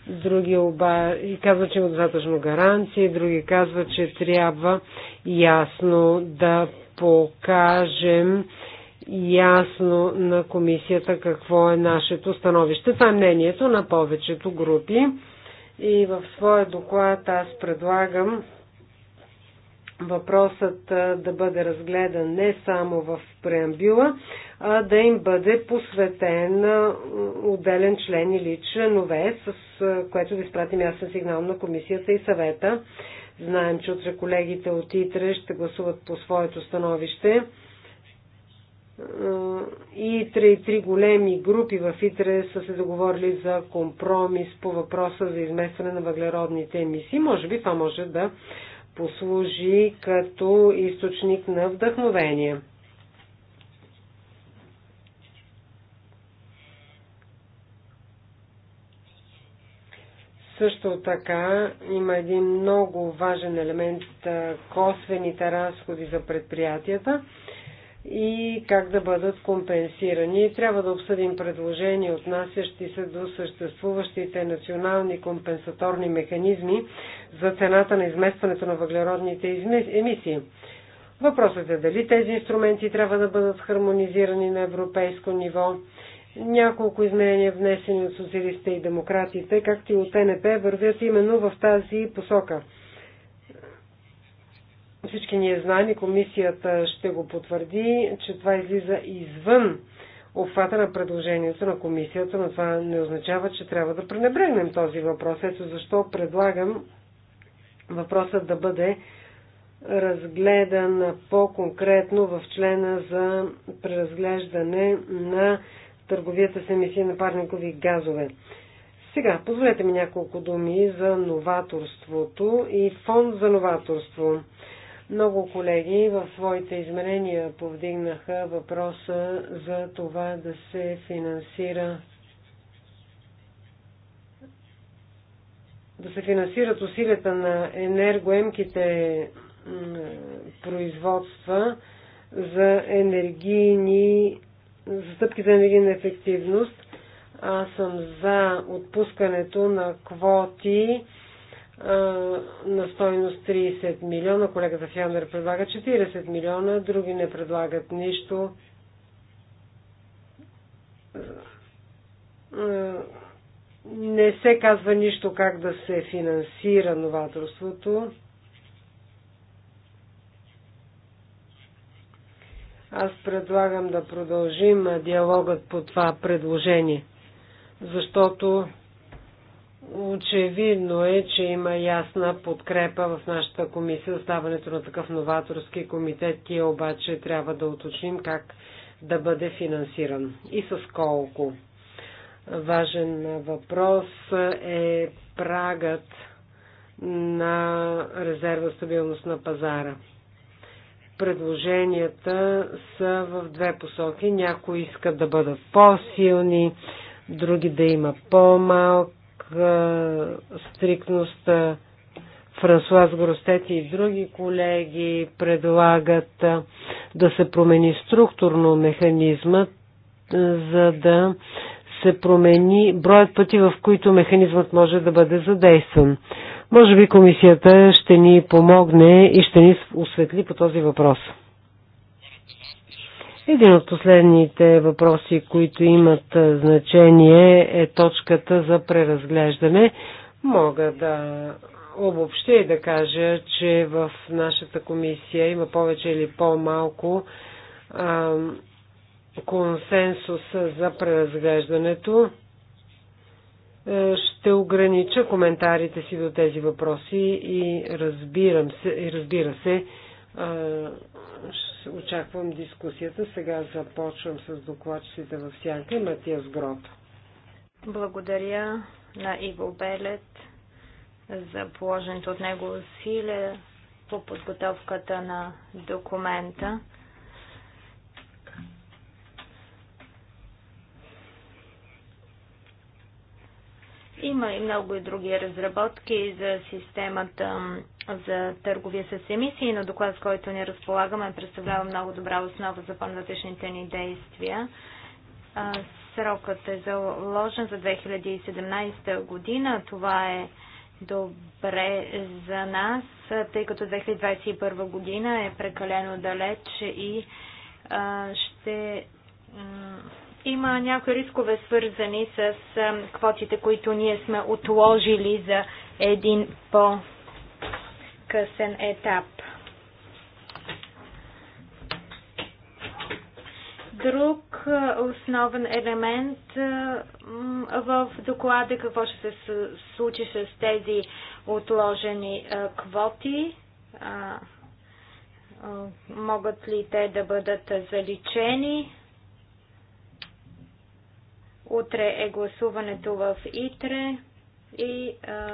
други оба... и казват, че има достатъчно гаранции, други казват, че трябва ясно да покажем ясно на комисията какво е нашето становище. Това е мнението на повечето групи. И в своя доклад аз предлагам въпросът да бъде разгледан не само в преамбюла, а да им бъде посветен отделен член или членове, с което да изпратим ясен сигнал на комисията и съвета. Знаем, че утре колегите от ИТРЕ ще гласуват по своето становище. ИТРЕ и три големи групи в ИТРЕ са се договорили за компромис по въпроса за изместване на въглеродните емисии. Може би това може да послужи като източник на вдъхновение. Също така има един много важен елемент косвените разходи за предприятията и как да бъдат компенсирани. Трябва да обсъдим предложения, отнасящи се до съществуващите национални компенсаторни механизми за цената на изместването на въглеродните емисии. Въпросът е дали тези инструменти трябва да бъдат хармонизирани на европейско ниво. Няколко изменения, внесени от социалистите и демократите, както и от НП, вървят именно в тази посока – всички ние знаем и комисията ще го потвърди, че това излиза извън обхвата на предложението на комисията, но това не означава, че трябва да пренебрегнем този въпрос. Ето защо предлагам въпросът да бъде разгледан по-конкретно в члена за преразглеждане на търговията с емисии на парникови газове. Сега, позволете ми няколко думи за новаторството и фонд за новаторство. Много колеги в своите изменения повдигнаха въпроса за това да се финансира да се финансират усилията на енергоемките производства за енергийни за стъпки за енергийна ефективност. Аз съм за отпускането на квоти на стойност 30 милиона. Колегата Фионер предлага 40 милиона, други не предлагат нищо. Не се казва нищо как да се финансира новаторството. Аз предлагам да продължим диалогът по това предложение, защото Очевидно е, че има ясна подкрепа в нашата комисия за ставането на такъв новаторски комитет. Тие обаче трябва да уточним как да бъде финансиран и с колко. Важен въпрос е прагът на резерва стабилност на пазара. Предложенията са в две посоки. Някои искат да бъдат по-силни, други да има по малки е, стрикността. Е, Франсуаз Гростет и други колеги предлагат е, да се промени структурно механизмът, за да се промени броят пъти, в които механизмът може да бъде задействан. Може би комисията ще ни помогне и ще ни осветли по този въпрос. Един от последните въпроси, които имат значение е точката за преразглеждане. Мога да обобщя и да кажа, че в нашата комисия има повече или по-малко консенсус за преразглеждането. Е, ще огранича коментарите си до тези въпроси и разбирам се, и разбира се, очаквам дискусията. Сега започвам с докладчиците в сянка и Матиас Гроб. Благодаря на Иго Белет за положените от него усилия по подготовката на документа. Има и много и други разработки за системата за търговия с емисии, но доклад, с който ни разполагаме, представлява много добра основа за по-нататъчните ни действия. Срокът е заложен за 2017 година. Това е добре за нас, тъй като 2021 година е прекалено далеч и ще има някои рискове свързани с квотите, които ние сме отложили за един по-късен етап. Друг основен елемент в доклада какво ще се случи с тези отложени квоти. Могат ли те да бъдат заличени? Утре е гласуването в ИТРЕ и а,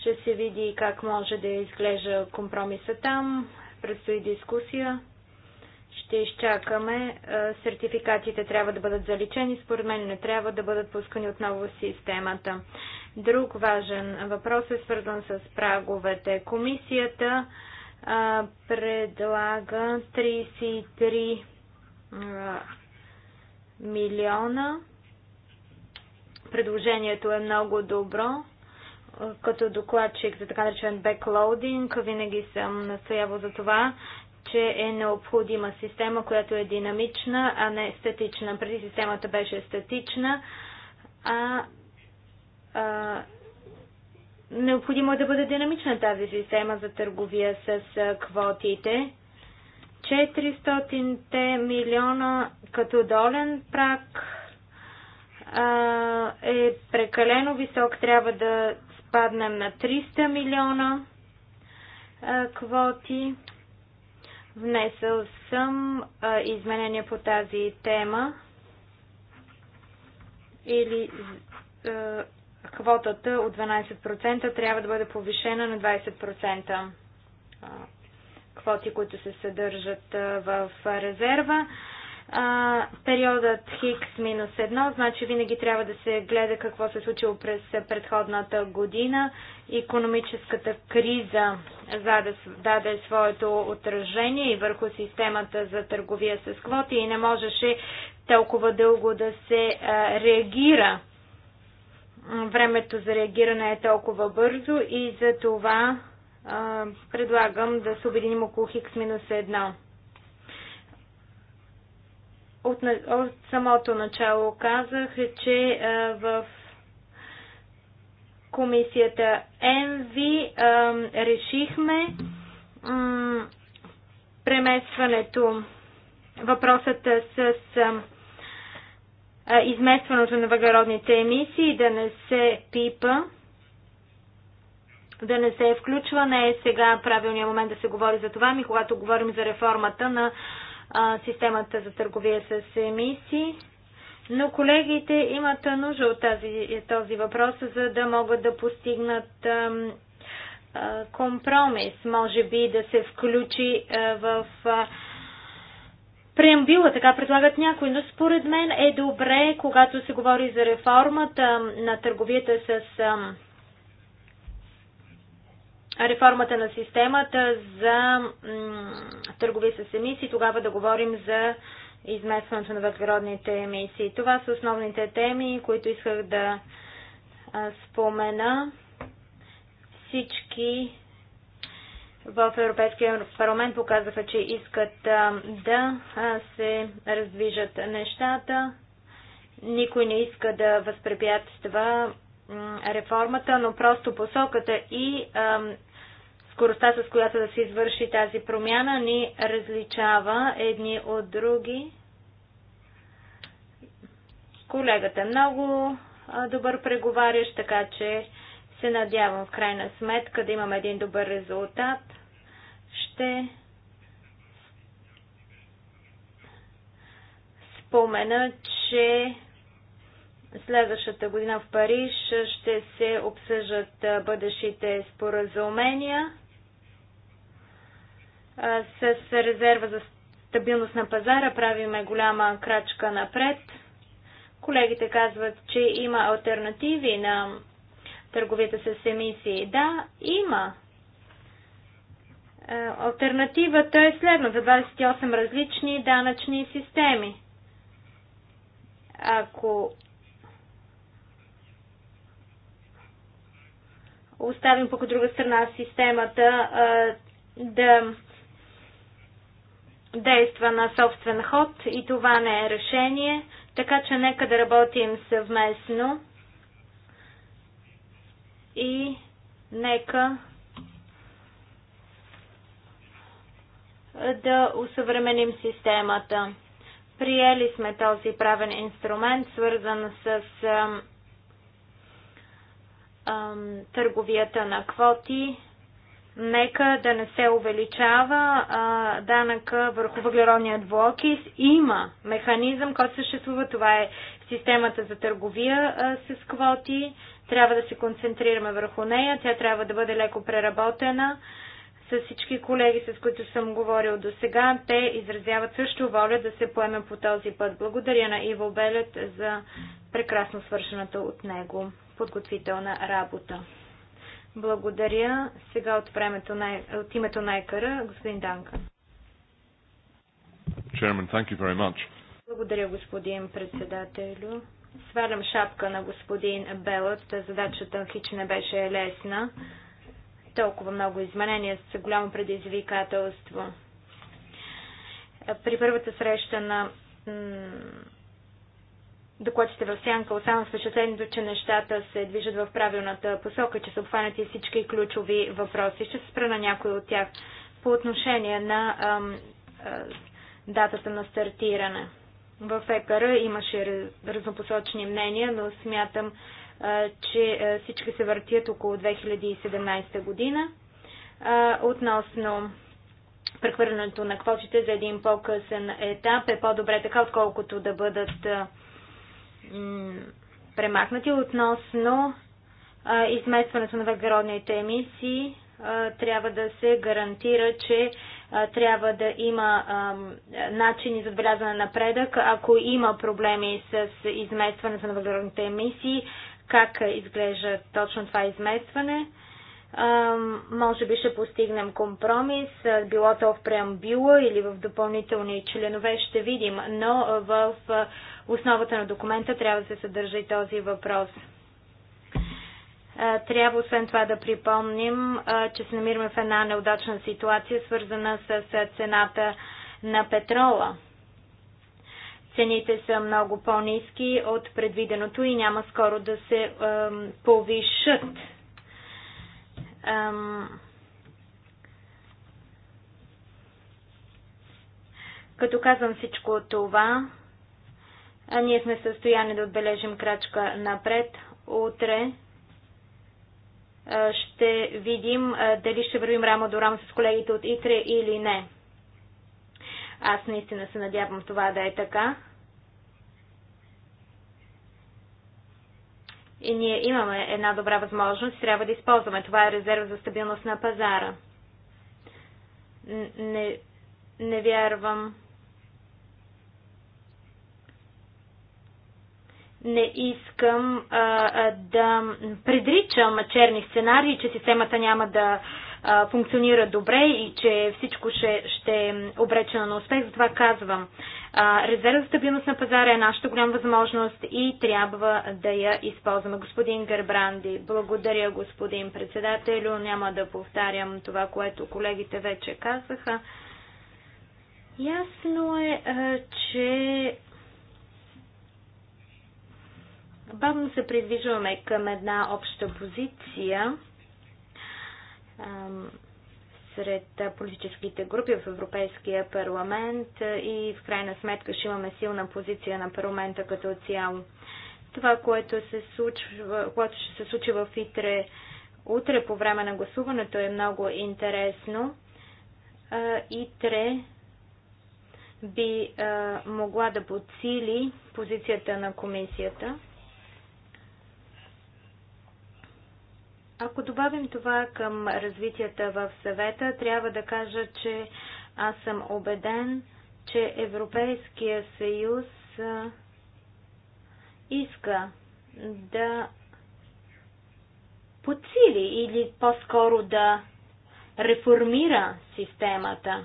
ще се види как може да изглежда компромиса там. Предстои дискусия. Ще изчакаме. Сертификатите трябва да бъдат заличени. Според мен не трябва да бъдат пускани отново в системата. Друг важен въпрос е свързан с праговете. Комисията а, предлага 33 а, милиона Предложението е много добро. Като докладчик за така наречен беклоудинг, винаги съм настоявал за това, че е необходима система, която е динамична, а не статична. Преди системата беше статична, а, а необходимо е да бъде динамична тази система за търговия с квотите. 400 милиона като долен прак е прекалено висок. Трябва да спаднем на 300 милиона квоти. Внесъл съм изменения по тази тема или квотата от 12% трябва да бъде повишена на 20% квоти, които се съдържат в резерва периодът Хикс минус 1, значи винаги трябва да се гледа какво се е случило през предходната година. Економическата криза даде, своето отражение и върху системата за търговия с квоти и не можеше толкова дълго да се реагира. Времето за реагиране е толкова бързо и за това предлагам да се обединим около Хикс минус 1 от, от самото начало казах, че в комисията ЕНВИ решихме преместването, въпросът с изместването на въглеродните емисии да не се пипа, да не се включва. Не е сега правилният момент да се говори за това, ми когато говорим за реформата на а, системата за търговия с емисии. Но колегите имат нужда от тази, този въпрос, за да могат да постигнат а, а, компромис. Може би да се включи а, в. А, преамбила, така предлагат някои, но според мен е добре, когато се говори за реформата на търговията с реформата на системата за търгови с емисии, тогава да говорим за изместването на въглеродните емисии. Това са основните теми, които исках да спомена. Всички в Европейския парламент показаха, че искат да се раздвижат нещата. Никой не иска да възпрепятства реформата, но просто посоката и скоростта, с която да се извърши тази промяна, ни различава едни от други. Колегата е много добър преговарящ, така че се надявам в крайна сметка да имаме един добър резултат. Ще спомена, че следващата година в Париж ще се обсъждат бъдещите споразумения. С резерва за стабилност на пазара правиме голяма крачка напред. Колегите казват, че има альтернативи на търговията с емисии. Да, има. Альтернативата е за 28 различни данъчни системи. Ако оставим по друга страна системата да действа на собствен ход и това не е решение, така че нека да работим съвместно и нека да усъвременим системата. Приели сме този правен инструмент, свързан с търговията на квоти нека да не се увеличава а, данъка върху въглеродния двуокис. Има механизъм, който съществува. Това е системата за търговия а, с квоти. Трябва да се концентрираме върху нея. Тя трябва да бъде леко преработена. С всички колеги, с които съм говорил до сега, те изразяват също воля да се поеме по този път. Благодаря на Иво Белет за прекрасно свършената от него подготвителна работа. Благодаря. Сега от, времето от името на екара, господин Данка. Chairman, thank you very much. Благодаря, господин председателю. Свалям шапка на господин Белът. Задачата хич не беше лесна. Толкова много изменения са голямо предизвикателство. При първата среща на докладчите в сянка с впечатлението, че нещата се движат в правилната посока, че са обхванати всички ключови въпроси. Ще се спра на някои от тях по отношение на ам, а, датата на стартиране. В ЕКР имаше разнопосочни мнения, но смятам, а, че всички се въртят около 2017 година. А, относно прехвърлянето на квотите за един по-късен етап е по-добре така, отколкото да бъдат премахнати относно изместването на въглеродните емисии. Трябва да се гарантира, че трябва да има начини за отбелязване на напредък. Ако има проблеми с изместването на въглеродните емисии, как изглежда точно това изместване? може би ще постигнем компромис, било то в преамбюла или в допълнителни членове, ще видим, но в основата на документа трябва да се съдържа и този въпрос. Трябва освен това да припомним, че се намираме в една неудачна ситуация, свързана с цената на петрола. Цените са много по-низки от предвиденото и няма скоро да се повишат. Като казвам всичко това, а ние сме в състояние да отбележим крачка напред. Утре ще видим дали ще вървим рамо до рамо с колегите от ИТРЕ или не. Аз наистина се надявам това да е така. И ние имаме една добра възможност и трябва да използваме. Това е резерва за стабилност на пазара. Не, не вярвам не искам а, а, да предричам черни сценарии, че системата няма да а, функционира добре и че всичко ще, ще е обречено на успех. Затова казвам, а, резерва за стабилност на пазара е нашата голяма възможност и трябва да я използваме. Господин Гербранди, благодаря господин председателю. Няма да повтарям това, което колегите вече казаха. Ясно е, че бавно се придвижваме към една обща позиция сред политическите групи в Европейския парламент и в крайна сметка ще имаме силна позиция на парламента като цяло. Това, което, се случва, което ще се случи в ИТРЕ утре по време на гласуването е много интересно. ИТРЕ би могла да подсили позицията на комисията. Ако добавим това към развитията в съвета, трябва да кажа, че аз съм убеден, че Европейския съюз иска да подсили или по-скоро да реформира системата.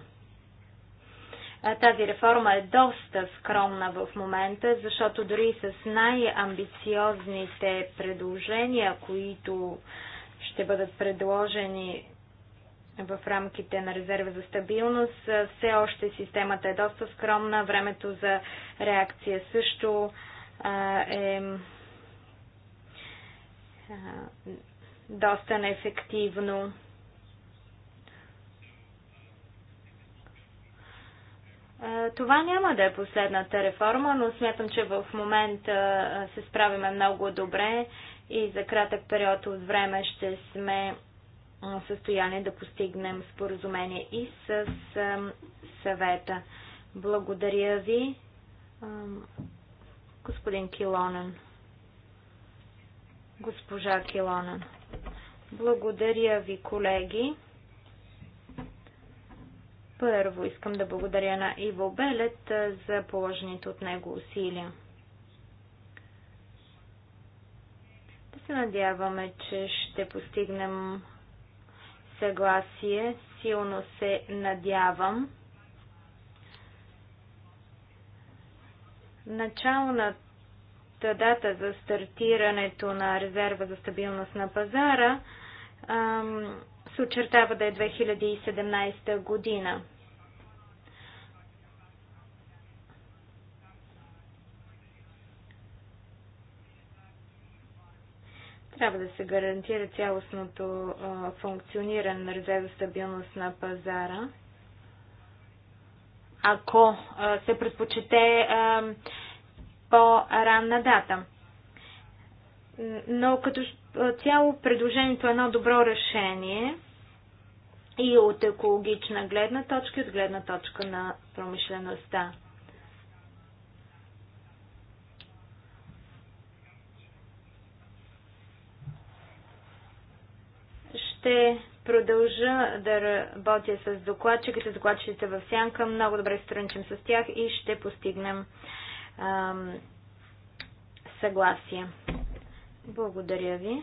Тази реформа е доста скромна в момента, защото дори с най-амбициозните предложения, които ще бъдат предложени в рамките на резерва за стабилност. Все още системата е доста скромна, времето за реакция също е доста неефективно. Това няма да е последната реформа, но смятам, че в момента се справиме много добре и за кратък период от време ще сме в състояние да постигнем споразумение и с съвета. Благодаря ви, господин Килонен. Госпожа Килонен. Благодаря ви, колеги. Първо искам да благодаря на Иво Белет за положените от него усилия. се надяваме, че ще постигнем съгласие. Силно се надявам. Началната дата за стартирането на резерва за стабилност на пазара се очертава да е 2017 година. Трябва да се гарантира цялостното функциониране на резерва стабилност на пазара. Ако се предпочете по-ранна дата. Но като цяло предложението е едно добро решение и от екологична гледна точка, и от гледна точка на промишлеността. Ще продължа да работя с докладчиките, докладчиците в сянка. Много добре сътрудничам с тях и ще постигнем ам, съгласие. Благодаря ви.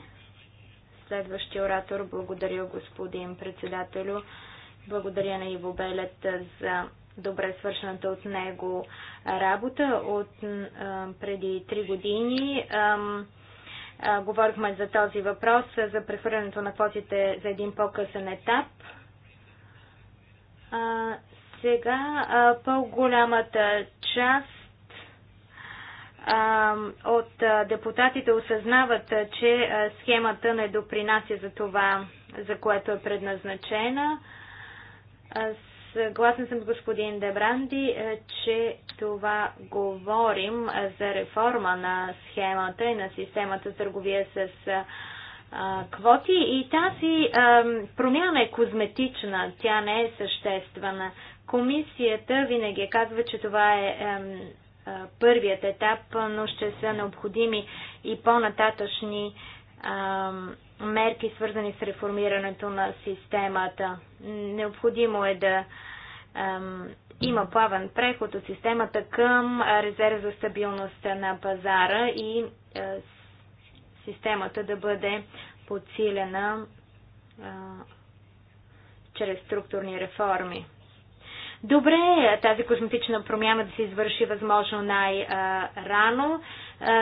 Следващия оратор. Благодаря господин председателю. Благодаря на Иво Белет за добре свършената от него работа. От ам, преди три години ам, говорихме за този въпрос, за прехвърлянето на квотите за един по-късен етап. А, сега по-голямата част от депутатите осъзнават, че схемата не допринася за това, за което е предназначена. Съгласен съм с господин Дебранди, е, че това говорим за реформа на схемата и на системата за търговия с е, квоти и тази е, промяна е козметична, тя не е съществена. Комисията винаги казва, че това е първият етап, но ще са необходими и по-нататъчни мерки, свързани с реформирането на системата. Необходимо е да ем, има плавен преход от системата към резерв за стабилност на пазара и е, системата да бъде подсилена е, чрез структурни реформи. Добре е тази косметична промяна да се извърши възможно най-рано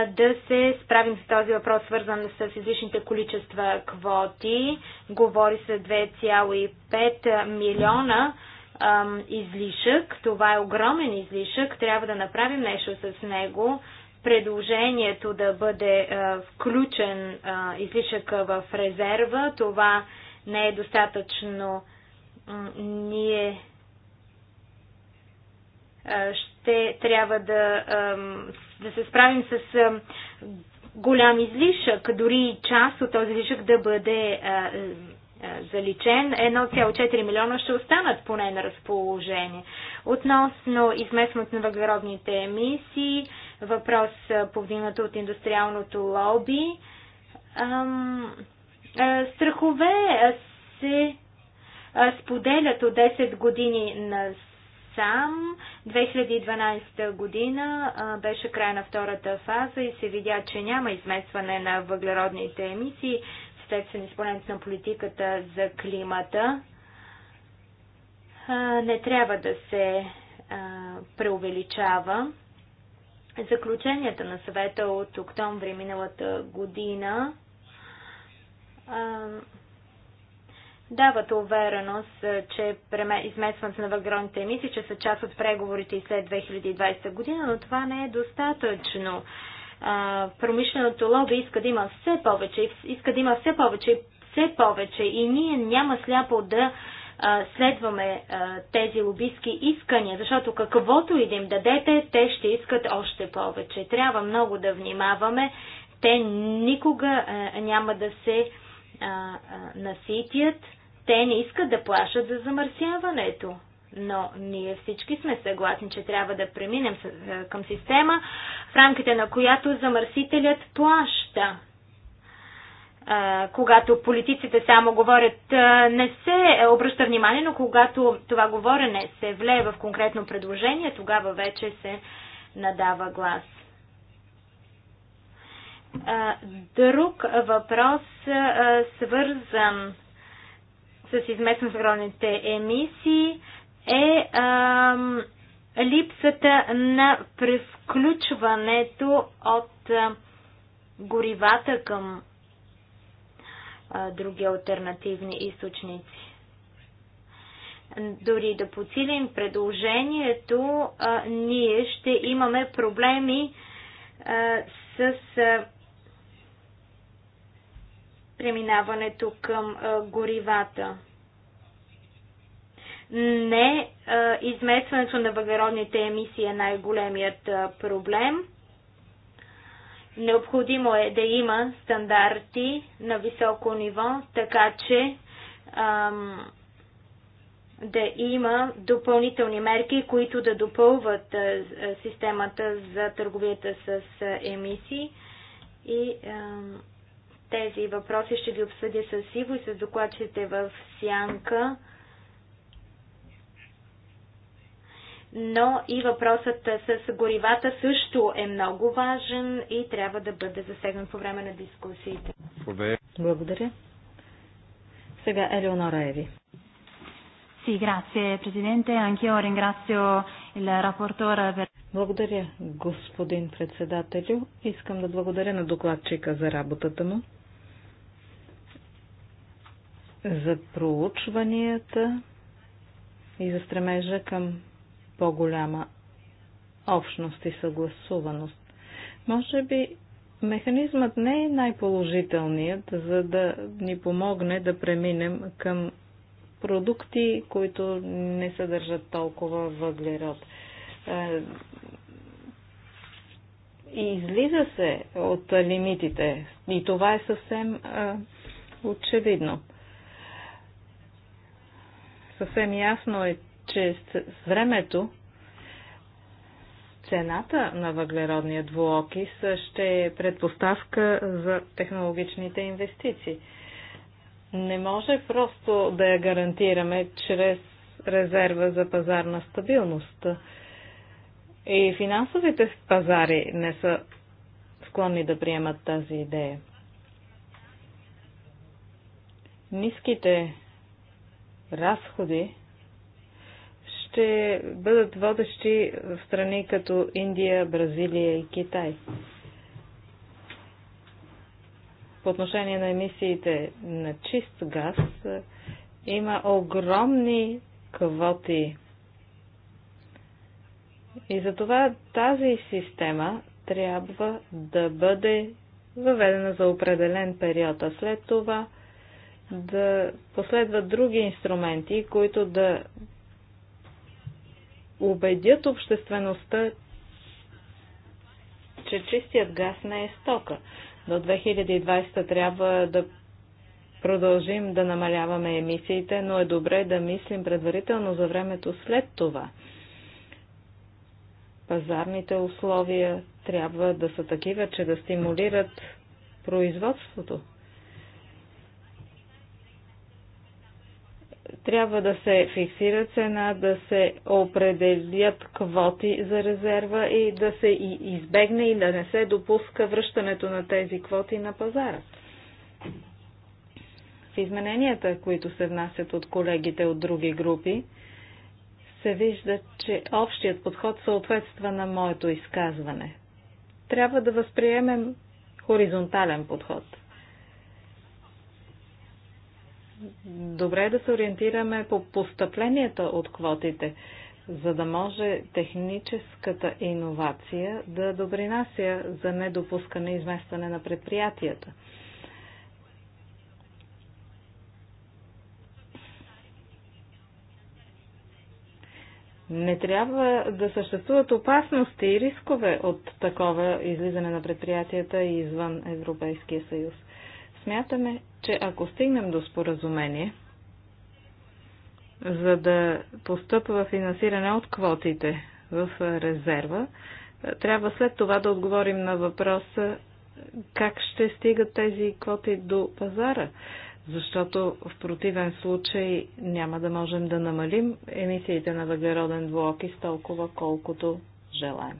да се справим с този въпрос, свързан с излишните количества квоти. Говори се 2,5 милиона излишък. Това е огромен излишък. Трябва да направим нещо с него. Предложението да бъде включен излишък в резерва, това не е достатъчно. Ние ще трябва да да се справим с голям излишък, дори част от този излишък да бъде заличен, 1,4 милиона ще останат поне на разположение. Относно изместването на въглеродните емисии, въпрос повдигнато от индустриалното лоби, страхове се споделят от 10 години на сам. 2012 година а, беше край на втората фаза и се видя, че няма изместване на въглеродните емисии следствен изпълнен на политиката за климата. А, не трябва да се а, преувеличава. Заключенията на съвета от октомври миналата година дават увереност, е, че изместването на въглеродните емисии, че са част от преговорите и след 2020 година, но това не е достатъчно. Промишленото лоби иска да има все повече, иска да има все повече, все повече и ние няма сляпо да следваме тези лобистки искания, защото каквото и да им дадете, те ще искат още повече. Трябва много да внимаваме. Те никога няма да се а, наситят, те не искат да плашат за замърсяването. Но ние всички сме съгласни, че трябва да преминем към система, в рамките на която замърсителят плаща. А, когато политиците само говорят, не се обръща внимание, но когато това говорене се влее в конкретно предложение, тогава вече се надава глас. Друг въпрос, свързан с изместно въглеродните емисии, е липсата на превключването от горивата към други альтернативни източници. Дори да подсилим предложението, ние ще имаме проблеми с преминаването към горивата. Не изместването на въглеродните емисии е най-големият проблем. Необходимо е да има стандарти на високо ниво, така че ам, да има допълнителни мерки, които да допълват а, системата за търговията с емисии и ам, тези въпроси ще ги обсъдя с Иво и с докладчите в Сянка. Но и въпросът с горивата също е много важен и трябва да бъде засегнат по време на дискусиите. Благодаря. Сега Елеонора Еви. Си, grazie президенте. Анкио ringrazio рапортора Благодаря, господин председателю. Искам да благодаря на докладчика за работата му за проучванията и за стремежа към по-голяма общност и съгласуваност. Може би механизмът не е най-положителният, за да ни помогне да преминем към продукти, които не съдържат толкова въглерод. И е, излиза се от лимитите. И това е съвсем е, очевидно съвсем ясно е, че с времето цената на въглеродния двуокис ще е предпоставка за технологичните инвестиции. Не може просто да я гарантираме чрез резерва за пазарна стабилност. И финансовите пазари не са склонни да приемат тази идея. Ниските разходи ще бъдат водещи в страни като Индия, Бразилия и Китай. По отношение на емисиите на чист газ има огромни квоти. И затова тази система трябва да бъде въведена за определен период, а след това да последват други инструменти, които да убедят обществеността, че чистият газ не е стока. До 2020 трябва да продължим да намаляваме емисиите, но е добре да мислим предварително за времето след това. Пазарните условия трябва да са такива, че да стимулират производството. Трябва да се фиксира цена, да се определят квоти за резерва и да се избегне и да не се допуска връщането на тези квоти на пазара. В измененията, които се внасят от колегите от други групи, се вижда, че общият подход съответства на моето изказване. Трябва да възприемем хоризонтален подход – добре е да се ориентираме по постъпленията от квотите, за да може техническата иновация да добринася за недопускане и изместване на предприятията. Не трябва да съществуват опасности и рискове от такова излизане на предприятията извън Европейския съюз. Смятаме, че ако стигнем до споразумение, за да постъпва финансиране от квотите в резерва, трябва след това да отговорим на въпроса как ще стигат тези квоти до пазара, защото в противен случай няма да можем да намалим емисиите на въглероден блок и толкова колкото желаем.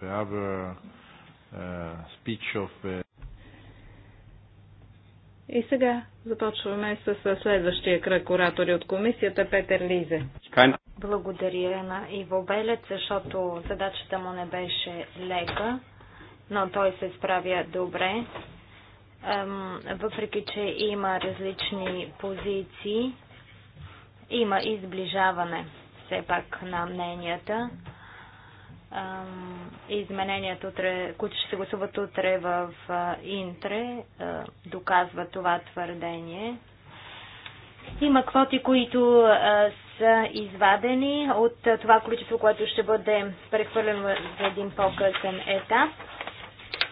We have a, speech of uh, и сега започваме с следващия кръг оратори от комисията Петър Лизе. Благодаря на Иво Белец, защото задачата му не беше лека, но той се справя добре. Въпреки, че има различни позиции, има изближаване все пак на мненията измененията, утре, които ще се гласуват утре в Интре, доказва това твърдение. Има квоти, които са извадени от това количество, което ще бъде прехвърлено за един по-късен етап.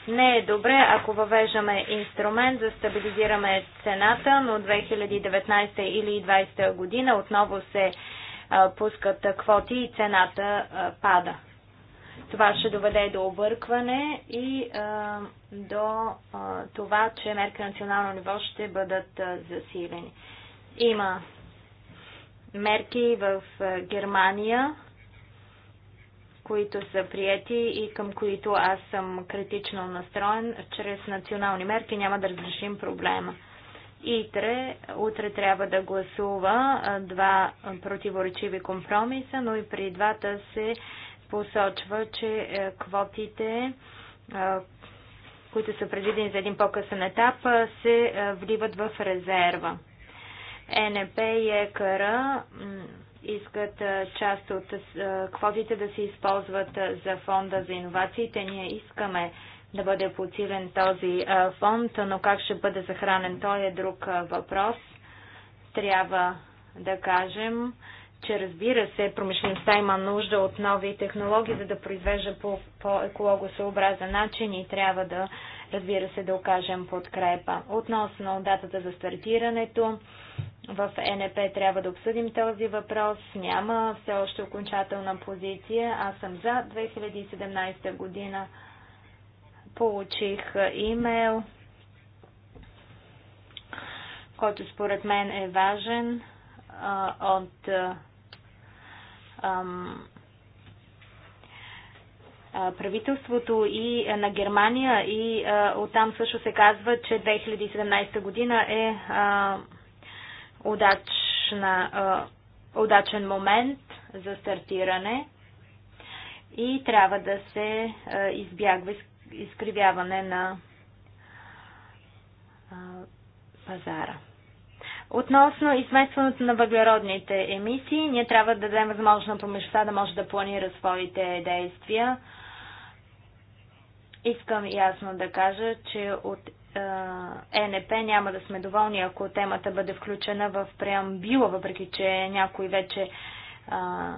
Не е добре, ако въвеждаме инструмент за стабилизираме цената, но 2019 или 2020 година отново се пускат квоти и цената пада. Това ще доведе до объркване и а, до а, това, че мерки на национално ниво ще бъдат а, засилени. Има мерки в а, Германия, които са прияти и към които аз съм критично настроен. Чрез национални мерки няма да разрешим проблема. ИТРЕ утре трябва да гласува два противоречиви компромиса, но и при двата се посочва, че е, квотите, е, които са предвидени за един по-късен етап, е, се вливат в резерва. НП и ЕКР искат част от квотите да се използват за фонда за иновациите. Ние искаме да бъде подсилен този фонд, но как ще бъде захранен той е друг въпрос. Трябва да кажем, че разбира се, промишлеността има нужда от нови технологии, за да произвежда по, по екологосъобразен начин и трябва да, разбира се, да окажем подкрепа. Относно датата за стартирането, в НП трябва да обсъдим този въпрос. Няма все още окончателна позиция. Аз съм за 2017 година. Получих имейл, който според мен е важен а, от правителството и на Германия и а, оттам също се казва, че 2017 година е а, удачна, а, удачен момент за стартиране и трябва да се а, избягва изкривяване на а, пазара. Относно изместването на въглеродните емисии, ние трябва да дадем възможност на промишлеността да може да планира своите действия. Искам ясно да кажа, че от ЕНП няма да сме доволни, ако темата бъде включена в преамбила, въпреки че някои вече а,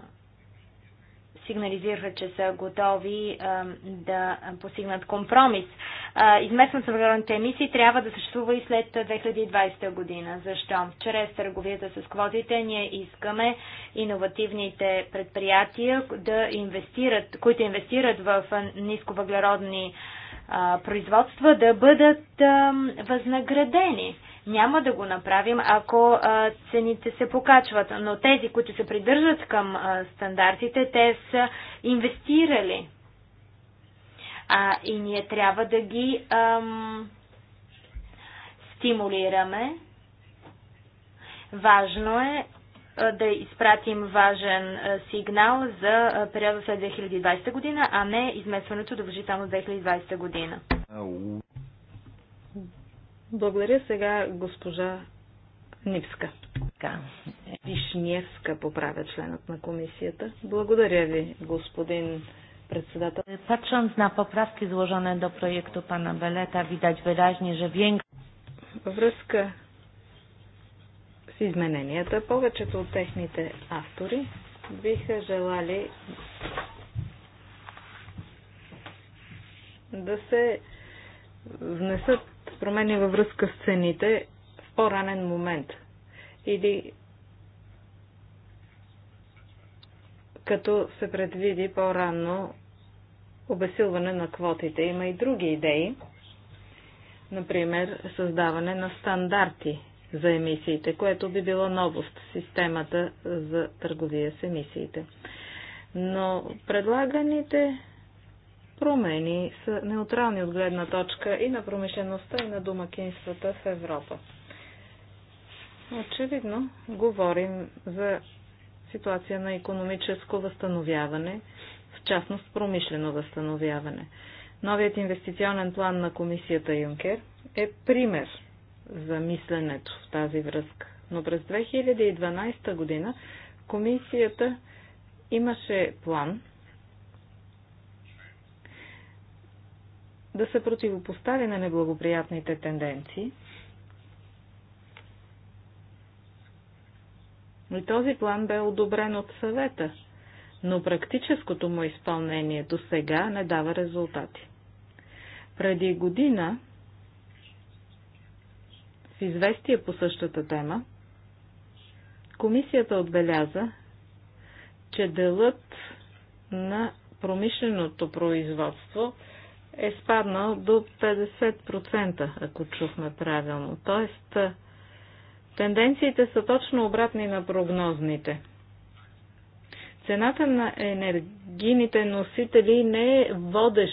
сигнализираха, че са готови а, да постигнат компромис. Изместно на емисии трябва да съществува и след 2020 година. Защо? Чрез търговията с квотите ние искаме иновативните предприятия да инвестират, които инвестират в нисковъглеродни производства, да бъдат а, възнаградени няма да го направим, ако цените се покачват, но тези, които се придържат към стандартите, те са инвестирали. А, и ние трябва да ги ам, стимулираме. Важно е да изпратим важен сигнал за периода след 2020 година, а не изместването въжително 2020 година. Благодаря сега госпожа Нивска. Така. Вишневска поправя членът на комисията. Благодаря ви, господин председател. Patrząc на поправки, изложене до projektu пана Белета, widać wyraźnie, że венг... Връзка с измененията, повечето от техните автори биха желали да се внесат промени във връзка с цените в по-ранен момент. Или като се предвиди по-рано обесилване на квотите. Има и други идеи, например създаване на стандарти за емисиите, което би било новост в системата за търговия с емисиите. Но предлаганите промени са неутрални от гледна точка и на промишлеността, и на домакинствата в Европа. Очевидно, говорим за ситуация на економическо възстановяване, в частност промишлено възстановяване. Новият инвестиционен план на комисията Юнкер е пример за мисленето в тази връзка. Но през 2012 година комисията имаше план да се противопостави на неблагоприятните тенденции. И този план бе одобрен от съвета, но практическото му изпълнение до сега не дава резултати. Преди година в известие по същата тема, комисията отбеляза, че делът на промишленото производство – е спаднал до 50%, ако чухме правилно. Тоест, тенденциите са точно обратни на прогнозните. Цената на енергийните носители не е водещ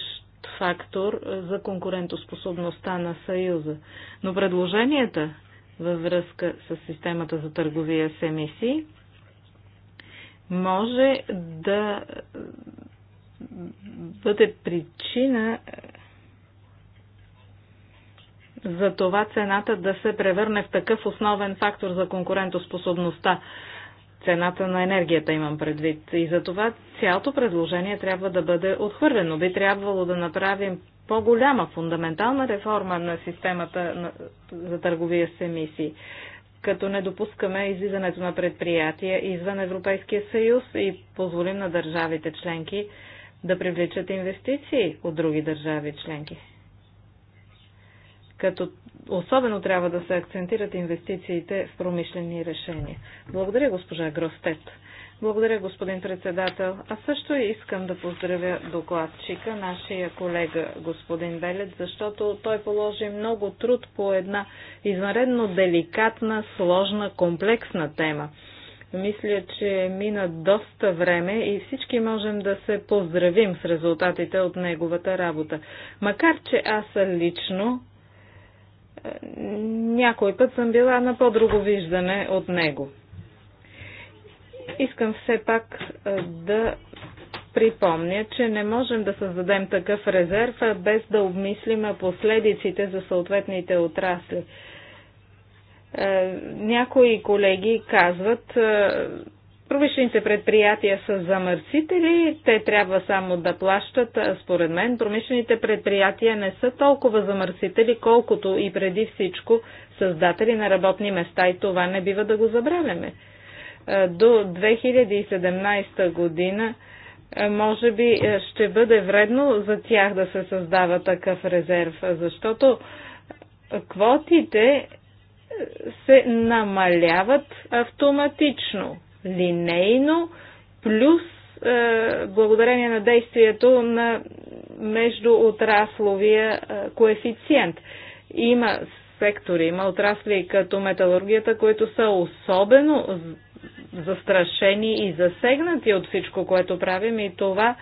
фактор за конкурентоспособността на Съюза, но предложенията във връзка с системата за търговия с емисии може да бъде причина е, за това цената да се превърне в такъв основен фактор за конкурентоспособността. Цената на енергията имам предвид. И за това цялото предложение трябва да бъде отхвърлено. Би трябвало да направим по-голяма фундаментална реформа на системата за търговия с емисии като не допускаме излизането на предприятия извън Европейския съюз и позволим на държавите членки да привличат инвестиции от други държави членки. Като особено трябва да се акцентират инвестициите в промишлени решения. Благодаря, госпожа Гростет. Благодаря, господин председател. Аз също искам да поздравя докладчика, нашия колега господин Белет, защото той положи много труд по една извънредно деликатна, сложна, комплексна тема. Мисля, че мина доста време и всички можем да се поздравим с резултатите от неговата работа. Макар, че аз лично е, някой път съм била на по-друго виждане от него. Искам все пак е, да припомня, че не можем да създадем такъв резерв без да обмислим последиците за съответните отрасли. Е, някои колеги казват, е, промишлените предприятия са замърсители, те трябва само да плащат. Според мен промишлените предприятия не са толкова замърсители, колкото и преди всичко създатели на работни места и това не бива да го забравяме. Е, до 2017 година може би ще бъде вредно за тях да се създава такъв резерв, защото квотите се намаляват автоматично, линейно, плюс е, благодарение на действието на междуотрасловия е, коефициент. Има сектори, има отрасли като металургията, които са особено застрашени и засегнати от всичко, което правим и това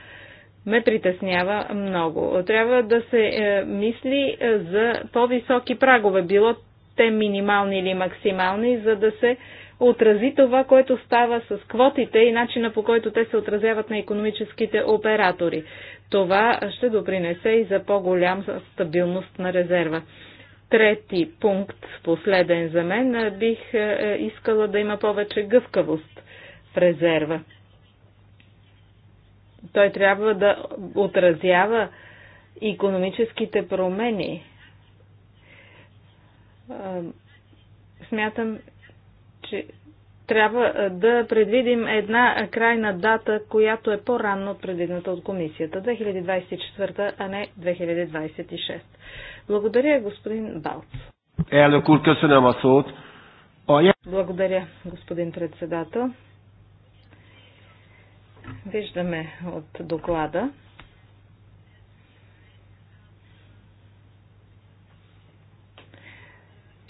ме притеснява много. Трябва да се е, мисли е, за по-високи прагове, било те минимални или максимални, за да се отрази това, което става с квотите и начина по който те се отразяват на економическите оператори. Това ще допринесе и за по-голяма стабилност на резерва. Трети пункт, последен за мен, бих е, искала да има повече гъвкавост в резерва. Той трябва да отразява економическите промени, смятам, че трябва да предвидим една крайна дата, която е по-ранно от предвидната от комисията 2024, а не 2026. Благодаря, господин Балц. Благодаря, господин председател. Виждаме от доклада,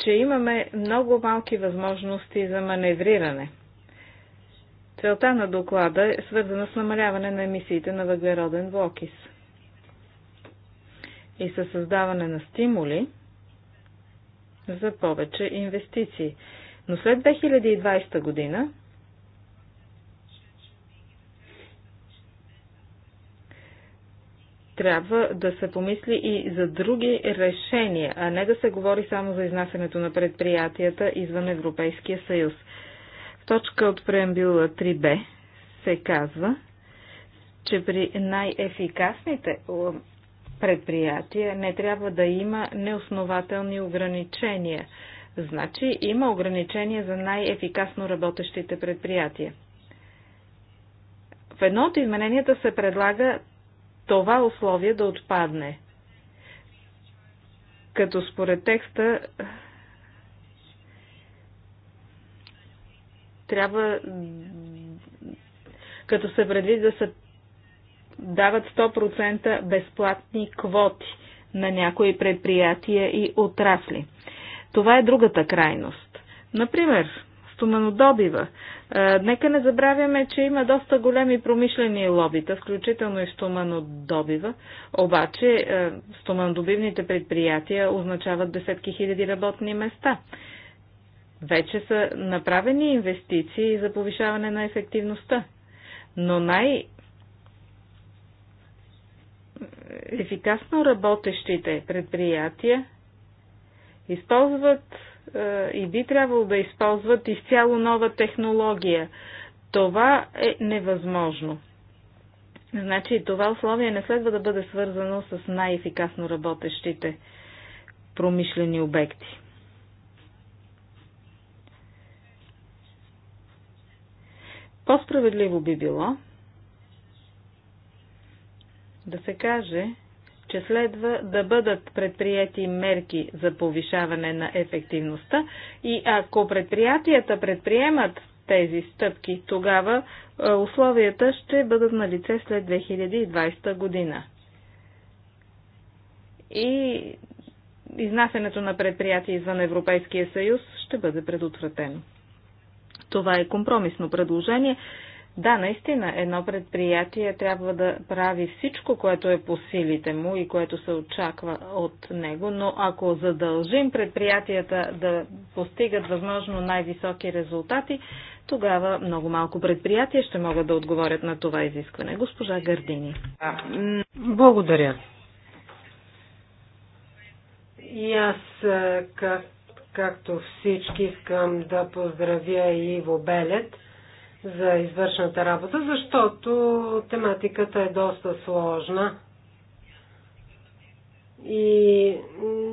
че имаме много малки възможности за маневриране. Целта на доклада е свързана с намаляване на емисиите на въглероден влокис. и със създаване на стимули за повече инвестиции. Но след 2020 година трябва да се помисли и за други решения, а не да се говори само за изнасянето на предприятията извън Европейския съюз. В точка от преамбюла 3b се казва, че при най-ефикасните предприятия не трябва да има неоснователни ограничения. Значи има ограничения за най-ефикасно работещите предприятия. В едно от измененията се предлага това условие да отпадне. Като според текста трябва като се предвид да се дават 100% безплатни квоти на някои предприятия и отрасли. Това е другата крайност. Например, стоманодобива. Е, нека не забравяме, че има доста големи промишлени лобита, включително и в стоманодобива. Обаче е, стоманодобивните предприятия означават десетки хиляди работни места. Вече са направени инвестиции за повишаване на ефективността. Но най- ефикасно работещите предприятия използват е, и би трябвало да използват изцяло нова технология. Това е невъзможно. Значи това условие не следва да бъде свързано с най-ефикасно работещите промишлени обекти. По-справедливо би било да се каже, че следва да бъдат предприяти мерки за повишаване на ефективността и ако предприятията предприемат тези стъпки, тогава е, условията ще бъдат на лице след 2020 година. И изнасянето на предприятия извън Европейския съюз ще бъде предотвратено. Това е компромисно предложение, да, наистина, едно предприятие трябва да прави всичко, което е по силите му и което се очаква от него, но ако задължим предприятията да постигат възможно най-високи резултати, тогава много малко предприятия ще могат да отговорят на това изискване. Госпожа Гардини. Благодаря. И аз, как, както всички, искам да поздравя Иво Белет – за извършната работа, защото тематиката е доста сложна и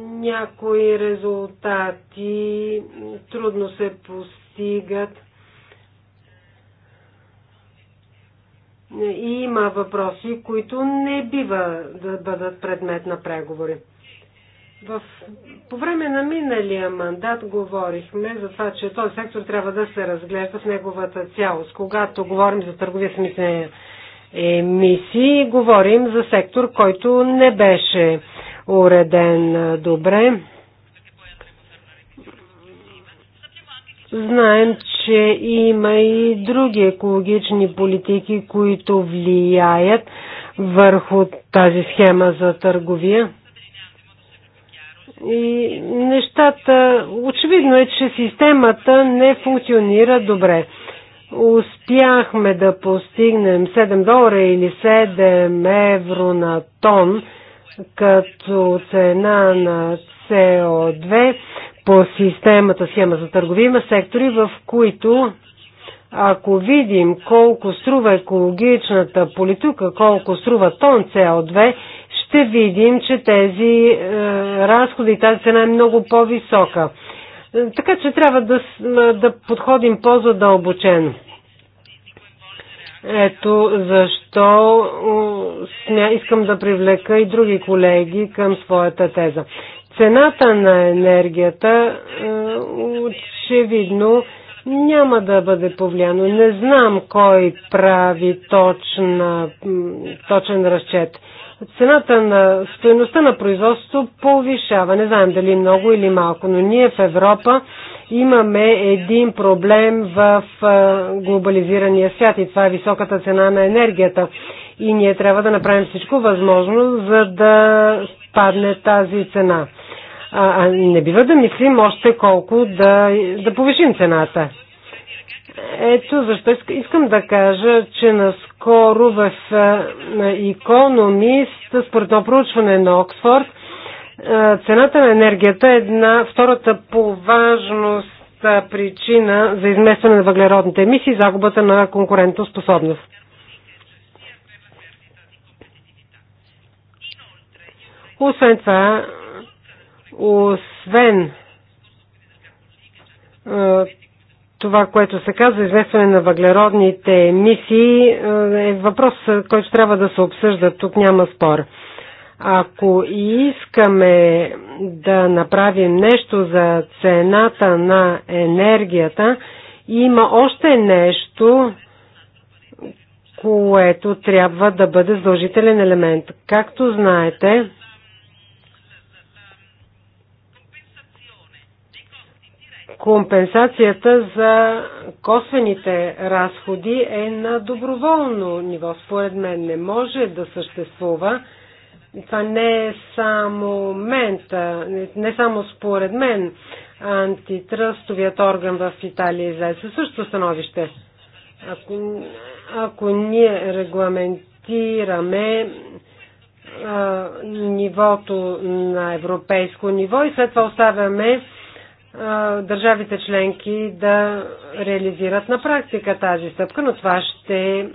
някои резултати трудно се постигат. И има въпроси, които не бива да бъдат предмет на преговори. В, по време на миналия мандат говорихме за това, че този сектор трябва да се разглежда в неговата цялост. Когато говорим за търговия с емисии, говорим за сектор, който не беше уреден добре. Знаем, че има и други екологични политики, които влияят върху тази схема за търговия. И нещата, очевидно е, че системата не функционира добре. Успяхме да постигнем 7 долара или 7 евро на тон като цена на CO2 по системата схема за търговима сектори, в които ако видим колко струва екологичната политика, колко струва тон CO2 ще видим, че тези е, разходи, тази цена е много по-висока. Е, така че трябва да, да подходим по-задълбочено. Ето защо искам да привлека и други колеги към своята теза. Цената на енергията е, очевидно няма да бъде повлияно. Не знам кой прави точна, точен разчет цената на стоеността на производство повишава. Не знаем дали много или малко, но ние в Европа имаме един проблем в глобализирания свят и това е високата цена на енергията. И ние трябва да направим всичко възможно, за да падне тази цена. А, а не бива да мислим още колко да, да повишим цената. Ето защо искам да кажа, че наскоро в Икономист, според проучване на Оксфорд, цената на енергията е една втората по важност причина за изместване на въглеродните емисии и загубата на конкурентоспособност. Освен това, освен това, което се казва, известване на въглеродните емисии, е, е въпрос, който трябва да се обсъжда. Тук няма спор. Ако искаме да направим нещо за цената на енергията, има още нещо, което трябва да бъде задължителен елемент. Както знаете, Компенсацията за косвените разходи е на доброволно ниво. Според мен не може да съществува. Това не е само мен, не само според мен. Антитръстовият орган в Италия излезе също становище. Ако, ако ние регламентираме а, нивото на европейско ниво и след това оставяме държавите членки да реализират на практика тази стъпка, но това ще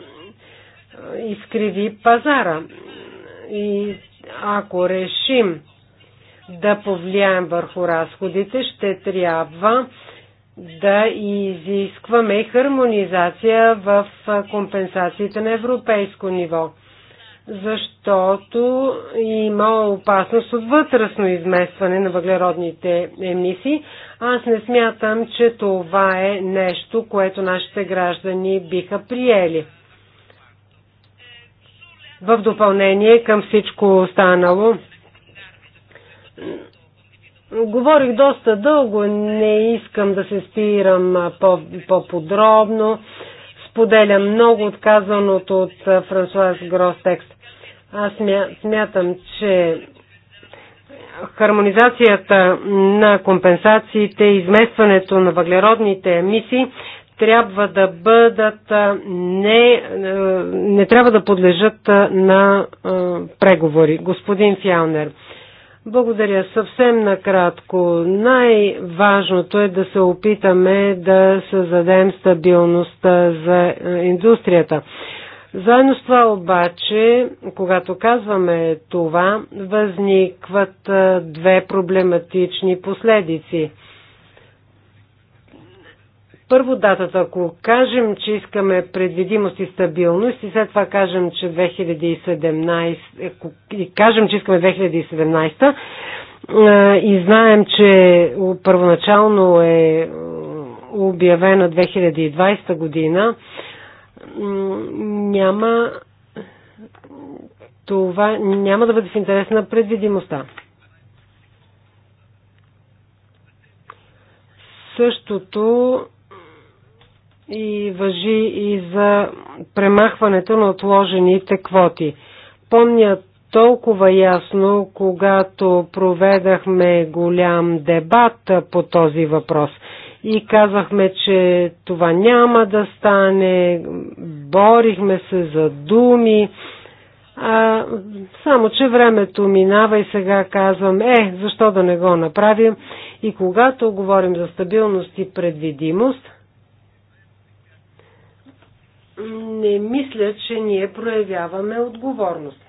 изкриви пазара. И ако решим да повлияем върху разходите, ще трябва да изискваме хармонизация в компенсациите на европейско ниво защото има опасност от вътрешно изместване на въглеродните емисии. Аз не смятам, че това е нещо, което нашите граждани биха приели. В допълнение към всичко останало, говорих доста дълго, не искам да се спирам по-подробно. По Споделям много отказаното от Франсуаз Гростекст. Аз смятам, че хармонизацията на компенсациите и изместването на въглеродните емисии трябва да бъдат не, не трябва да подлежат на преговори. Господин Фялнер, благодаря. Съвсем накратко. Най-важното е да се опитаме да създадем стабилността за индустрията. Заедно с това обаче, когато казваме това, възникват две проблематични последици. Първо датата, ако кажем, че искаме предвидимост и стабилност и след това кажем, че 2017, кажем, че искаме 2017 и знаем, че първоначално е обявена 2020 година, няма това няма да бъде в интерес на предвидимостта. Същото и въжи и за премахването на отложените квоти. Помня толкова ясно, когато проведахме голям дебат по този въпрос – и казахме, че това няма да стане, борихме се за думи, а, само, че времето минава и сега казвам, е, защо да не го направим? И когато говорим за стабилност и предвидимост, не мисля, че ние проявяваме отговорност.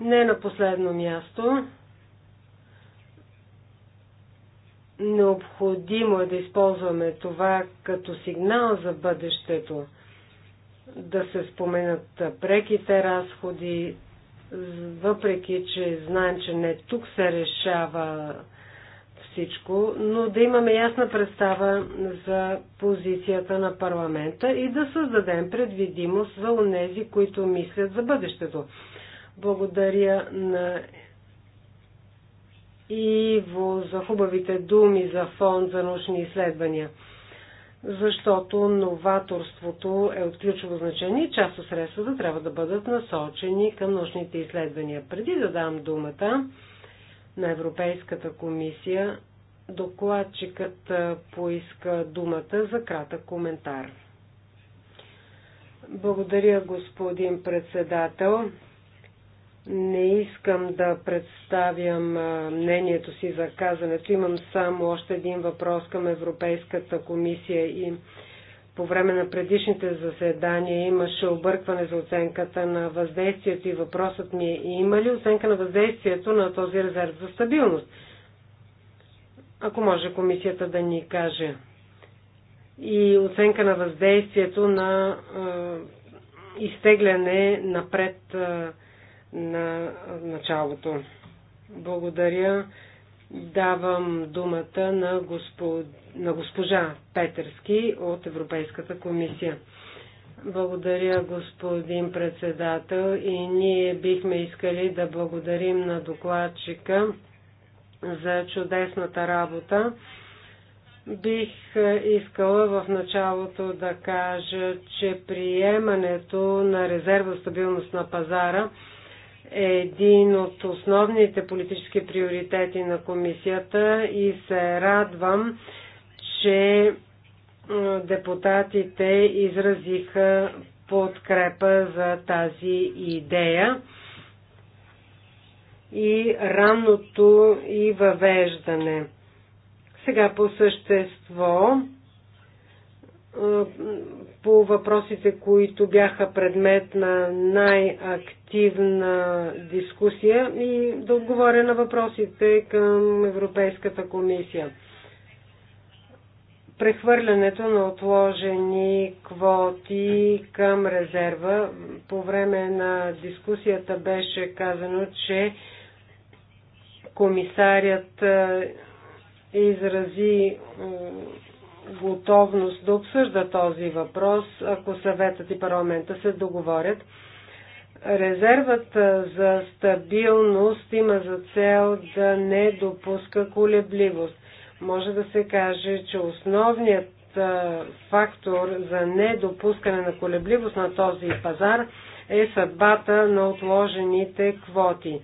Не на последно място. Необходимо е да използваме това като сигнал за бъдещето, да се споменат преките разходи, въпреки че знаем, че не тук се решава всичко, но да имаме ясна представа за позицията на парламента и да създадем предвидимост за онези, които мислят за бъдещето. Благодаря на во, за хубавите думи за фонд за научни изследвания, защото новаторството е от ключово значение и част от средствата трябва да бъдат насочени към научните изследвания. Преди да дам думата на Европейската комисия, докладчикът поиска думата за кратък коментар. Благодаря, господин председател. Не искам да представям мнението си за казането. Имам само още един въпрос към Европейската комисия и по време на предишните заседания имаше объркване за оценката на въздействието и въпросът ми е има ли оценка на въздействието на този резерв за стабилност? Ако може комисията да ни каже. И оценка на въздействието на е, изтегляне напред е, на началото. Благодаря. Давам думата на, госпо... на госпожа Петърски от Европейската комисия. Благодаря, господин председател, и ние бихме искали да благодарим на докладчика за чудесната работа. Бих искала в началото да кажа, че приемането на резерва стабилност на пазара – е един от основните политически приоритети на комисията и се радвам, че депутатите изразиха подкрепа за тази идея и ранното и въвеждане. Сега по същество по въпросите, които бяха предмет на най-активна дискусия и да отговоря на въпросите към Европейската комисия. Прехвърлянето на отложени квоти към резерва. По време на дискусията беше казано, че комисарят изрази готовност да обсъжда този въпрос, ако съветът и парламента се договорят. Резервата за стабилност има за цел да не допуска колебливост. Може да се каже, че основният фактор за недопускане на колебливост на този пазар е съдбата на отложените квоти.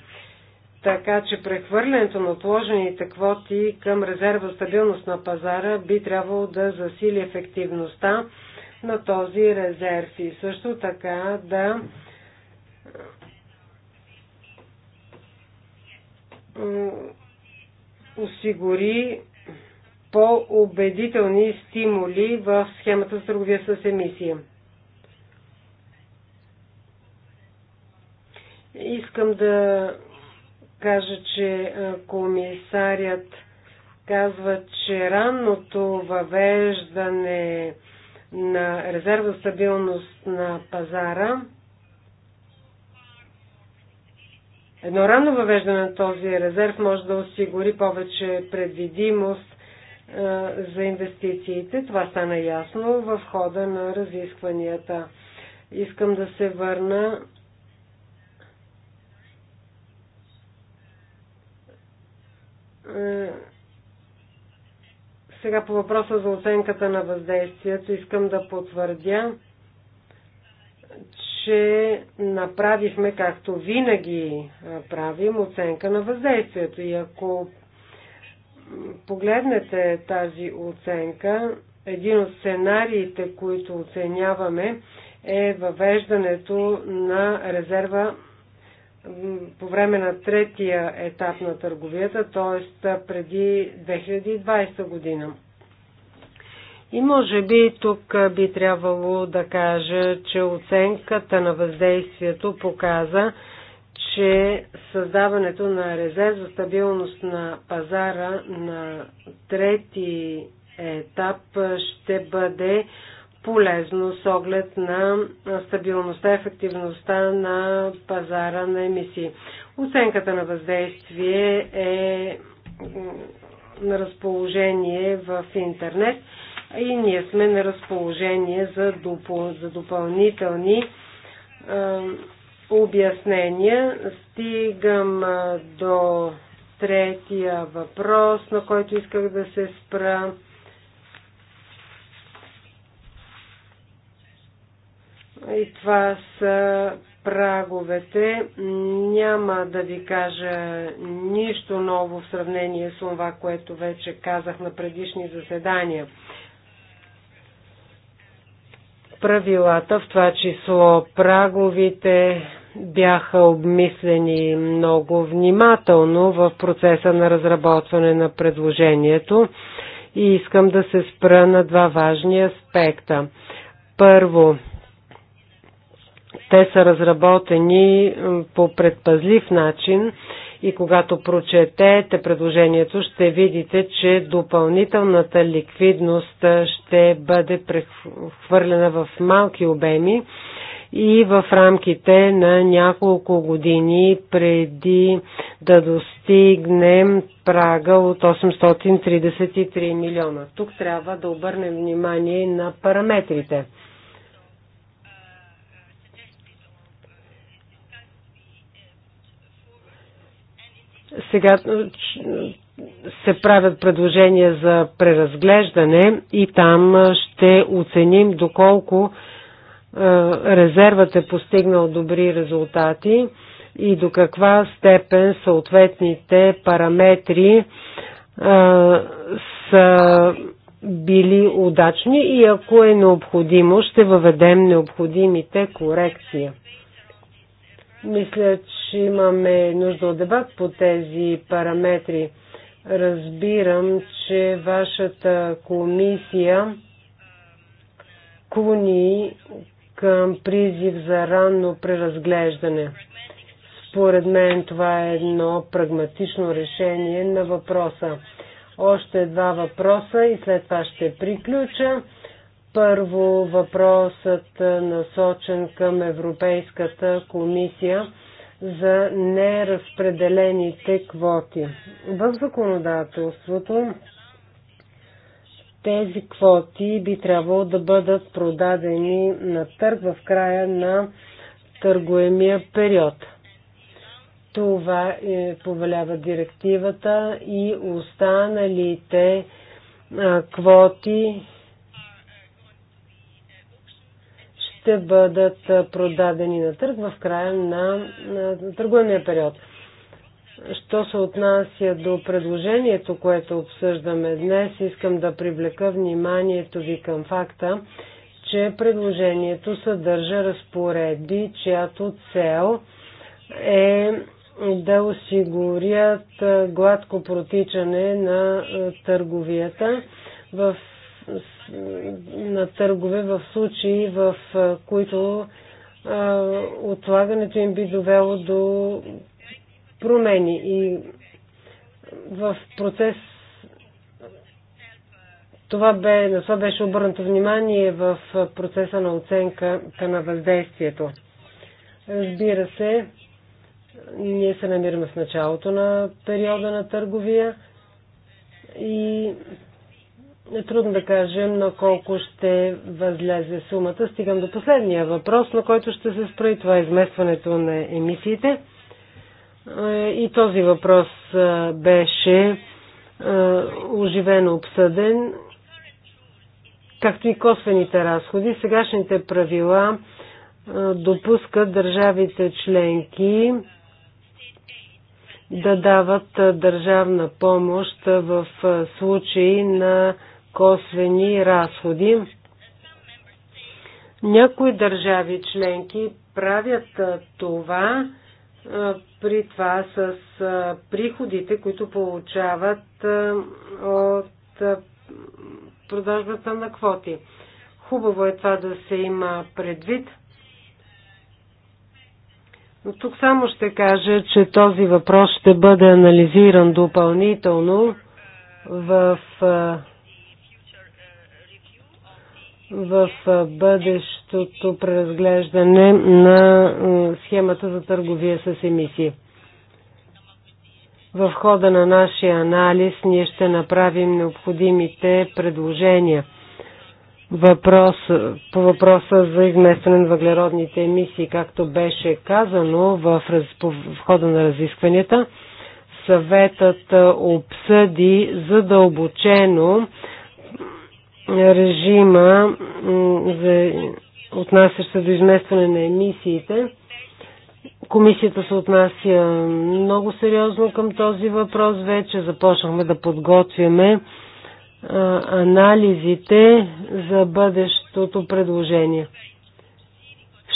Така че прехвърлянето на отложените квоти към резерва стабилност на пазара би трябвало да засили ефективността на този резерв и също така да осигури по-убедителни стимули в схемата с търговия с емисия. Искам да кажа, че комисарят казва, че ранното въвеждане на резерва стабилност на пазара Едно рано въвеждане на този резерв може да осигури повече предвидимост за инвестициите. Това стана ясно в хода на разискванията. Искам да се върна Е, сега по въпроса за оценката на въздействието искам да потвърдя, че направихме, както винаги е, правим, оценка на въздействието. И ако погледнете тази оценка, един от сценариите, които оценяваме, е въвеждането на резерва по време на третия етап на търговията, т.е. преди 2020 година. И може би тук би трябвало да кажа, че оценката на въздействието показа, че създаването на резерв за стабилност на пазара на трети етап ще бъде полезно с оглед на стабилността и ефективността на пазара на емисии. Оценката на въздействие е на разположение в интернет и ние сме на разположение за, допъл... за допълнителни а, обяснения. Стигам а, до третия въпрос, на който исках да се спра. И това са праговете. Няма да ви кажа нищо ново в сравнение с това, което вече казах на предишни заседания. Правилата, в това число праговите, бяха обмислени много внимателно в процеса на разработване на предложението и искам да се спра на два важни аспекта. Първо, те са разработени по предпазлив начин и когато прочетете предложението, ще видите, че допълнителната ликвидност ще бъде прехвърлена в малки обеми и в рамките на няколко години преди да достигнем прага от 833 милиона. Тук трябва да обърнем внимание на параметрите. Сега се правят предложения за преразглеждане и там ще оценим доколко резервът е постигнал добри резултати и до каква степен съответните параметри са били удачни и ако е необходимо, ще въведем необходимите корекции. Мисля, че имаме нужда от дебат по тези параметри. Разбирам, че вашата комисия клони към призив за ранно преразглеждане. Според мен това е едно прагматично решение на въпроса. Още два въпроса и след това ще приключа. Първо въпросът е, насочен към Европейската комисия за неразпределените квоти. В законодателството тези квоти би трябвало да бъдат продадени на търг в края на търгоемия период. Това е, повелява директивата и останалите а, квоти ще бъдат продадени на търг в края на, на търгуемия период. Що се отнася до предложението, което обсъждаме днес, искам да привлека вниманието ви към факта, че предложението съдържа разпоредби, чиято цел е да осигурят гладко протичане на търговията в на търгове в случаи, в които а, отлагането им би довело до промени. И в процес това бе, на това беше обърнато внимание в процеса на оценка на въздействието. Разбира се, ние се намираме в началото на периода на търговия и е трудно да кажем на колко ще възлезе сумата. Стигам до последния въпрос, на който ще се спра и това е изместването на емисиите. Е, и този въпрос е, беше е, оживено обсъден, както и косвените разходи. Сегашните правила допускат държавите членки да дават държавна помощ в случай на косвени разходи. Някои държави членки правят това при това с приходите, които получават от продажбата на квоти. Хубаво е това да се има предвид. Но тук само ще кажа, че този въпрос ще бъде анализиран допълнително в в бъдещото преразглеждане на схемата за търговия с емисии. В хода на нашия анализ ние ще направим необходимите предложения въпрос, по въпроса за изместване на въглеродните емисии, както беше казано в, в хода на разискванията. Съветът обсъди задълбочено режима за отнасящ се до изместване на емисиите. Комисията се отнася много сериозно към този въпрос. Вече започнахме да подготвяме анализите за бъдещото предложение.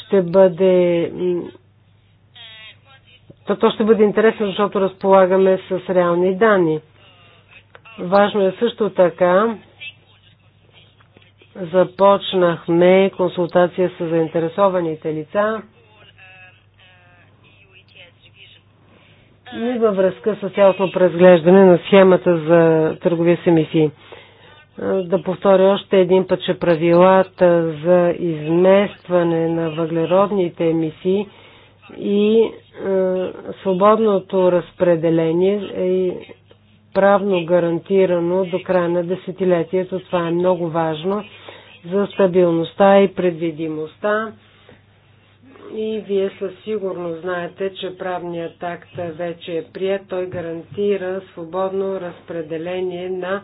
Ще бъде. То ще бъде интересно, защото разполагаме с реални данни. Важно е също така Започнахме консултация с заинтересованите лица. И във връзка с цялостно преразглеждане на схемата за търговия с емисии. Да повторя още един път, че правилата за изместване на въглеродните емисии и е, свободното разпределение е правно гарантирано до края на десетилетието. Това е много важно за стабилността и предвидимостта. И вие със сигурност знаете, че правният акт вече е прият. Той гарантира свободно разпределение на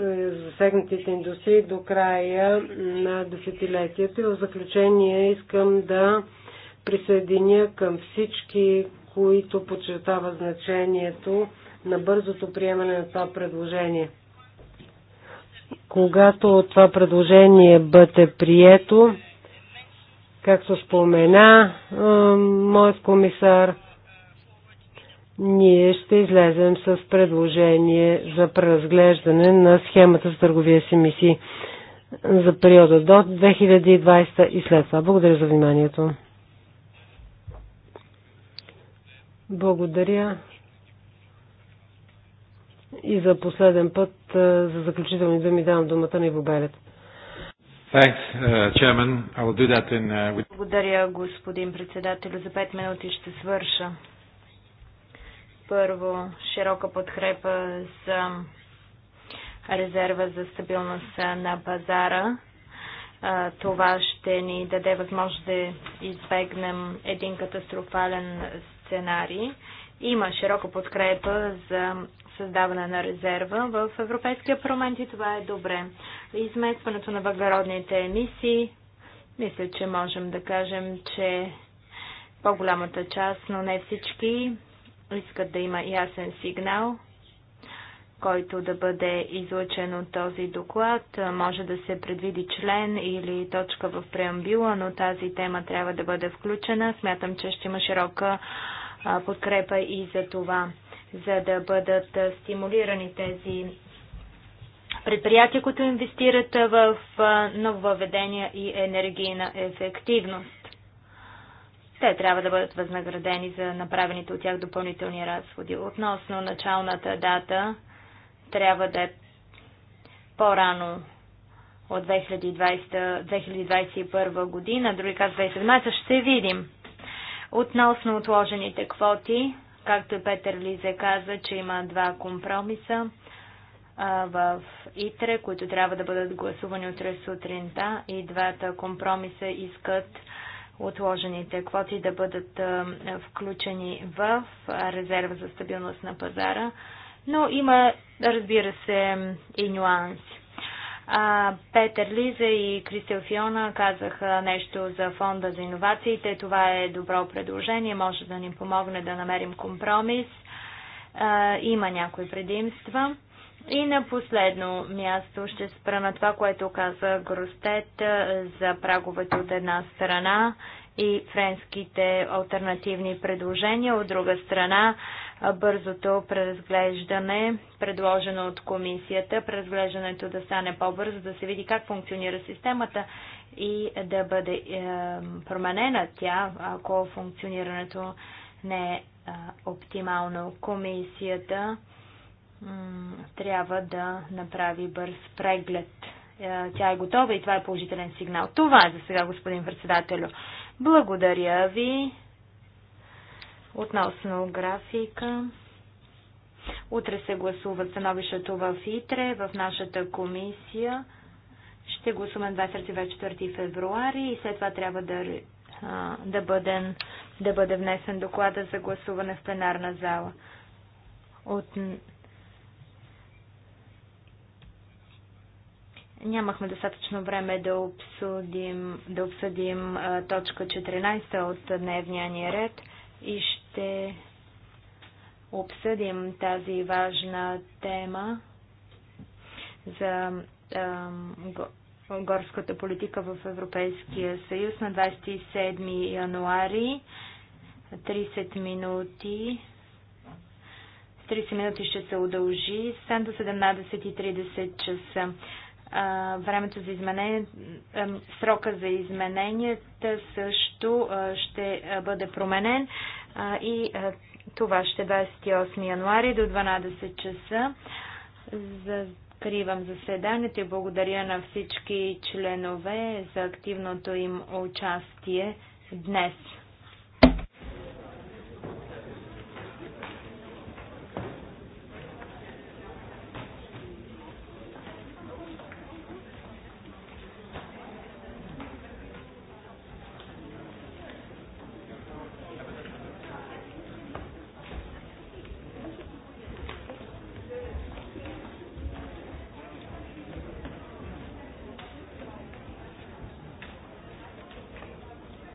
е, засегнатите индустрии до края на десетилетието. И в заключение искам да присъединя към всички, които подчертава значението на бързото приемане на това предложение. Когато това предложение бъде прието, както спомена е, моят комисар, ние ще излезем с предложение за преразглеждане на схемата за търговия с емисии за периода до 2020 и след това. Благодаря за вниманието. Благодаря. И за последен път, за заключителни думи, давам думата на Иво Белет. Uh, uh, Благодаря, господин председател. За пет минути ще свърша. Първо, широка подкрепа за резерва за стабилност на пазара. Това ще ни даде възможност да избегнем един катастрофален сценарий. Има широка подкрепа за създаване на резерва в Европейския парламент и това е добре. Изместването на въглеродните емисии, мисля, че можем да кажем, че по-голямата част, но не всички, искат да има ясен сигнал, който да бъде излъчен от този доклад. Може да се предвиди член или точка в преамбила, но тази тема трябва да бъде включена. Смятам, че ще има широка подкрепа и за това за да бъдат стимулирани тези предприятия, които инвестират в нововъведения и енергийна ефективност. Те трябва да бъдат възнаградени за направените от тях допълнителни разходи. Относно началната дата, трябва да е по-рано от 2020, 2021 година, други казват 2017, ще видим. Относно отложените квоти, Както Петър Лизе каза, че има два компромиса в ИТРЕ, които трябва да бъдат гласувани утре сутринта и двата компромиса искат отложените квоти да бъдат включени в резерва за стабилност на пазара. Но има, разбира се, и нюанси. А, Петър Лиза и Кристел Фиона казаха нещо за фонда за иновациите. Това е добро предложение, може да ни помогне да намерим компромис. А, има някои предимства. И на последно място ще спра на това, което каза Гростет за праговете от една страна и френските альтернативни предложения. От друга страна, бързото преразглеждане, предложено от комисията, преразглеждането да стане по-бързо, да се види как функционира системата и да бъде е, променена тя, ако функционирането не е оптимално. Комисията трябва да направи бърз преглед. Е, тя е готова и това е положителен сигнал. Това е за сега, господин председателю. Благодаря ви. Относно графика, утре се гласува становището в ИТРЕ, в нашата комисия. Ще гласуваме 24 февруари и след това трябва да, да, бъден, да бъде внесен доклада за гласуване в пленарна зала. От... Нямахме достатъчно време да обсъдим, да обсъдим точка 14 от дневния ни ред и ще ще обсъдим тази важна тема за горската политика в Европейския съюз на 27 януари. 30 минути. 30 минути ще се удължи, стан до 17.30 часа. Времето за изменение, срока за измененията също ще бъде променен и това ще 28 е януари до 12 часа. Закривам заседанието и благодаря на всички членове за активното им участие днес.